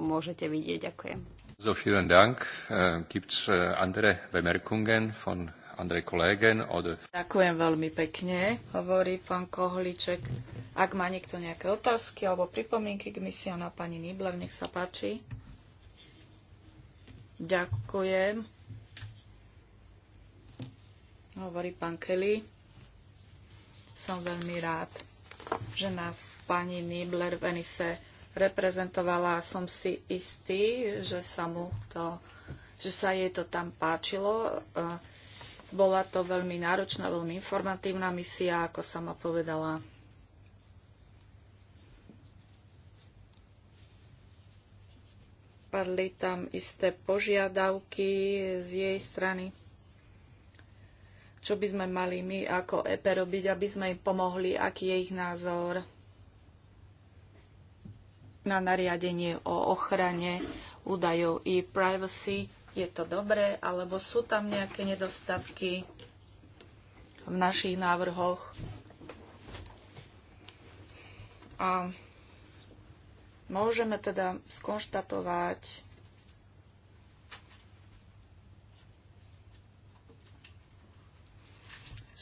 môžete vidieť. Ďakujem. So vielen Dank. Eh, gibt's eh, andere Bemerkungen von andere Kollegen? Oder... Ďakujem veľmi pekne, hovorí pán Kohliček. Ak má niekto nejaké otázky alebo pripomienky k misiám na pani Nibler, nech sa páči. Ďakujem. Hovorí pán Kelly. Som veľmi rád, že nás pani Nibler Venise reprezentovala a som si istý, že sa, mu to, že sa jej to tam páčilo. E, bola to veľmi náročná, veľmi informatívna misia, ako sama povedala. Padli tam isté požiadavky z jej strany čo by sme mali my ako EP robiť, aby sme im pomohli, aký je ich názor na nariadenie o ochrane údajov i privacy. Je to dobré, alebo sú tam nejaké nedostatky v našich návrhoch? A môžeme teda skonštatovať,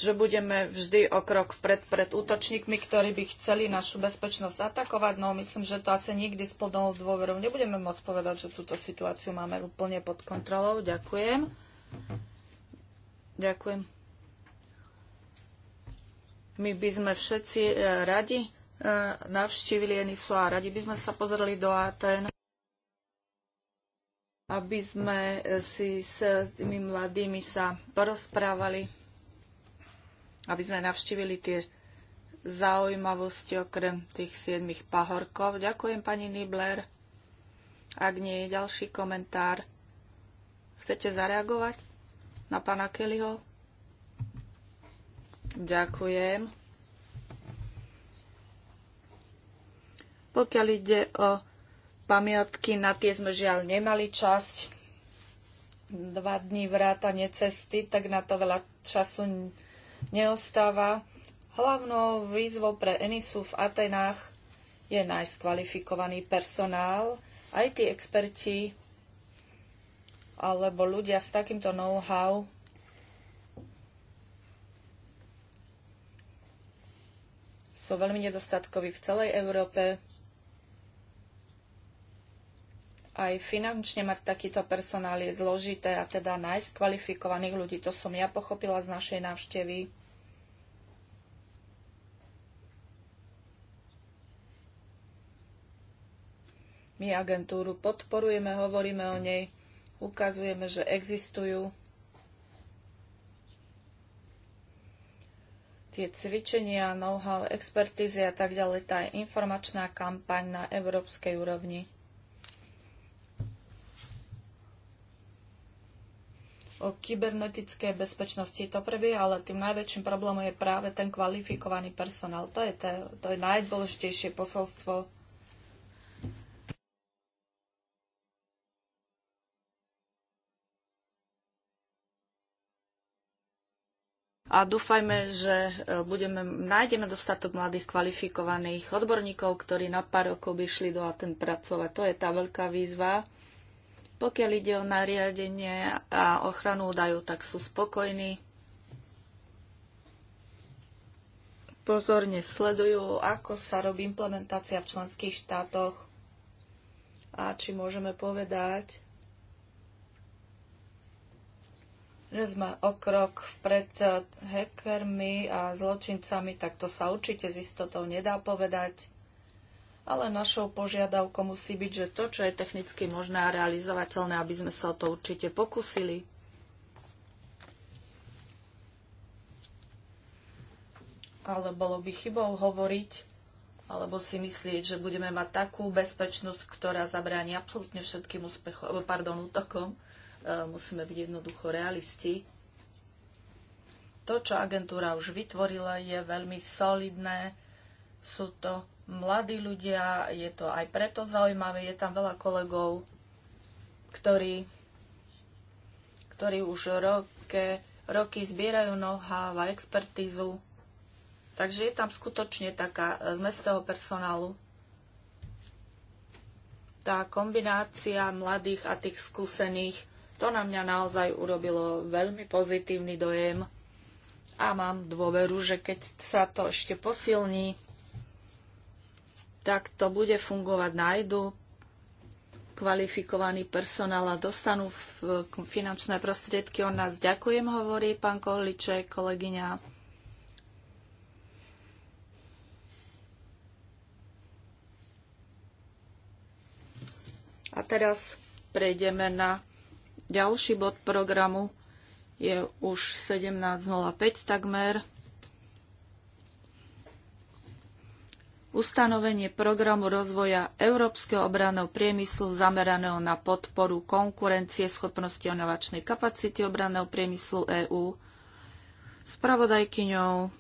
že budeme vždy o krok vpred pred útočníkmi, ktorí by chceli našu bezpečnosť atakovať. No myslím, že to asi nikdy s plnou dôverou nebudeme môcť povedať, že túto situáciu máme úplne pod kontrolou. Ďakujem. Ďakujem. My by sme všetci e, radi e, navštívili Enisu a radi by sme sa pozreli do Aten aby sme e, si s tými mladými sa porozprávali aby sme navštívili tie zaujímavosti okrem tých siedmých pahorkov. Ďakujem pani Nibler. Ak nie je ďalší komentár, chcete zareagovať na pána Kellyho? Ďakujem. Pokiaľ ide o pamiatky, na tie sme žiaľ nemali časť. Dva dní vrátanie cesty, tak na to veľa času neostáva. Hlavnou výzvou pre Enisu v Atenách je nájsť kvalifikovaný personál, aj tí experti alebo ľudia s takýmto know-how sú veľmi nedostatkoví v celej Európe. aj finančne mať takýto personál je zložité a teda nájsť kvalifikovaných ľudí. To som ja pochopila z našej návštevy. My agentúru podporujeme, hovoríme o nej, ukazujeme, že existujú tie cvičenia, know-how, expertízy a tak ďalej, tá informačná kampaň na európskej úrovni. o kybernetickej bezpečnosti. To prvý, ale tým najväčším problémom je práve ten kvalifikovaný personál. To je, to, to je najdôležitejšie posolstvo. A dúfajme, že e, budeme, nájdeme dostatok mladých kvalifikovaných odborníkov, ktorí na pár rokov by šli do Aten pracovať. To je tá veľká výzva pokiaľ ide o nariadenie a ochranu údajov, tak sú spokojní. Pozorne sledujú, ako sa robí implementácia v členských štátoch a či môžeme povedať, že sme o krok vpred e, hackermi a zločincami, tak to sa určite s istotou nedá povedať ale našou požiadavkou musí byť, že to, čo je technicky možné a realizovateľné, aby sme sa o to určite pokúsili. Ale bolo by chybou hovoriť, alebo si myslieť, že budeme mať takú bezpečnosť, ktorá zabráni absolútne všetkým úspechom, pardon, útokom. E, musíme byť jednoducho realisti. To, čo agentúra už vytvorila, je veľmi solidné. Sú to mladí ľudia, je to aj preto zaujímavé, je tam veľa kolegov, ktorí, ktorí už roke, roky zbierajú know-how a expertízu. Takže je tam skutočne taká e, z mestského personálu tá kombinácia mladých a tých skúsených, to na mňa naozaj urobilo veľmi pozitívny dojem a mám dôveru, že keď sa to ešte posilní, tak to bude fungovať. Nájdu kvalifikovaný personál a dostanú finančné prostriedky. On nás ďakujem, hovorí pán Kohliček, kolegyňa. A teraz prejdeme na ďalší bod programu. Je už 17.05 takmer. ustanovenie programu rozvoja európskeho obranného priemyslu zameraného na podporu konkurencie schopnosti a inovačnej kapacity obranného priemyslu EÚ. Spravodajkyňou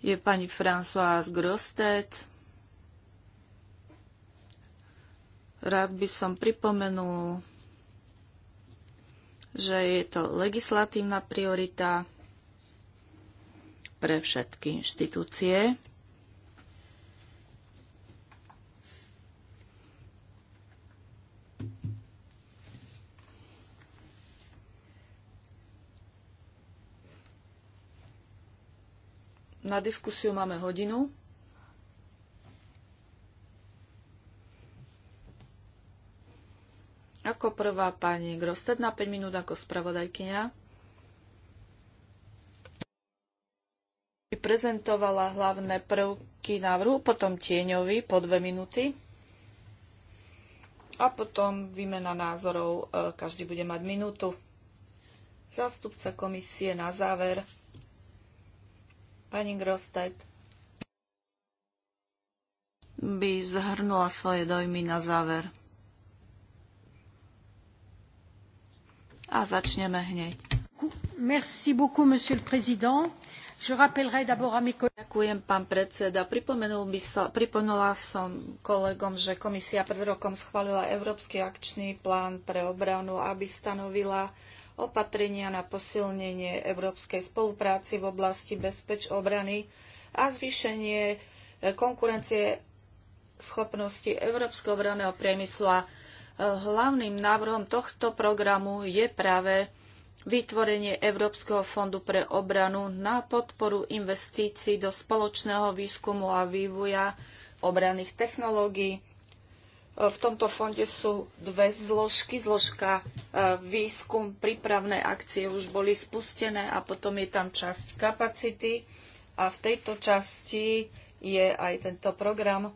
je pani Françoise Grostet. Rád by som pripomenul, že je to legislatívna priorita pre všetky inštitúcie. Na diskusiu máme hodinu. Ako prvá pani Grosted na 5 minút ako spravodajkynia. prezentovala hlavné prvky návrhu, potom tieňovi po dve minúty a potom výmena názorov, e, každý bude mať minútu. Zástupca komisie na záver, pani Grostet, by zhrnula svoje dojmy na záver. A začneme hneď. Merci beaucoup, monsieur le président. Ďakujem, pán predseda. pripomenula som kolegom, že komisia pred rokom schválila Európsky akčný plán pre obranu, aby stanovila opatrenia na posilnenie európskej spolupráci v oblasti bezpeč obrany a zvýšenie eh, konkurencie schopnosti európskeho obranného priemyslu. Eh, hlavným návrhom tohto programu je práve vytvorenie Európskeho fondu pre obranu na podporu investícií do spoločného výskumu a vývoja obranných technológií. V tomto fonde sú dve zložky. Zložka e, výskum, prípravné akcie už boli spustené a potom je tam časť kapacity a v tejto časti je aj tento program.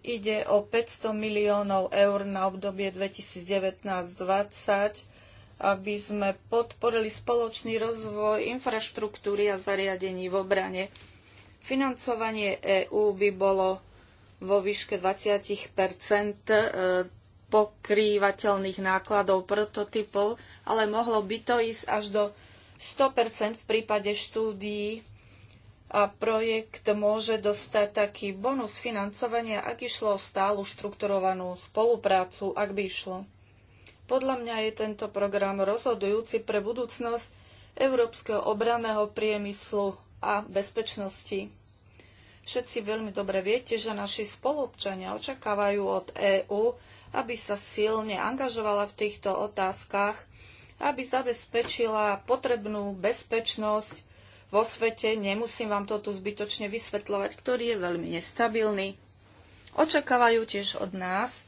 Ide o 500 miliónov eur na obdobie 2019-2020 aby sme podporili spoločný rozvoj infraštruktúry a zariadení v obrane. Financovanie EÚ by bolo vo výške 20 e, pokrývateľných nákladov prototypov, ale mohlo by to ísť až do 100 v prípade štúdií a projekt môže dostať taký bonus financovania, ak išlo o stálu štrukturovanú spoluprácu, ak by išlo. Podľa mňa je tento program rozhodujúci pre budúcnosť európskeho obraného priemyslu a bezpečnosti. Všetci veľmi dobre viete, že naši spolupčania očakávajú od EÚ, aby sa silne angažovala v týchto otázkach, aby zabezpečila potrebnú bezpečnosť vo svete, nemusím vám to tu zbytočne vysvetľovať, ktorý je veľmi nestabilný. Očakávajú tiež od nás,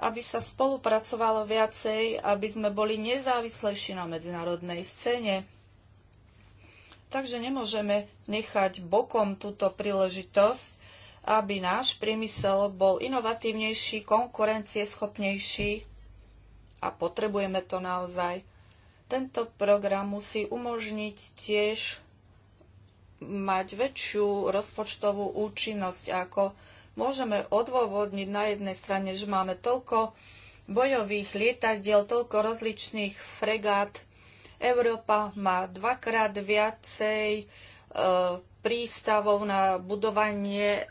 aby sa spolupracovalo viacej, aby sme boli nezávislejší na medzinárodnej scéne. Takže nemôžeme nechať bokom túto príležitosť, aby náš priemysel bol inovatívnejší, konkurencieschopnejší a potrebujeme to naozaj. Tento program musí umožniť tiež mať väčšiu rozpočtovú účinnosť ako môžeme odôvodniť na jednej strane, že máme toľko bojových lietadiel, toľko rozličných fregát. Európa má dvakrát viacej e, prístavov na budovanie e,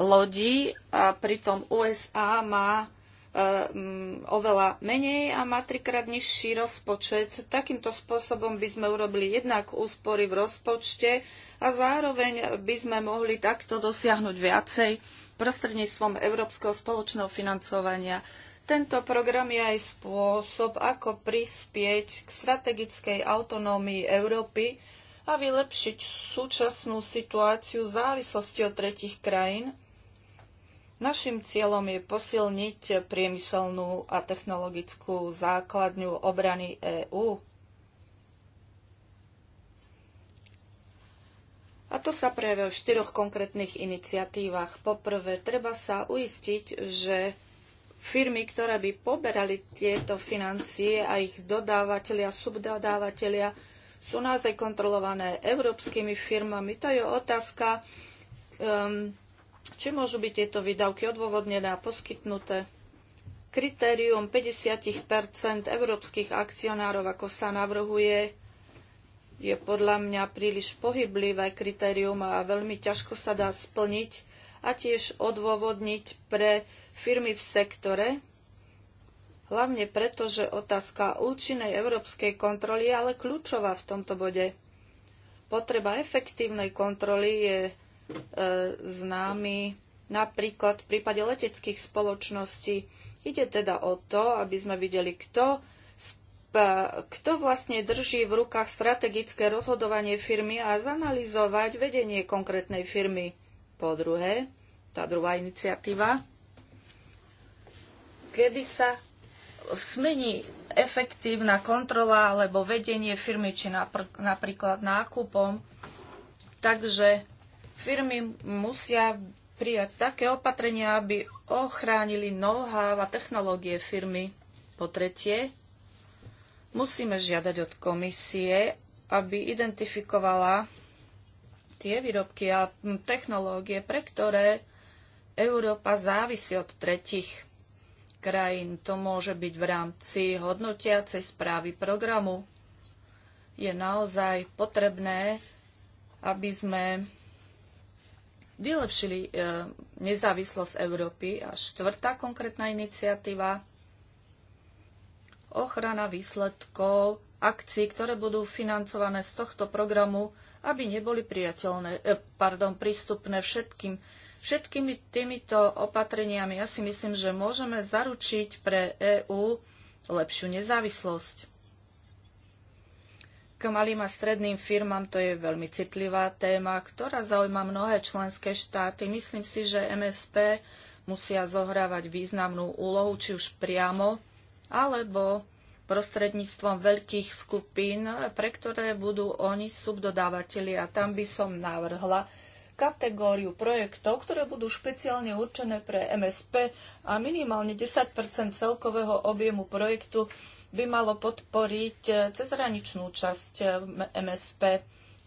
lodí a pritom USA má Eh, oveľa menej a má trikrát nižší rozpočet. Takýmto spôsobom by sme urobili jednak úspory v rozpočte a zároveň by sme mohli takto dosiahnuť viacej prostredníctvom Európskeho spoločného financovania. Tento program je aj spôsob, ako prispieť k strategickej autonómii Európy a vylepšiť súčasnú situáciu závislosti od tretich krajín Našim cieľom je posilniť priemyselnú a technologickú základňu obrany EÚ. A to sa prejavuje v štyroch konkrétnych iniciatívach. Poprvé, treba sa uistiť, že firmy, ktoré by poberali tieto financie a ich dodávateľia, subdodávateľia, sú naozaj kontrolované európskymi firmami. To je otázka um, či môžu byť tieto výdavky odôvodnené a poskytnuté? Kritérium 50 európskych akcionárov, ako sa navrhuje, je podľa mňa príliš pohyblivé kritérium a veľmi ťažko sa dá splniť a tiež odôvodniť pre firmy v sektore, hlavne preto, že otázka účinnej európskej kontroly je ale kľúčová v tomto bode. Potreba efektívnej kontroly je E, známy napríklad v prípade leteckých spoločností. Ide teda o to, aby sme videli, kto, kto vlastne drží v rukách strategické rozhodovanie firmy a zanalizovať vedenie konkrétnej firmy. Po druhé, tá druhá iniciatíva, kedy sa smení efektívna kontrola alebo vedenie firmy, či napr- napríklad nákupom. Takže Firmy musia prijať také opatrenia, aby ochránili know-how a technológie firmy. Po tretie, musíme žiadať od komisie, aby identifikovala tie výrobky a technológie, pre ktoré Európa závisí od tretich krajín. To môže byť v rámci hodnotiacej správy programu. Je naozaj potrebné, aby sme vylepšili e, nezávislosť Európy. A štvrtá konkrétna iniciatíva ochrana výsledkov akcií, ktoré budú financované z tohto programu, aby neboli priateľné, e, pardon, prístupné všetkým. Všetkými týmito opatreniami ja si myslím, že môžeme zaručiť pre EÚ lepšiu nezávislosť. K malým a stredným firmám to je veľmi citlivá téma, ktorá zaujíma mnohé členské štáty. Myslím si, že MSP musia zohrávať významnú úlohu, či už priamo, alebo prostredníctvom veľkých skupín, pre ktoré budú oni subdodávateľi. A tam by som navrhla kategóriu projektov, ktoré budú špeciálne určené pre MSP a minimálne 10 celkového objemu projektu by malo podporiť eh, cezhraničnú časť eh, MSP.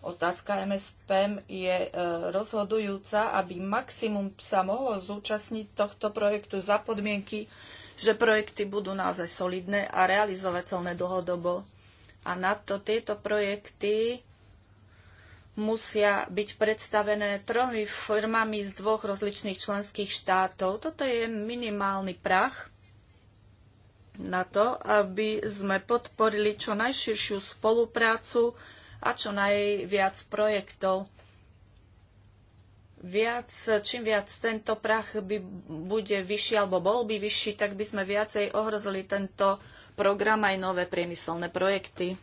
Otázka MSP je eh, rozhodujúca, aby maximum sa mohlo zúčastniť tohto projektu za podmienky, že projekty budú naozaj solidné a realizovateľné dlhodobo. A na to tieto projekty musia byť predstavené tromi firmami z dvoch rozličných členských štátov. Toto je minimálny prach na to, aby sme podporili čo najširšiu spoluprácu a čo najviac projektov. Viac, čím viac tento prach by, bude vyšší alebo bol by vyšší, tak by sme viacej ohrozili tento program aj nové priemyselné projekty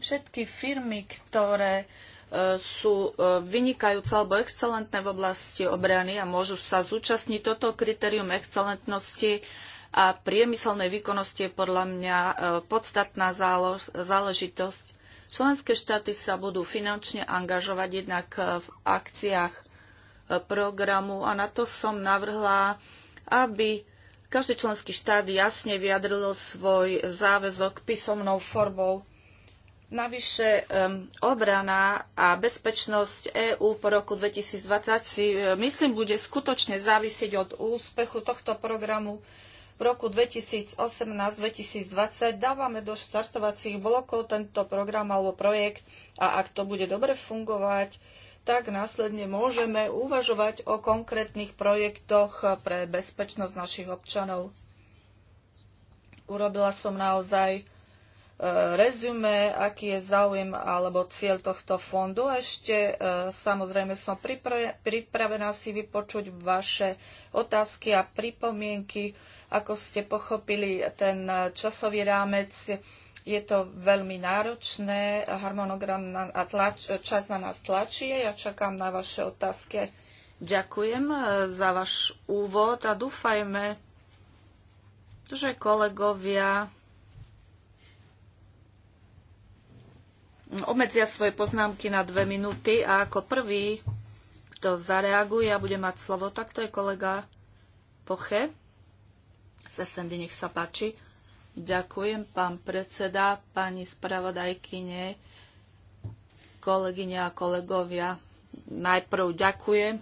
všetky firmy, ktoré e, sú e, vynikajúce alebo excelentné v oblasti obrany a môžu sa zúčastniť toto kritérium excelentnosti a priemyselnej výkonnosti je podľa mňa e, podstatná záležitosť. Členské štáty sa budú finančne angažovať jednak v akciách programu a na to som navrhla, aby každý členský štát jasne vyjadril svoj záväzok písomnou formou Navyše um, obrana a bezpečnosť EÚ po roku 2020 si, e, myslím, bude skutočne závisieť od úspechu tohto programu. V roku 2018-2020 dávame do štartovacích blokov tento program alebo projekt a ak to bude dobre fungovať, tak následne môžeme uvažovať o konkrétnych projektoch pre bezpečnosť našich občanov. Urobila som naozaj rezume, aký je záujem alebo cieľ tohto fondu. ešte e, samozrejme som pripravená si vypočuť vaše otázky a pripomienky, ako ste pochopili ten časový rámec. Je to veľmi náročné, harmonogram na, a tlač, čas na nás tlačí, ja čakám na vaše otázky. Ďakujem e, za váš úvod a dúfajme, že kolegovia obmedzia svoje poznámky na dve minúty a ako prvý, kto zareaguje a bude mať slovo, tak to je kolega Poche. Sesendy, nech sa páči. Ďakujem, pán predseda, pani spravodajkyne, kolegyne a kolegovia. Najprv ďakujem.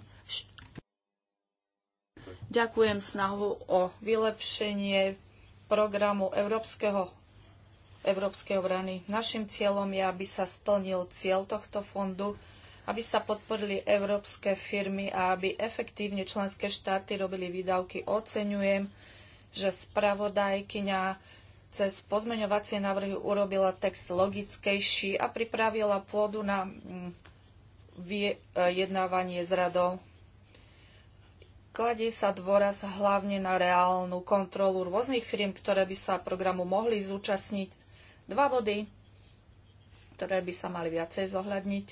Ďakujem snahu o vylepšenie programu Európskeho európskej obrany. Našim cieľom je, aby sa splnil cieľ tohto fondu, aby sa podporili európske firmy a aby efektívne členské štáty robili výdavky. Oceňujem, že spravodajkyňa cez pozmeňovacie návrhy urobila text logickejší a pripravila pôdu na mm, vyjednávanie e, s radou. Kladie sa dôraz hlavne na reálnu kontrolu rôznych firm, ktoré by sa programu mohli zúčastniť Dva body, ktoré by sa mali viacej zohľadniť.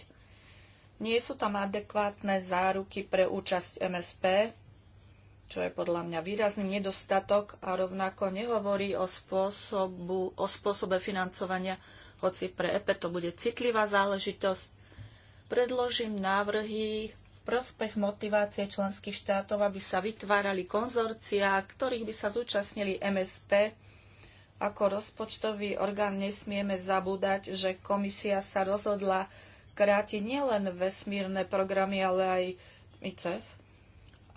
Nie sú tam adekvátne záruky pre účasť MSP, čo je podľa mňa výrazný nedostatok a rovnako nehovorí o, spôsobu, o spôsobe financovania, hoci pre EP to bude citlivá záležitosť. Predložím návrhy prospech motivácie členských štátov, aby sa vytvárali konzorcia, ktorých by sa zúčastnili MSP ako rozpočtový orgán nesmieme zabúdať, že komisia sa rozhodla krátiť nielen vesmírne programy, ale aj ICEF.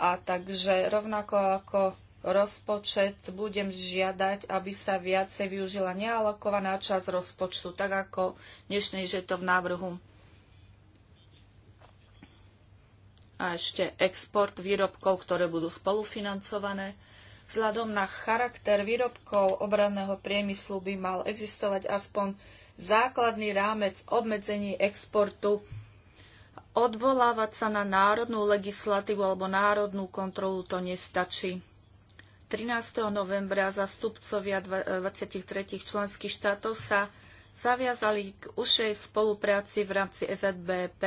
A takže rovnako ako rozpočet budem žiadať, aby sa viacej využila nealokovaná časť rozpočtu, tak ako dnešnej, že to v návrhu. A ešte export výrobkov, ktoré budú spolufinancované. Vzhľadom na charakter výrobkov obranného priemyslu by mal existovať aspoň základný rámec obmedzení exportu. Odvolávať sa na národnú legislatívu alebo národnú kontrolu to nestačí. 13. novembra zastupcovia 23 eh, členských štátov sa zaviazali k ušej spolupráci v rámci SZBP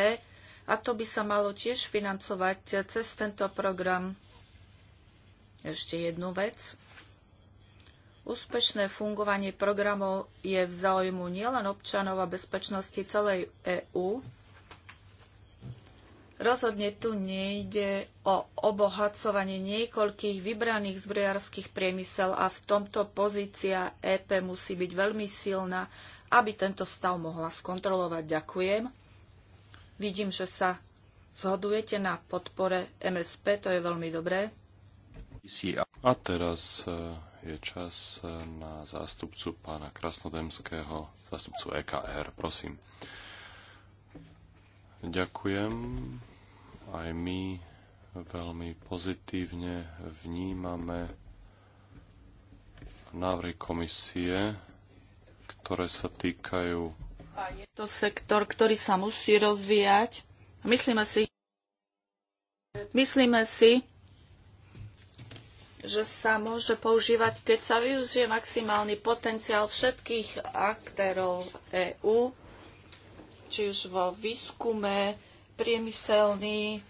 a to by sa malo tiež financovať cez tento program. Ešte jednu vec. Úspešné fungovanie programov je v záujmu nielen občanov a bezpečnosti celej EÚ. Rozhodne tu nejde o obohacovanie niekoľkých vybraných zbrojárskych priemysel a v tomto pozícia EP musí byť veľmi silná, aby tento stav mohla skontrolovať. Ďakujem. Vidím, že sa zhodujete na podpore MSP, to je veľmi dobré. A teraz eh, je čas eh, na zástupcu pána Krasnodemského, zástupcu EKR. Prosím. Ďakujem. Aj my veľmi pozitívne vnímame návrhy komisie, ktoré sa týkajú. A je to sektor, ktorý sa musí rozvíjať. Myslíme si, myslíme si, že sa môže používať, keď sa využije maximálny potenciál všetkých aktérov EÚ, či už vo výskume, priemyselný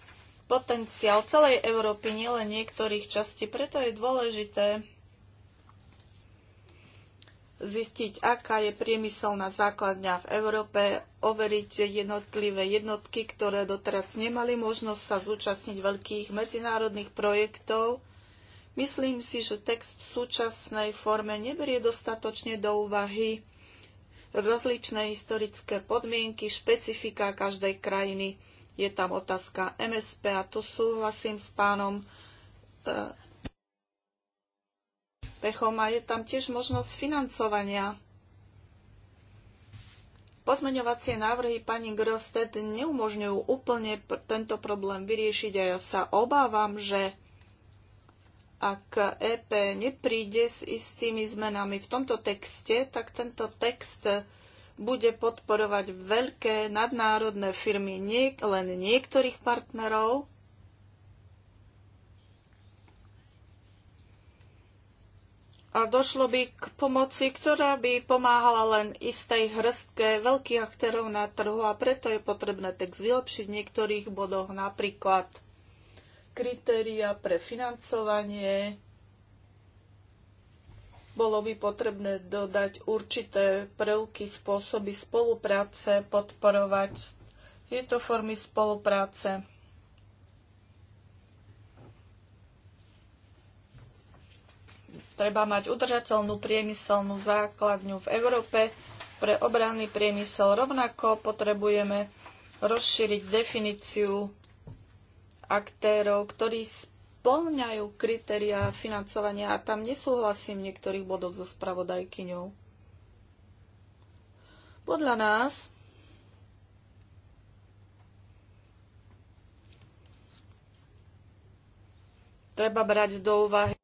potenciál celej Európy, nielen niektorých častí. Preto je dôležité zistiť, aká je priemyselná základňa v Európe, overiť jednotlivé jednotky, ktoré doteraz nemali možnosť sa zúčastniť veľkých medzinárodných projektov Myslím si, že text v súčasnej forme neberie dostatočne do úvahy rozličné historické podmienky, špecifika každej krajiny. Je tam otázka MSP a tu súhlasím s pánom e, Pechom a je tam tiež možnosť financovania. Pozmeňovacie návrhy pani Grosted neumožňujú úplne tento problém vyriešiť a ja sa obávam, že ak EP nepríde s istými zmenami v tomto texte, tak tento text bude podporovať veľké nadnárodné firmy, nie len niektorých partnerov. A došlo by k pomoci, ktorá by pomáhala len istej hrstke veľkých aktérov na trhu a preto je potrebné text vylepšiť v niektorých bodoch, napríklad kritéria pre financovanie. Bolo by potrebné dodať určité prvky, spôsoby spolupráce, podporovať tieto formy spolupráce. Treba mať udržateľnú priemyselnú základňu v Európe. Pre obranný priemysel rovnako potrebujeme rozšíriť definíciu aktérov, ktorí splňajú kritériá financovania a tam nesúhlasím niektorých bodoch so spravodajkyňou. Podľa nás treba brať do úvahy e,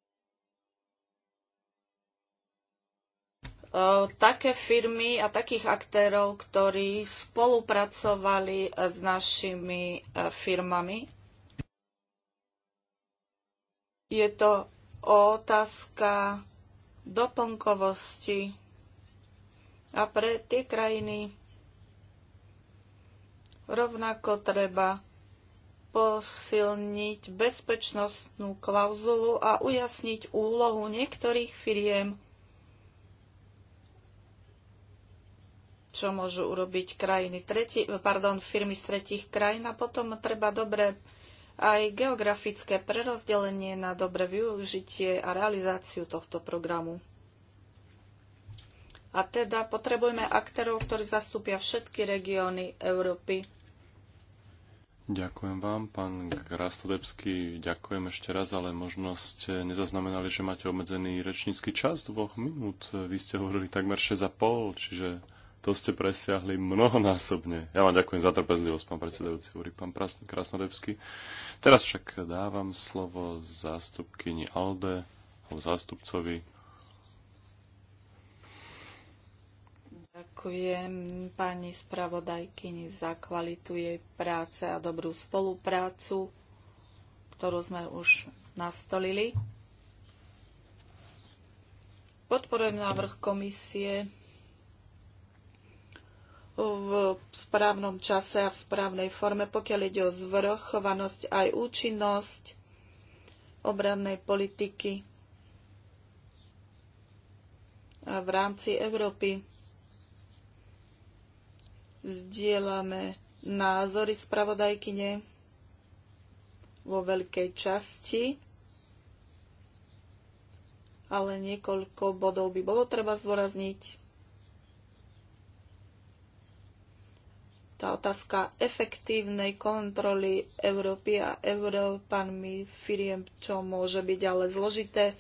také firmy a takých aktérov, ktorí spolupracovali s našimi e, firmami je to otázka doplnkovosti a pre tie krajiny rovnako treba posilniť bezpečnostnú klauzulu a ujasniť úlohu niektorých firiem, čo môžu urobiť krajiny treti, pardon, firmy z tretich krajín a potom treba dobre aj geografické prerozdelenie na dobre využitie a realizáciu tohto programu. A teda potrebujeme aktérov, ktorí zastúpia všetky regióny Európy. Ďakujem vám, pán Grastodebský. Ďakujem ešte raz, ale možno ste nezaznamenali, že máte obmedzený rečnícky čas dvoch minút. Vy ste hovorili takmer 6,5, čiže to ste presiahli mnohonásobne. Ja vám ďakujem za trpezlivosť, pán predsedajúci, hovorí pán Krasnodebský. Teraz však dávam slovo zástupkyni Alde, alebo zástupcovi. Ďakujem pani spravodajkyni za kvalitu jej práce a dobrú spoluprácu, ktorú sme už nastolili. Podporujem návrh komisie v správnom čase a v správnej forme, pokiaľ ide o zvrchovanosť aj účinnosť obrannej politiky a v rámci Európy. Zdieľame názory spravodajkyne vo veľkej časti, ale niekoľko bodov by bolo treba zvorazniť. tá otázka efektívnej kontroly Európy a Európanmi firiem, čo môže byť ale zložité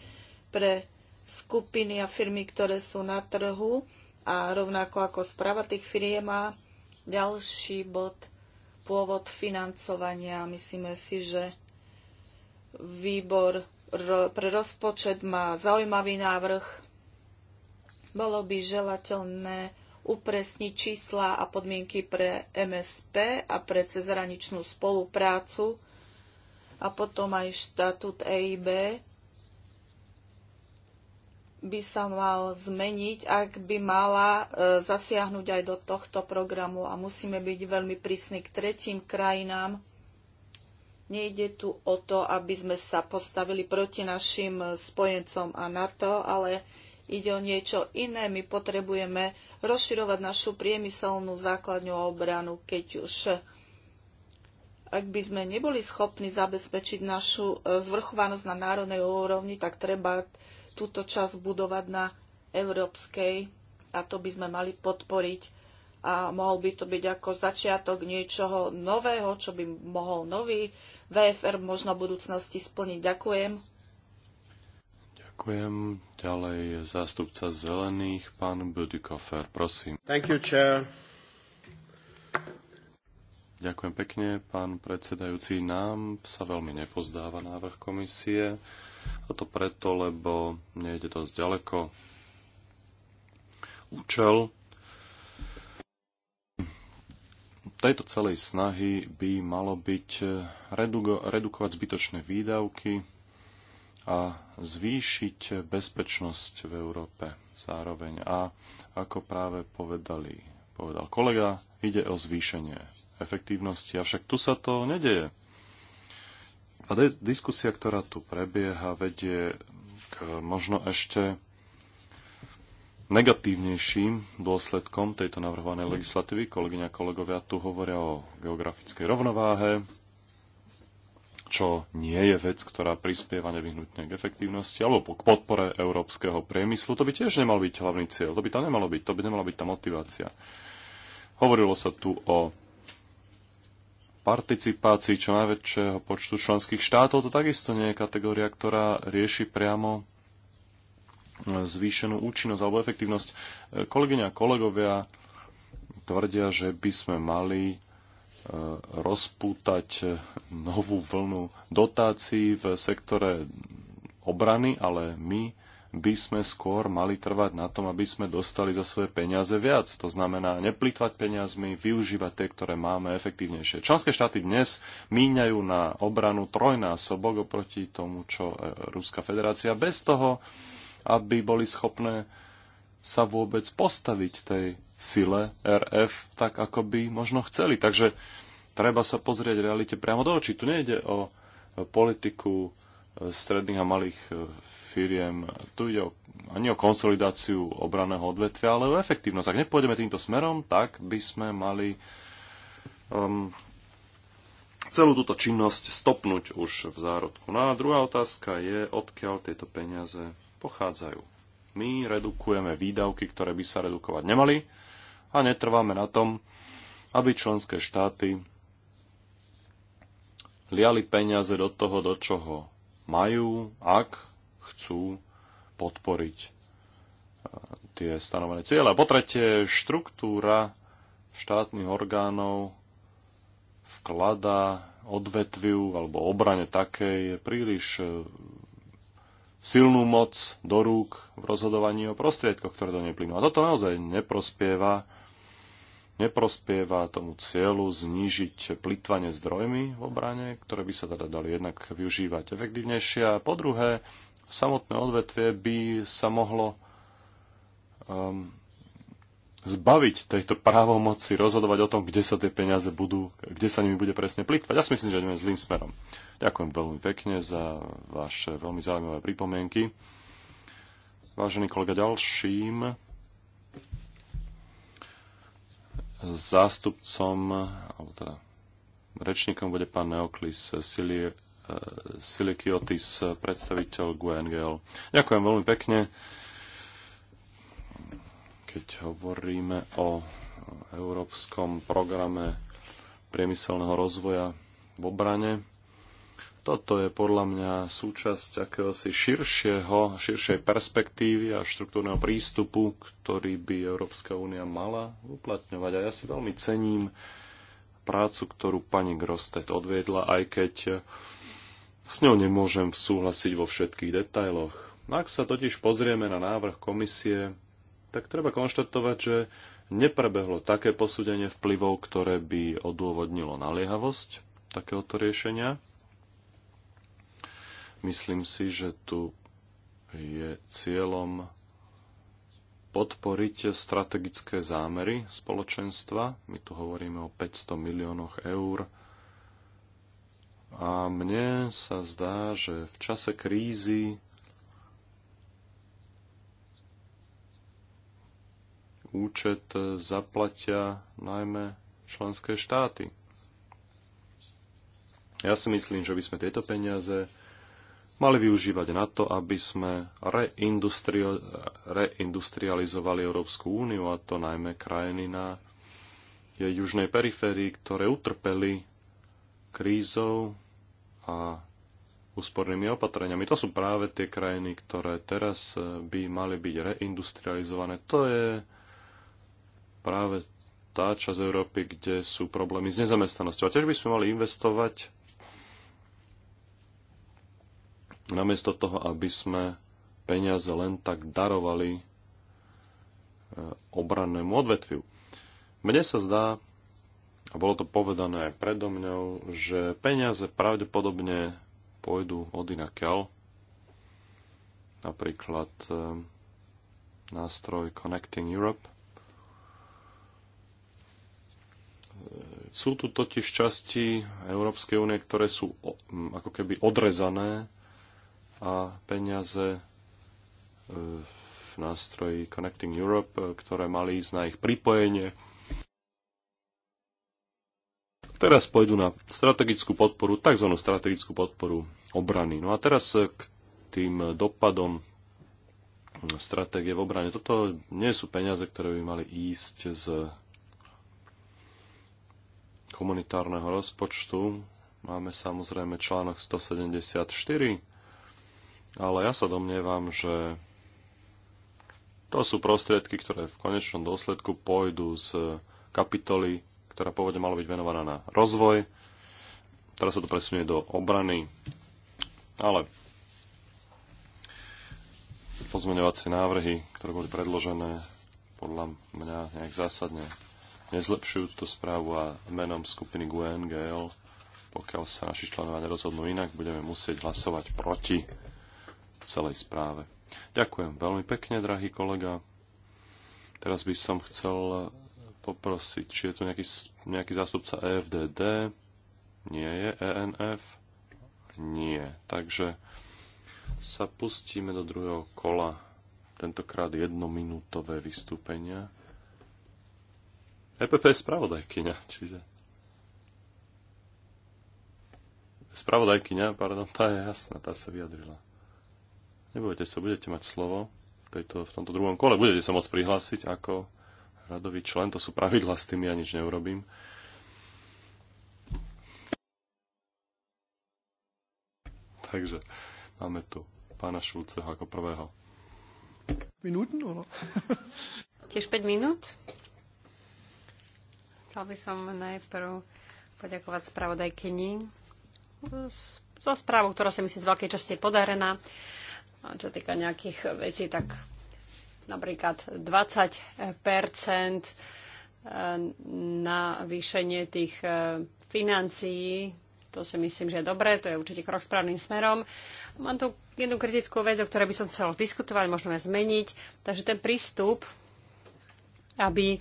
pre skupiny a firmy, ktoré sú na trhu a rovnako ako správa tých firiem a ďalší bod pôvod financovania. Myslíme si, že výbor pre rozpočet má zaujímavý návrh. Bolo by želateľné upresniť čísla a podmienky pre MSP a pre cezhraničnú spoluprácu a potom aj štatút EIB by sa mal zmeniť, ak by mala e, zasiahnuť aj do tohto programu a musíme byť veľmi prísni k tretím krajinám. Nejde tu o to, aby sme sa postavili proti našim e, spojencom a NATO, ale ide o niečo iné. My potrebujeme rozširovať našu priemyselnú základňu a obranu, keď už ak by sme neboli schopní zabezpečiť našu e, zvrchovanosť na národnej úrovni, tak treba túto časť budovať na európskej a to by sme mali podporiť. A mohol by to byť ako začiatok niečoho nového, čo by mohol nový VFR možno v budúcnosti splniť. Ďakujem. Ďakujem. Ďalej je zástupca zelených, pán Budikofer, prosím. Thank you, chair. Ďakujem pekne, pán predsedajúci. Nám sa veľmi nepozdáva návrh komisie, a to preto, lebo nejde dosť ďaleko. Účel tejto celej snahy by malo byť redukovať zbytočné výdavky a zvýšiť bezpečnosť v Európe zároveň. A ako práve povedali, povedal kolega, ide o zvýšenie efektívnosti, avšak tu sa to nedeje. A diskusia, ktorá tu prebieha, vedie k možno ešte negatívnejším dôsledkom tejto navrhovanej legislatívy. Kolegyňa a kolegovia tu hovoria o geografickej rovnováhe, čo nie je vec, ktorá prispieva nevyhnutne k efektívnosti alebo k podpore európskeho priemyslu. To by tiež nemal byť hlavný cieľ, to by tam nemalo byť, to by nemala byť tá motivácia. Hovorilo sa tu o participácii čo najväčšieho počtu členských štátov. To takisto nie je kategória, ktorá rieši priamo zvýšenú účinnosť alebo efektívnosť. Kolegyňa a kolegovia tvrdia, že by sme mali rozpútať novú vlnu dotácií v sektore obrany, ale my by sme skôr mali trvať na tom, aby sme dostali za svoje peniaze viac. To znamená neplýtvať peniazmi, využívať tie, ktoré máme efektívnejšie. Členské štáty dnes míňajú na obranu trojnásobok oproti tomu, čo e, Ruská federácia, bez toho, aby boli schopné sa vôbec postaviť tej sile RF tak, ako by možno chceli. Takže treba sa pozrieť realite priamo do očí. Tu nejde o politiku e, stredných a malých e, firiem. Tu ide o, ani o konsolidáciu obraného odvetvia, ale o efektívnosť. Ak nepôjdeme týmto smerom, tak by sme mali um, celú túto činnosť stopnúť už v zárodku. No a druhá otázka je, odkiaľ tieto peniaze pochádzajú. My redukujeme výdavky, ktoré by sa redukovať nemali a netrváme na tom, aby členské štáty liali peniaze do toho, do čoho majú, ak chcú podporiť e, tie stanovené cieľe. A po tretie, štruktúra štátnych orgánov vklada odvetviu alebo obrane takej príliš e, silnú moc do rúk v rozhodovaní o prostriedkoch, ktoré do nej plynú. A toto naozaj neprospieva neprospieva tomu cieľu znížiť plitvanie zdrojmi v obrane, ktoré by sa teda dali jednak využívať efektívnejšie. A po druhé, samotné odvetvie by sa mohlo um, zbaviť tejto právomoci rozhodovať o tom, kde sa tie peniaze budú, kde sa nimi bude presne plitvať. Ja si myslím, že ideme zlým smerom. Ďakujem veľmi pekne za vaše veľmi zaujímavé pripomienky. Vážený kolega, ďalším zástupcom, alebo teda rečníkom bude pán Neoklis eh, Silikiotis, predstaviteľ GUNGL. Ďakujem veľmi pekne. Keď hovoríme o európskom programe priemyselného rozvoja v obrane, toto je podľa mňa súčasť akéhosi širšieho, širšej perspektívy a štruktúrneho prístupu, ktorý by Európska únia mala uplatňovať. A ja si veľmi cením prácu, ktorú pani Grostet odviedla, aj keď s ňou nemôžem súhlasiť vo všetkých detailoch. Ak sa totiž pozrieme na návrh komisie, tak treba konštatovať, že neprebehlo také posúdenie vplyvov, ktoré by odôvodnilo naliehavosť takéhoto riešenia. Myslím si, že tu je cieľom podporiť strategické zámery spoločenstva. My tu hovoríme o 500 miliónoch eur. A mne sa zdá, že v čase krízy účet zaplatia najmä členské štáty. Ja si myslím, že by sme tieto peniaze mali využívať na to, aby sme reindustrio, reindustrializovali Európsku úniu, a to najmä krajiny na jej južnej periférii, ktoré utrpeli krízou a úspornými opatreniami. To sú práve tie krajiny, ktoré teraz eh, by mali byť reindustrializované. To je práve tá časť Európy, kde sú problémy s nezamestnanosťou. A tiež by sme mali investovať namiesto toho, aby sme peniaze len tak darovali e, obrannému odvetviu. Mne sa zdá, a bolo to povedané aj predo mňou, že peniaze pravdepodobne pôjdu od inakiaľ. Napríklad e, nástroj Connecting Europe. E, sú tu totiž časti Európskej únie, ktoré sú ako keby odrezané a peniaze e, v nástroji Connecting Europe, e, ktoré mali ísť na ich pripojenie. Teraz pôjdu na strategickú podporu, tzv. strategickú podporu obrany. No a teraz e, k tým dopadom stratégie v obrane. Toto nie sú peniaze, ktoré by mali ísť z komunitárneho rozpočtu. Máme samozrejme článok 174 ale ja sa domnievam, že to sú prostriedky, ktoré v konečnom dôsledku pôjdu z kapitoly, ktorá pôvodne mala byť venovaná na rozvoj. Teraz sa to presunie do obrany. Ale pozmeňovacie návrhy, ktoré boli predložené, podľa mňa nejak zásadne nezlepšujú túto správu a menom skupiny GUNGL, pokiaľ sa naši členovia nerozhodnú inak, budeme musieť hlasovať proti celej správe. Ďakujem veľmi pekne, drahý kolega. Teraz by som chcel poprosiť, či je tu nejaký, nejaký zástupca EFDD. Nie je ENF? Nie. Takže sa pustíme do druhého kola. Tentokrát jednominútové vystúpenia. EPP je spravodajkyňa, čiže... Spravodajkyňa, pardon, tá je jasná, tá sa vyjadrila. Nebojte sa, budete mať slovo. v, tejto, v tomto druhom kole budete sa môcť prihlásiť ako radový člen. To sú pravidla, s tým ja nič neurobím. Takže máme tu pána Šulceho ako prvého. Minúten, ale... (laughs) Tiež 5 minút? Chcel by som najprv poďakovať spravodajkyni za správu, ktorá sa myslím z veľkej časti je podarená. A čo týka nejakých vecí, tak napríklad 20 na výšenie tých eh, financií. To si myslím, že je dobré, to je určite krok správnym smerom. Mám tu jednu kritickú vec, o ktorej by som chcel diskutovať, možno aj zmeniť. Takže ten prístup, aby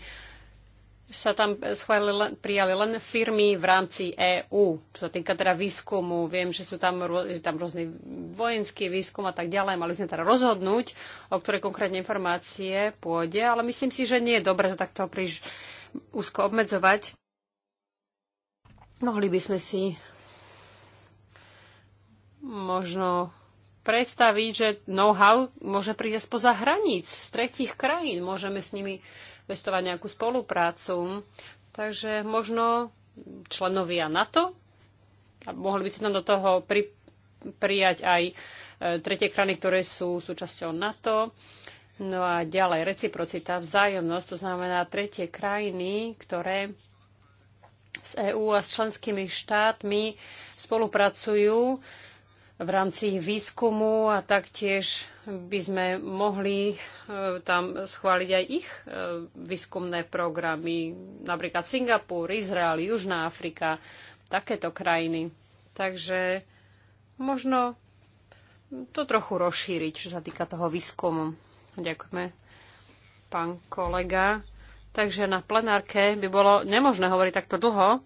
sa tam schválili, prijali len firmy v rámci EÚ, čo sa týka teda výskumu. Viem, že sú tam, že tam rôzny vojenský výskum a tak ďalej. Mali sme teda rozhodnúť, o ktoré konkrétne informácie pôjde, ale myslím si, že nie je dobre to takto príliš úzko obmedzovať. Mohli by sme si možno predstaviť, že know-how môže prísť spoza hraníc z tretích krajín. Môžeme s nimi pestovať nejakú spoluprácu. Takže možno členovia NATO, a mohli by si tam do toho pri, prijať aj e, tretie krajiny, ktoré sú súčasťou NATO. No a ďalej reciprocita, vzájomnosť, to znamená tretie krajiny, ktoré s EÚ a s členskými štátmi spolupracujú v rámci výskumu a taktiež by sme mohli e, tam schváliť aj ich e, výskumné programy, napríklad Singapur, Izrael, Južná Afrika, takéto krajiny. Takže možno to trochu rozšíriť, čo sa týka toho výskumu. Ďakujeme, pán kolega. Takže na plenárke by bolo nemožné hovoriť takto dlho,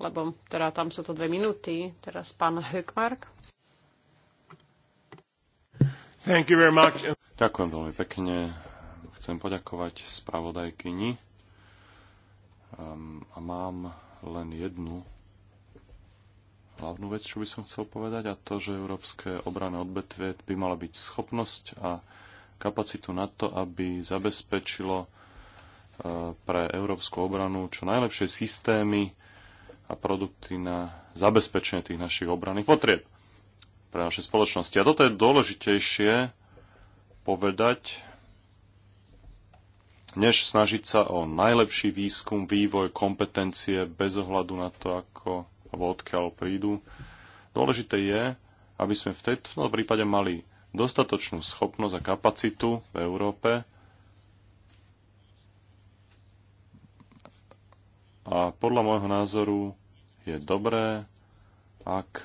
lebo teda tam sú to dve minúty. Teraz pán Hökmark. Thank you very much. Ďakujem veľmi pekne. Chcem poďakovať spravodajkyni. Um, a mám len jednu hlavnú vec, čo by som chcel povedať, a to, že európske obrané odbetvie by mala byť schopnosť a kapacitu na to, aby zabezpečilo eh, pre európsku obranu čo najlepšie systémy a produkty na zabezpečenie tých našich obranných potrieb pre naše spoločnosti. A toto je dôležitejšie povedať, než snažiť sa o najlepší výskum, vývoj, kompetencie bez ohľadu na to, ako alebo odkiaľ prídu. Dôležité je, aby sme v tomto prípade mali dostatočnú schopnosť a kapacitu v Európe A podľa môjho názoru je dobré, ak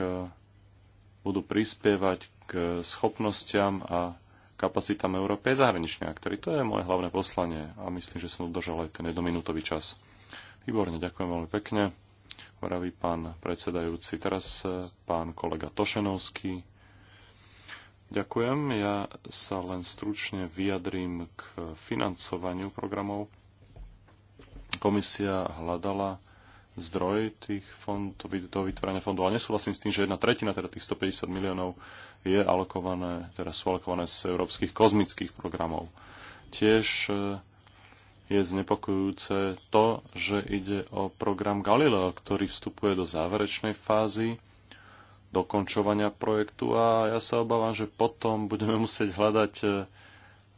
budú prispievať k schopnostiam a kapacitám Európy aj zahraničných aktorí. To je moje hlavné poslanie a myslím, že som udržal aj ten jednominútový čas. Výborne, ďakujem veľmi pekne. Hovorí pán predsedajúci. Teraz e, pán kolega Tošenovský. Ďakujem. Ja sa len stručne vyjadrím k financovaniu programov komisia hľadala zdroj tých fond, toho vytvárania fondov. Ale nesúhlasím s tým, že jedna tretina, teda tých 150 miliónov, je alokované, teda sú alokované z európskych kozmických programov. Tiež e, je znepokojúce to, že ide o program Galileo, ktorý vstupuje do záverečnej fázy dokončovania projektu a ja sa obávam, že potom budeme musieť hľadať e,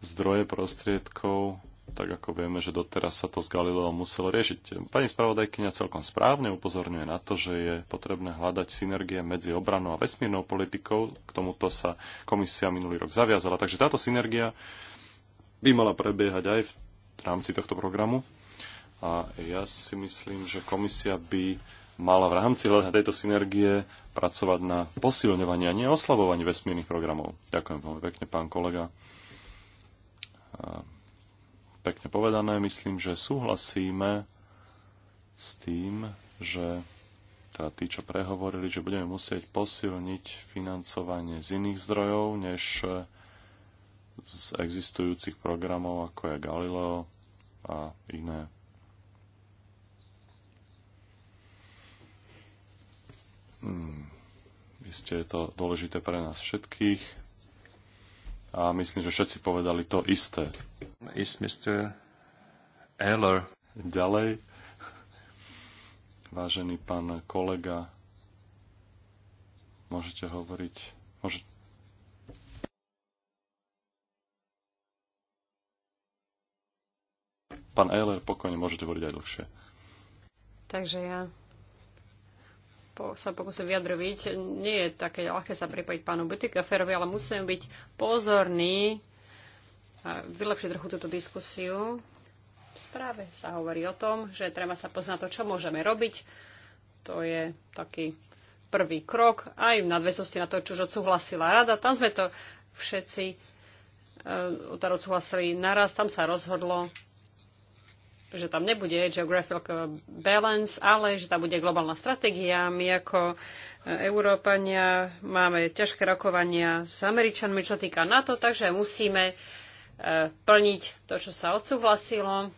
zdroje prostriedkov tak ako vieme, že doteraz sa to s Galileom muselo riešiť. Pani spravodajkyňa celkom správne upozorňuje na to, že je potrebné hľadať synergie medzi obranou a vesmírnou politikou. K tomuto sa komisia minulý rok zaviazala. Takže táto synergia by mala prebiehať aj v rámci tohto programu. A ja si myslím, že komisia by mala v rámci tejto synergie pracovať na posilňovaní a neoslabovaní vesmírnych programov. Ďakujem veľmi pekne, pán kolega pekne povedané. Myslím, že súhlasíme s tým, že teda tí, čo prehovorili, že budeme musieť posilniť financovanie z iných zdrojov, než z existujúcich programov, ako je Galileo a iné. Hmm. Isté je to dôležité pre nás všetkých a myslím, že všetci povedali to isté. Is Mr. Eller. Ďalej, vážený pán kolega, môžete hovoriť. Môžete... Pán Eller, pokojne môžete hovoriť aj dlhšie. Takže ja po, sa pokúsim vyjadroviť. Nie je také ľahké sa pripojiť pánu Butikaferovi, ale musím byť pozorný a vylepšiť trochu túto diskusiu. V správe sa hovorí o tom, že treba sa poznať to, čo môžeme robiť. To je taký prvý krok aj v nadväznosti na to, čo už odsúhlasila rada. Tam sme to všetci e, odsúhlasili naraz. Tam sa rozhodlo, že tam nebude geographical balance, ale že tam bude globálna stratégia. My ako e, Európania máme ťažké rokovania s Američanmi, čo týka NATO, takže musíme e, plniť to, čo sa odsúhlasilo.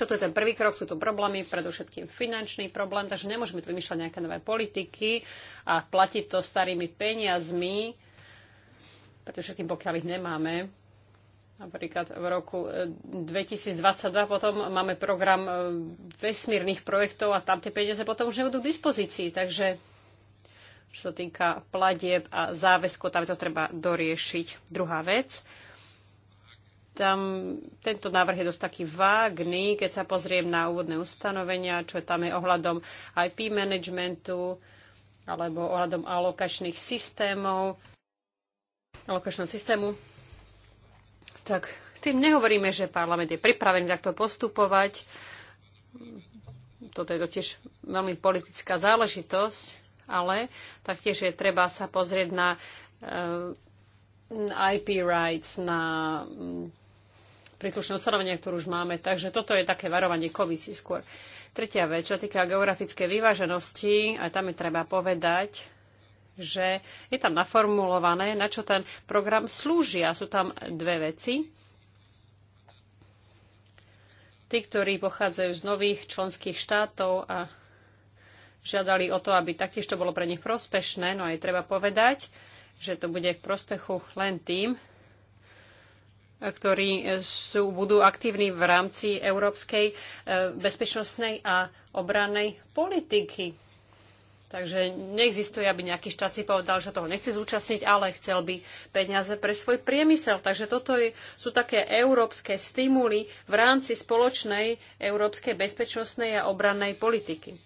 Toto je ten prvý krok, sú to problémy, predovšetkým finančný problém, takže nemôžeme tu vymýšľať nejaké nové politiky a platiť to starými peniazmi, pretože všetkým pokiaľ ich nemáme, Napríklad v roku 2022 e, potom máme program e, vesmírnych projektov a tam tie peniaze potom už nebudú k dispozícii. Takže čo sa týka platieb a záväzku, tam to treba doriešiť. Druhá vec, tam tento návrh je dosť taký vágný, keď sa pozriem na úvodné ustanovenia, čo tam je ohľadom IP managementu alebo ohľadom alokačných systémov, alokačného systému tak tým nehovoríme, že parlament je pripravený takto postupovať. Toto je totiž veľmi politická záležitosť, ale taktiež je treba sa pozrieť na eh, IP rights, na mm, príslušné ustanovenia, ktorú už máme. Takže toto je také varovanie komisii skôr. Tretia vec, čo týka geografickej vyváženosti, aj tam je treba povedať, že je tam naformulované, na čo ten program slúži. A sú tam dve veci. Tí, ktorí pochádzajú z nových členských štátov a žiadali o to, aby taktiež to bolo pre nich prospešné, no aj treba povedať, že to bude k prospechu len tým, ktorí sú, budú aktívni v rámci európskej eh, bezpečnostnej a obrannej politiky. Takže neexistuje, aby nejaký štát si povedal, že toho nechce zúčastniť, ale chcel by peniaze pre svoj priemysel. Takže toto je, sú také európske stimuly v rámci spoločnej európskej bezpečnostnej a obrannej politiky.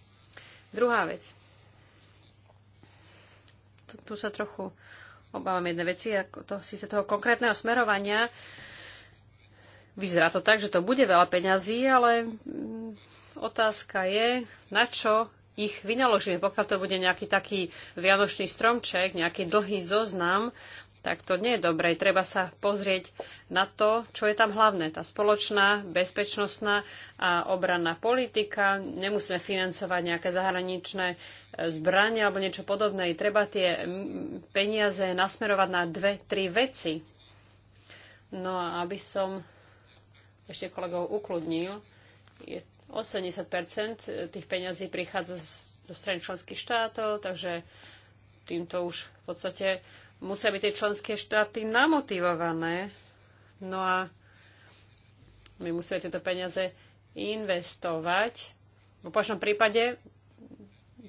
Druhá vec. Tu, tu sa trochu obávam jedné veci, ako to, si sa toho konkrétneho smerovania. Vyzerá to tak, že to bude veľa peňazí, ale mm, otázka je, na čo ich vynaložíme. Pokiaľ to bude nejaký taký vianočný stromček, nejaký dlhý zoznam, tak to nie je dobré. Treba sa pozrieť na to, čo je tam hlavné. Tá spoločná, bezpečnostná a obranná politika. Nemusíme financovať nejaké zahraničné e, zbranie alebo niečo podobné. Treba tie peniaze nasmerovať na dve, tri veci. No a aby som ešte kolegov ukludnil, je 80 e, tých peňazí prichádza zo strany členských štátov, takže týmto už v podstate musia byť tie členské štáty namotivované. No a my musíme tieto peniaze investovať. V opačnom prípade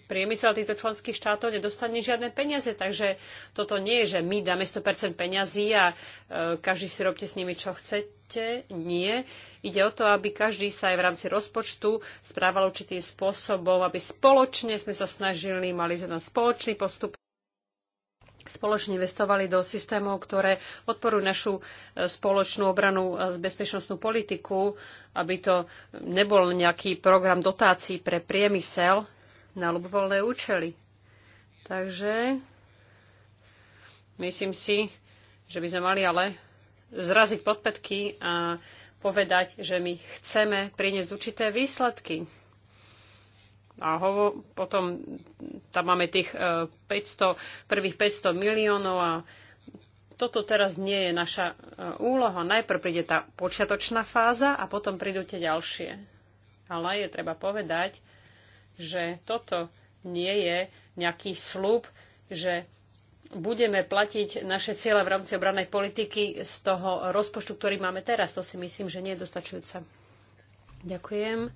priemysel týchto členských štátov nedostane žiadne peniaze. Takže toto nie je, že my dáme 100% peňazí a e, každý si robte s nimi, čo chcete. Nie. Ide o to, aby každý sa aj v rámci rozpočtu správal určitým spôsobom, aby spoločne sme sa snažili, mali sme spoločný postup spoločne investovali do systémov, ktoré podporujú našu e, spoločnú obranú bezpečnostnú politiku, aby to nebol nejaký program dotácií pre priemysel na ľubovoľné účely. Takže myslím si, že by sme mali ale zraziť podpätky a povedať, že my chceme priniesť určité výsledky. A hovo, potom tam máme tých 500, e, prvých 500 miliónov a toto teraz nie je naša e, úloha. Najprv príde tá počiatočná fáza a potom prídu tie ďalšie. Ale je treba povedať, že toto nie je nejaký slúb, že budeme platiť naše cieľa v rámci obranej politiky z toho rozpočtu, ktorý máme teraz. To si myslím, že nie je dostačujúce. Ďakujem,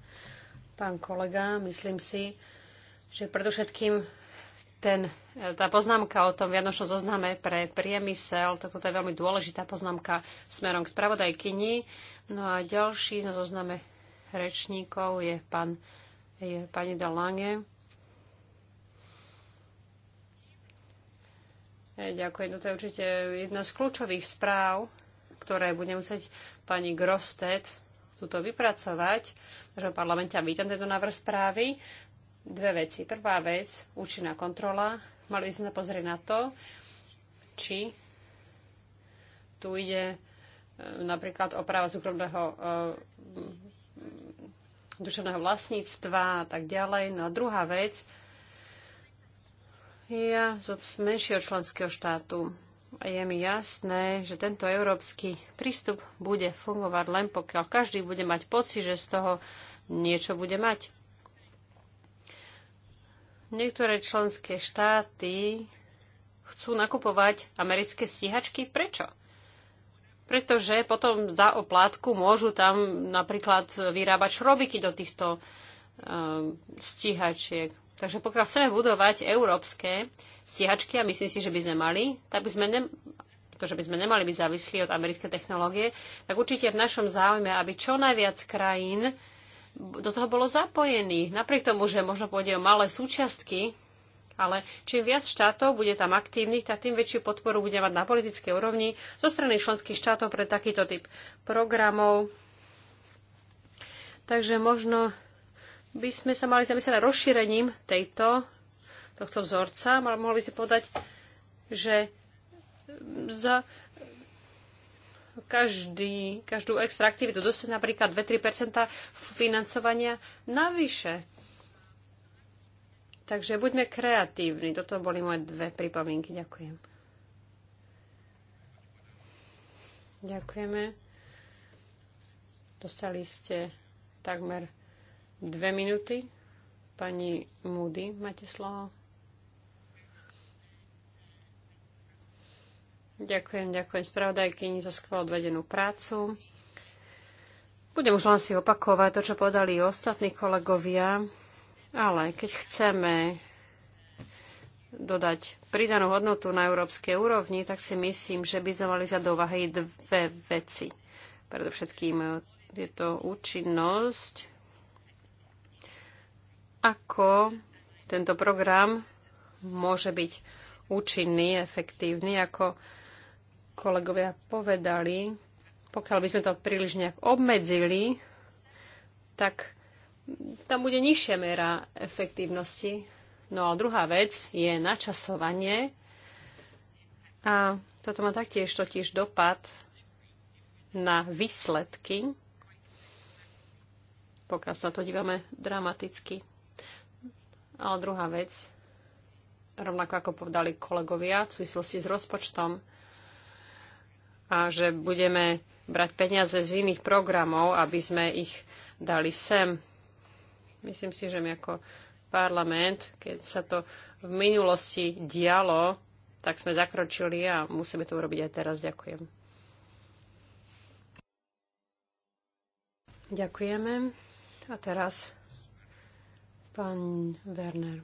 pán kolega. Myslím si, že predovšetkým ten, tá poznámka o tom vianočnom zozname pre priemysel, toto je veľmi dôležitá poznámka smerom k spravodajkyni. No a ďalší na zozname rečníkov je pán je pani Dalange. E, ďakujem, to je určite jedna z kľúčových správ, ktoré bude musieť pani Grostet túto vypracovať v parlamente. vítam tento návrh správy. Dve veci. Prvá vec, účinná kontrola. Mali sme pozrieť na to, či tu ide e, napríklad o práva súkromného e, duševného vlastníctva a tak ďalej. No a druhá vec, ja z menšieho členského štátu a je mi jasné, že tento európsky prístup bude fungovať len pokiaľ každý bude mať pocit, že z toho niečo bude mať. Niektoré členské štáty chcú nakupovať americké stíhačky. Prečo? pretože potom za oplátku môžu tam napríklad vyrábať šrobiky do týchto uh, stíhačiek. Takže pokiaľ chceme budovať európske stíhačky, a myslím si, že by sme mali, tak by sme ne, to, že by sme nemali byť závislí od americké technológie, tak určite v našom záujme, aby čo najviac krajín do toho bolo zapojených. Napriek tomu, že možno pôjde o malé súčiastky, ale čím viac štátov bude tam aktívnych, tak tým väčšiu podporu bude mať na politickej úrovni zo strany členských štátov pre takýto typ programov. Takže možno by sme sa mali zamyslieť rozšírením tejto, tohto vzorca. Mohli by si povedať, že za každý, každú extra aktivitu dostať napríklad 2-3 financovania navyše. Takže buďme kreatívni. Toto boli moje dve pripomienky. Ďakujem. Ďakujeme. Dostali ste takmer dve minúty. Pani Moody, máte slovo. Ďakujem, ďakujem spravodajkyni za skvelú odvedenú prácu. Budem už len si opakovať to, čo podali ostatní kolegovia. Ale keď chceme dodať pridanú hodnotu na európskej úrovni, tak si myslím, že by sme mali za do úvahy dve veci. Predovšetkým e, je to účinnosť, ako tento program môže byť účinný, efektívny, ako kolegovia povedali, pokiaľ by sme to príliš nejak obmedzili, tak tam bude nižšia miera efektívnosti. No a druhá vec je načasovanie. A toto má taktiež totiž dopad na výsledky, pokiaľ sa to dívame dramaticky. Ale druhá vec, rovnako ako povedali kolegovia v súvislosti s rozpočtom, a že budeme brať peniaze z iných programov, aby sme ich dali sem Myslím si, že my ako parlament, keď sa to v minulosti dialo, tak sme zakročili a musíme to urobiť aj teraz. Ďakujem. Ďakujeme. A teraz pán Werner.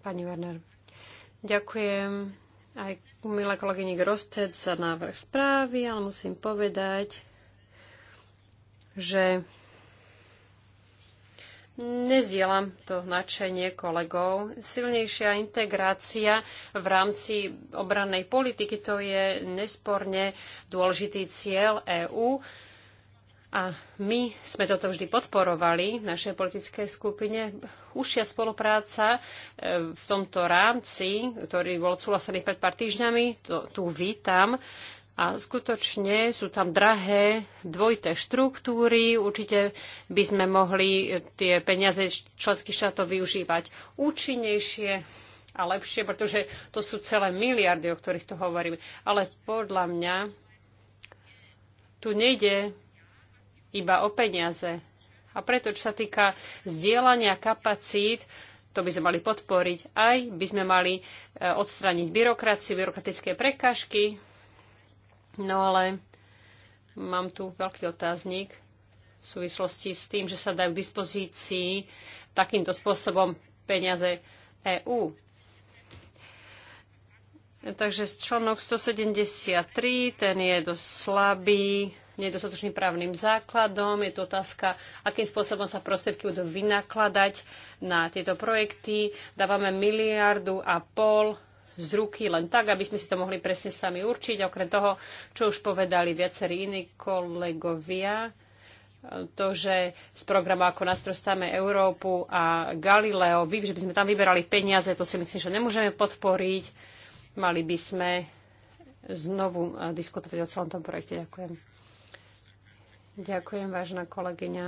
Pani Werner. Ďakujem aj milá kolegyni Grosted za návrh správy, ale musím povedať, že Nezdielam to nadšenie kolegov. Silnejšia integrácia v rámci obrannej politiky to je nesporne dôležitý cieľ EÚ. A my sme toto vždy podporovali v našej politickej skupine. Užšia spolupráca e, v tomto rámci, ktorý bol súhlasený pred pár týždňami, to, tu vítam. A skutočne sú tam drahé dvojité štruktúry. Určite by sme mohli tie peniaze členských štátov využívať účinnejšie a lepšie, pretože to sú celé miliardy, o ktorých tu hovorím. Ale podľa mňa tu nejde iba o peniaze. A preto, čo sa týka zdieľania kapacít, to by sme mali podporiť. Aj by sme mali e, odstrániť byrokraciu, byrokratické prekažky, No ale mám tu veľký otáznik v súvislosti s tým, že sa dajú k dispozícii takýmto spôsobom peniaze EÚ. Takže článok 173, ten je dosť slabý, nedostatočným právnym základom. Je to otázka, akým spôsobom sa prostriedky budú vynakladať na tieto projekty. Dávame miliardu a pol z ruky len tak, aby sme si to mohli presne sami určiť. Okrem toho, čo už povedali viacerí iní kolegovia, to, že z programu ako nastrostáme Európu a Galileo, že by sme tam vyberali peniaze, to si myslím, že nemôžeme podporiť. Mali by sme znovu diskutovať o celom tom projekte. Ďakujem. Ďakujem, vážna kolegyňa.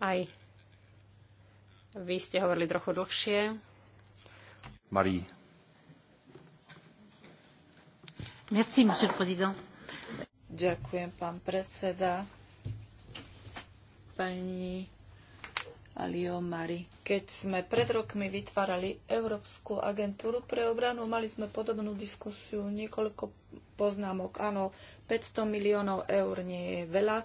Aj vy ste hovorili trochu dlhšie monsieur le président. Ďakujem, pán predseda. Pani Alio Keď sme pred rokmi vytvárali Európsku agentúru pre obranu, mali sme podobnú diskusiu, niekoľko poznámok. Áno, 500 miliónov eur nie je veľa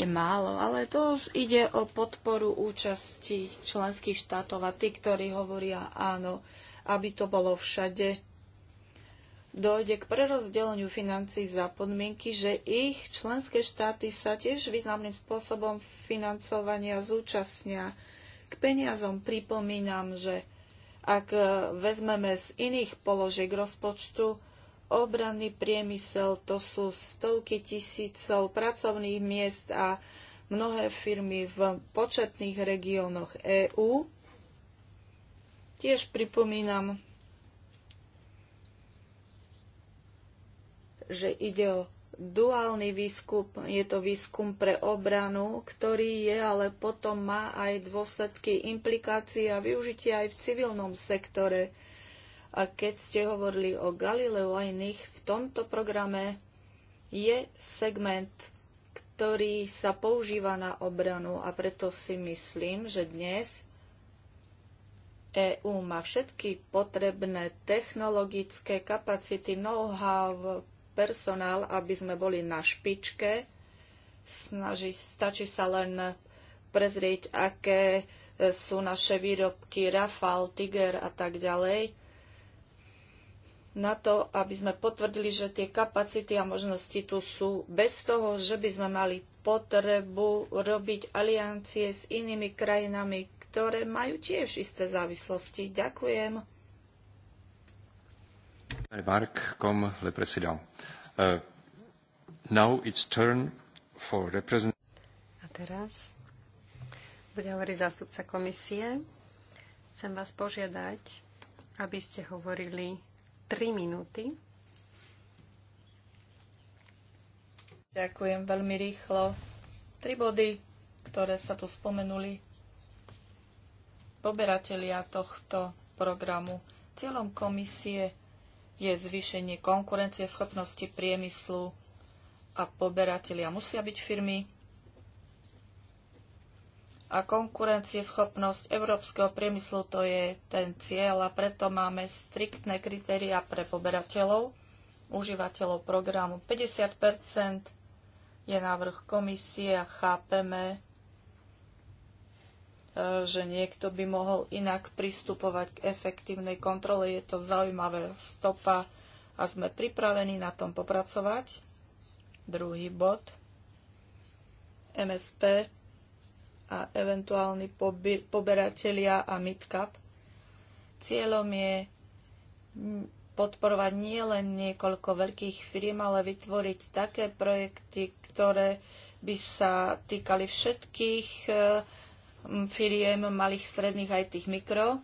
je málo, ale to už ide o podporu účasti členských štátov a tí, ktorí hovoria áno, aby to bolo všade. Dojde k prerozdeleniu financií za podmienky, že ich členské štáty sa tiež významným spôsobom financovania zúčastnia. K peniazom pripomínam, že ak e, vezmeme z iných položiek rozpočtu, obranný priemysel, to sú stovky tisícov pracovných miest a mnohé firmy v početných regiónoch EÚ. Tiež pripomínam, že ide o duálny výskum, je to výskum pre obranu, ktorý je, ale potom má aj dôsledky implikácií a využitia aj v civilnom sektore. A keď ste hovorili o Galileu a iných, v tomto programe je segment, ktorý sa používa na obranu a preto si myslím, že dnes EÚ má všetky potrebné technologické kapacity, know-how, personál, aby sme boli na špičke. Snaží, stačí sa len prezrieť, aké sú naše výrobky Rafal, Tiger a tak ďalej na to, aby sme potvrdili, že tie kapacity a možnosti tu sú, bez toho, že by sme mali potrebu robiť aliancie s inými krajinami, ktoré majú tiež isté závislosti. Ďakujem. Mark, le Uh, now it's turn for represent- a teraz bude hovoriť zástupca komisie. Chcem vás požiadať, aby ste hovorili 3 minúty. Ďakujem veľmi rýchlo. Tri body, ktoré sa tu spomenuli. Poberatelia tohto programu. Cieľom komisie je zvýšenie konkurencie schopnosti priemyslu a poberatelia musia byť firmy, a konkurencieschopnosť európskeho priemyslu to je ten cieľ a preto máme striktné kritéria pre poberateľov, užívateľov programu. 50 je návrh komisie a chápeme, e, že niekto by mohol inak pristupovať k efektívnej kontrole. Je to zaujímavé stopa a sme pripravení na tom popracovať. Druhý bod. MSP a eventuálni poberatelia a midcap. Cieľom je podporovať nielen niekoľko veľkých firiem, ale vytvoriť také projekty, ktoré by sa týkali všetkých e, firiem malých, stredných aj tých mikro.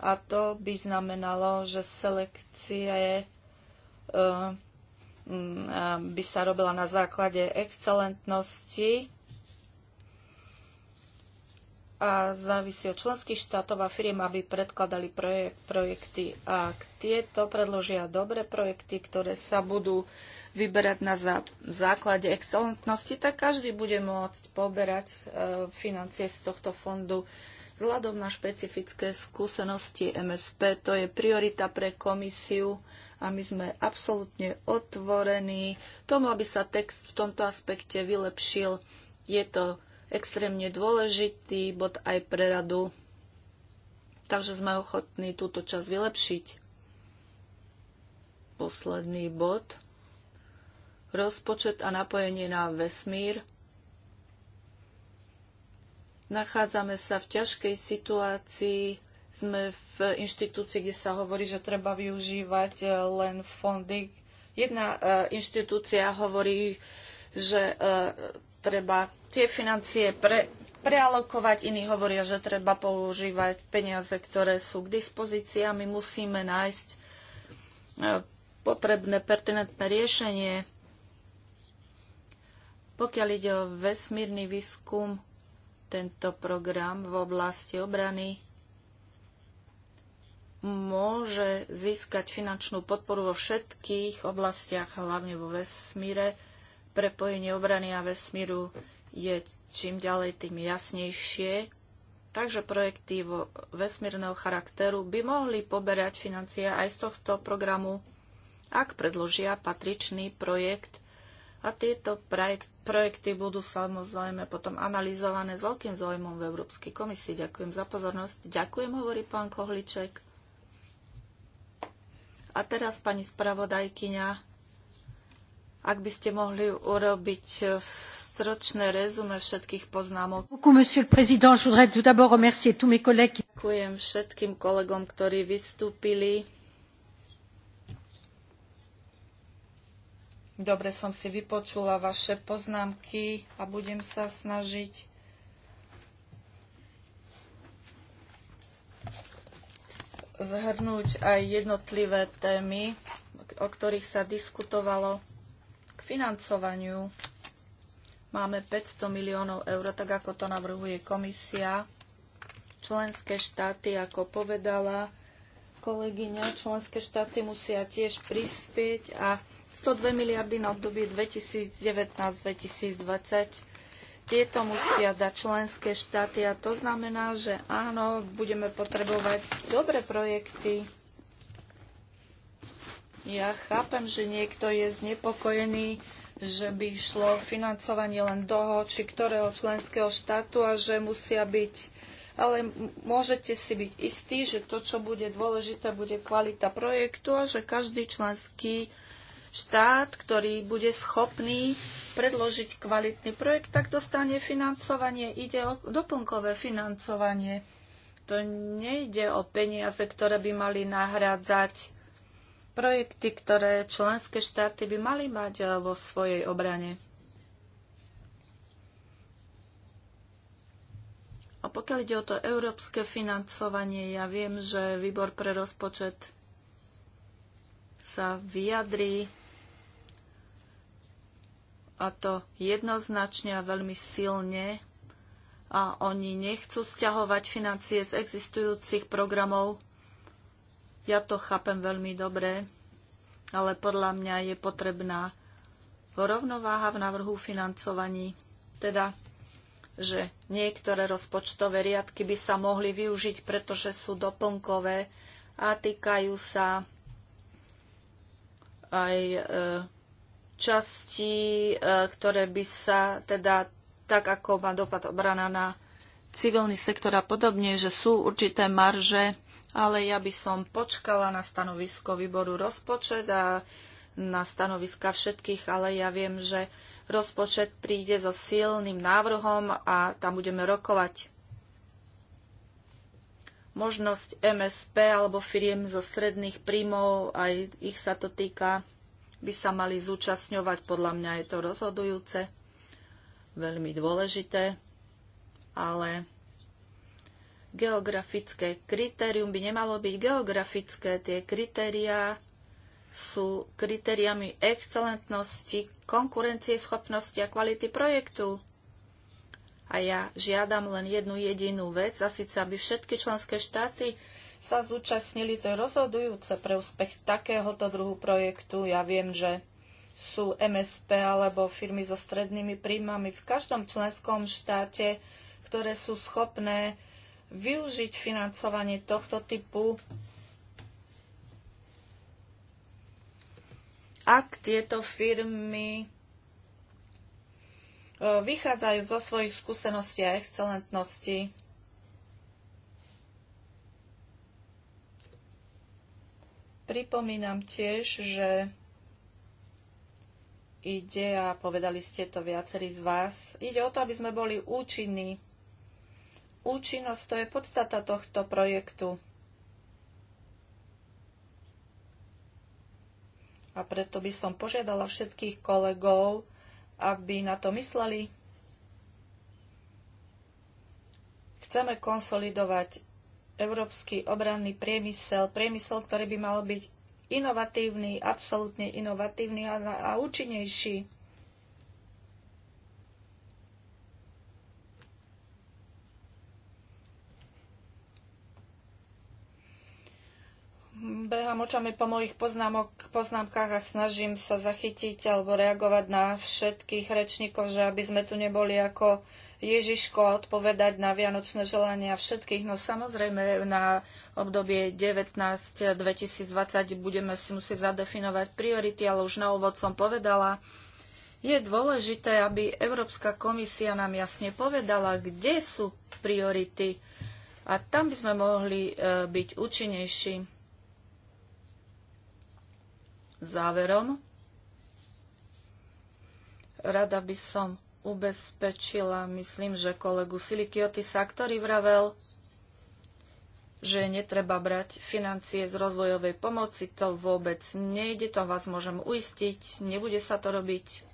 A to by znamenalo, že selekcie e, by sa robila na základe excelentnosti a závisí od členských štátov a firiem, aby predkladali projek- projekty. a tieto predložia dobré projekty, ktoré sa budú vyberať na zá- základe excelentnosti, tak každý bude môcť poberať e, financie z tohto fondu. Vzhľadom na špecifické skúsenosti MSP, to je priorita pre komisiu a my sme absolútne otvorení tomu, aby sa text v tomto aspekte vylepšil. Je to extrémne dôležitý bod aj pre radu, takže sme ochotní túto časť vylepšiť. Posledný bod. Rozpočet a napojenie na vesmír. Nachádzame sa v ťažkej situácii. Sme v inštitúcii, kde sa hovorí, že treba využívať eh, len fondy. Jedna eh, inštitúcia hovorí, že eh, treba tie financie pre, prealokovať, iní hovoria, že treba používať peniaze, ktoré sú k dispozícii a my musíme nájsť e, potrebné pertinentné riešenie. Pokiaľ ide o vesmírny výskum, tento program v oblasti obrany môže získať finančnú podporu vo všetkých oblastiach, hlavne vo vesmíre prepojenie obrany a vesmíru je čím ďalej tým jasnejšie, takže projekty vo vesmírneho charakteru by mohli poberať financie aj z tohto programu, ak predložia patričný projekt a tieto projekty budú samozrejme potom analyzované s veľkým záujmom v Európskej komisii. Ďakujem za pozornosť. Ďakujem, hovorí pán Kohliček. A teraz pani spravodajkyňa ak by ste mohli urobiť e, stročné rezume všetkých poznámok. Ďakujem všetkým kolegom, ktorí vystúpili. Dobre som si vypočula vaše poznámky a budem sa snažiť zhrnúť aj jednotlivé témy, o ktorých sa diskutovalo financovaniu máme 500 miliónov eur, tak ako to navrhuje komisia. Členské štáty, ako povedala kolegyňa, členské štáty musia tiež prispieť a 102 miliardy na obdobie 2019-2020 tieto musia dať členské štáty a to znamená, že áno, budeme potrebovať dobré projekty. Ja chápem, že niekto je znepokojený, že by išlo financovanie len toho či ktorého členského štátu a že musia byť. Ale môžete si byť istí, že to, čo bude dôležité, bude kvalita projektu a že každý členský štát, ktorý bude schopný predložiť kvalitný projekt, tak dostane financovanie. Ide o doplnkové financovanie. To nejde o peniaze, ktoré by mali nahrádzať projekty, ktoré členské štáty by mali mať eh, vo svojej obrane. A pokiaľ ide o to európske financovanie, ja viem, že výbor pre rozpočet sa vyjadrí a to jednoznačne a veľmi silne a oni nechcú stiahovať financie z existujúcich programov ja to chápem veľmi dobre, ale podľa mňa je potrebná rovnováha v návrhu financovaní, teda že niektoré rozpočtové riadky by sa mohli využiť, pretože sú doplnkové a týkajú sa aj e, časti, e, ktoré by sa teda tak, ako má dopad obrana na civilný sektor a podobne, že sú určité marže ale ja by som počkala na stanovisko výboru rozpočet a na stanoviska všetkých, ale ja viem, že rozpočet príde so silným návrhom a tam budeme rokovať. Možnosť MSP alebo firiem zo stredných príjmov, aj ich sa to týka, by sa mali zúčastňovať. Podľa mňa je to rozhodujúce, veľmi dôležité, ale geografické kritérium by nemalo byť geografické. Tie kritériá sú kritériami excelentnosti, konkurencieschopnosti a kvality projektu. A ja žiadam len jednu jedinú vec, a síce, aby všetky členské štáty sa zúčastnili, to je rozhodujúce pre úspech takéhoto druhu projektu. Ja viem, že sú MSP alebo firmy so strednými príjmami v každom členskom štáte, ktoré sú schopné využiť financovanie tohto typu, ak tieto firmy e, vychádzajú zo svojich skúseností a excelentnosti. Pripomínam tiež, že ide, a povedali ste to viacerí z vás, ide o to, aby sme boli účinní účinnosť, to je podstata tohto projektu. A preto by som požiadala všetkých kolegov, aby na to mysleli. Chceme konsolidovať európsky obranný priemysel, priemysel, ktorý by mal byť inovatívny, absolútne inovatívny a, a účinnejší. behám očami po mojich poznámok, poznámkach a snažím sa zachytiť alebo reagovať na všetkých rečníkov, že aby sme tu neboli ako Ježiško odpovedať na vianočné želania všetkých. No samozrejme na obdobie 19-2020 budeme si musieť zadefinovať priority, ale už na úvod som povedala, je dôležité, aby Európska komisia nám jasne povedala, kde sú priority a tam by sme mohli e, byť účinnejší. Záverom, rada by som ubezpečila, myslím, že kolegu Silikiotisa, ktorý vravel, že netreba brať financie z rozvojovej pomoci, to vôbec nejde, to vás môžem uistiť, nebude sa to robiť.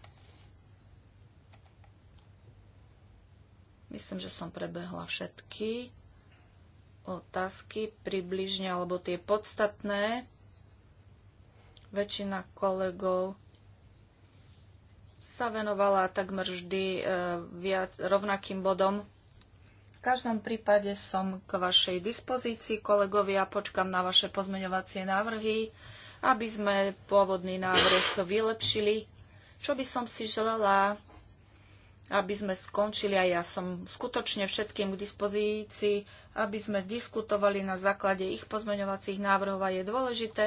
Myslím, že som prebehla všetky otázky približne, alebo tie podstatné. Väčšina kolegov sa venovala takmer vždy e, viac, rovnakým bodom. V každom prípade som k vašej dispozícii, kolegovia, počkam na vaše pozmeňovacie návrhy, aby sme pôvodný návrh vylepšili. Čo by som si želala, aby sme skončili, a ja som skutočne všetkým k dispozícii, aby sme diskutovali na základe ich pozmeňovacích návrhov a je dôležité,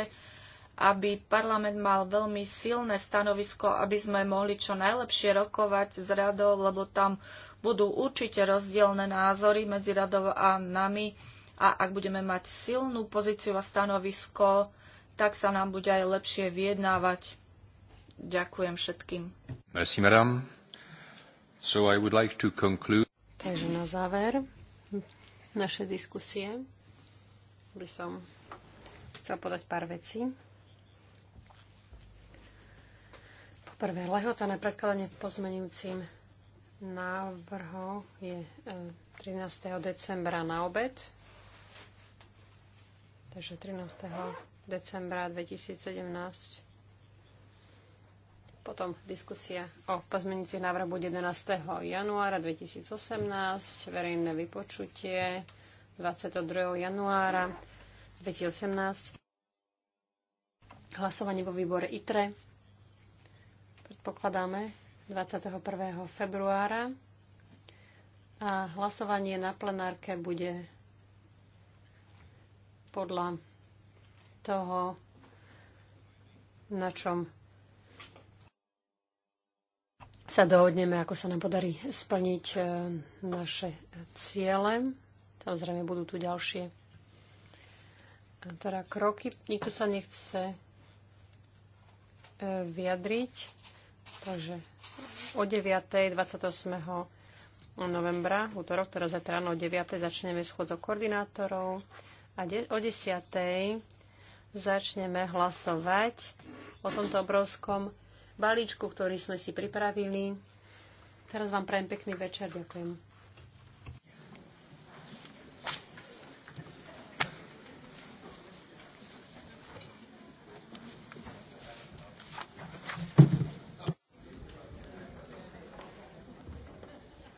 aby parlament mal veľmi silné stanovisko, aby sme mohli čo najlepšie rokovať s radou, lebo tam budú určite rozdielne názory medzi radou a nami. A ak budeme mať silnú pozíciu a stanovisko, tak sa nám bude aj lepšie vyjednávať. Ďakujem všetkým. Merci, So I would like to conclude... Takže na záver naše diskusie by som chcel podať pár vecí. Prvé lehota na predkladanie pozmenujúcim návrhom je 13. Eh, decembra na obed. Takže 13. decembra 2017 potom diskusia o pozmenitých návrhu bude 11. januára 2018, verejné vypočutie 22. januára 2018, hlasovanie vo výbore ITRE pokladáme 21. februára a hlasovanie na plenárke bude podľa toho, na čom sa dohodneme, ako sa nám podarí splniť e, naše ciele. Samozrejme, budú tu ďalšie e, teda kroky. Nikto sa nechce e, vyjadriť. Takže o 9. 28. novembra, útorok, teraz zajtra ráno o 9. začneme schôdzo koordinátorov a o 10. začneme hlasovať o tomto obrovskom balíčku, ktorý sme si pripravili. Teraz vám prajem pekný večer. Ďakujem.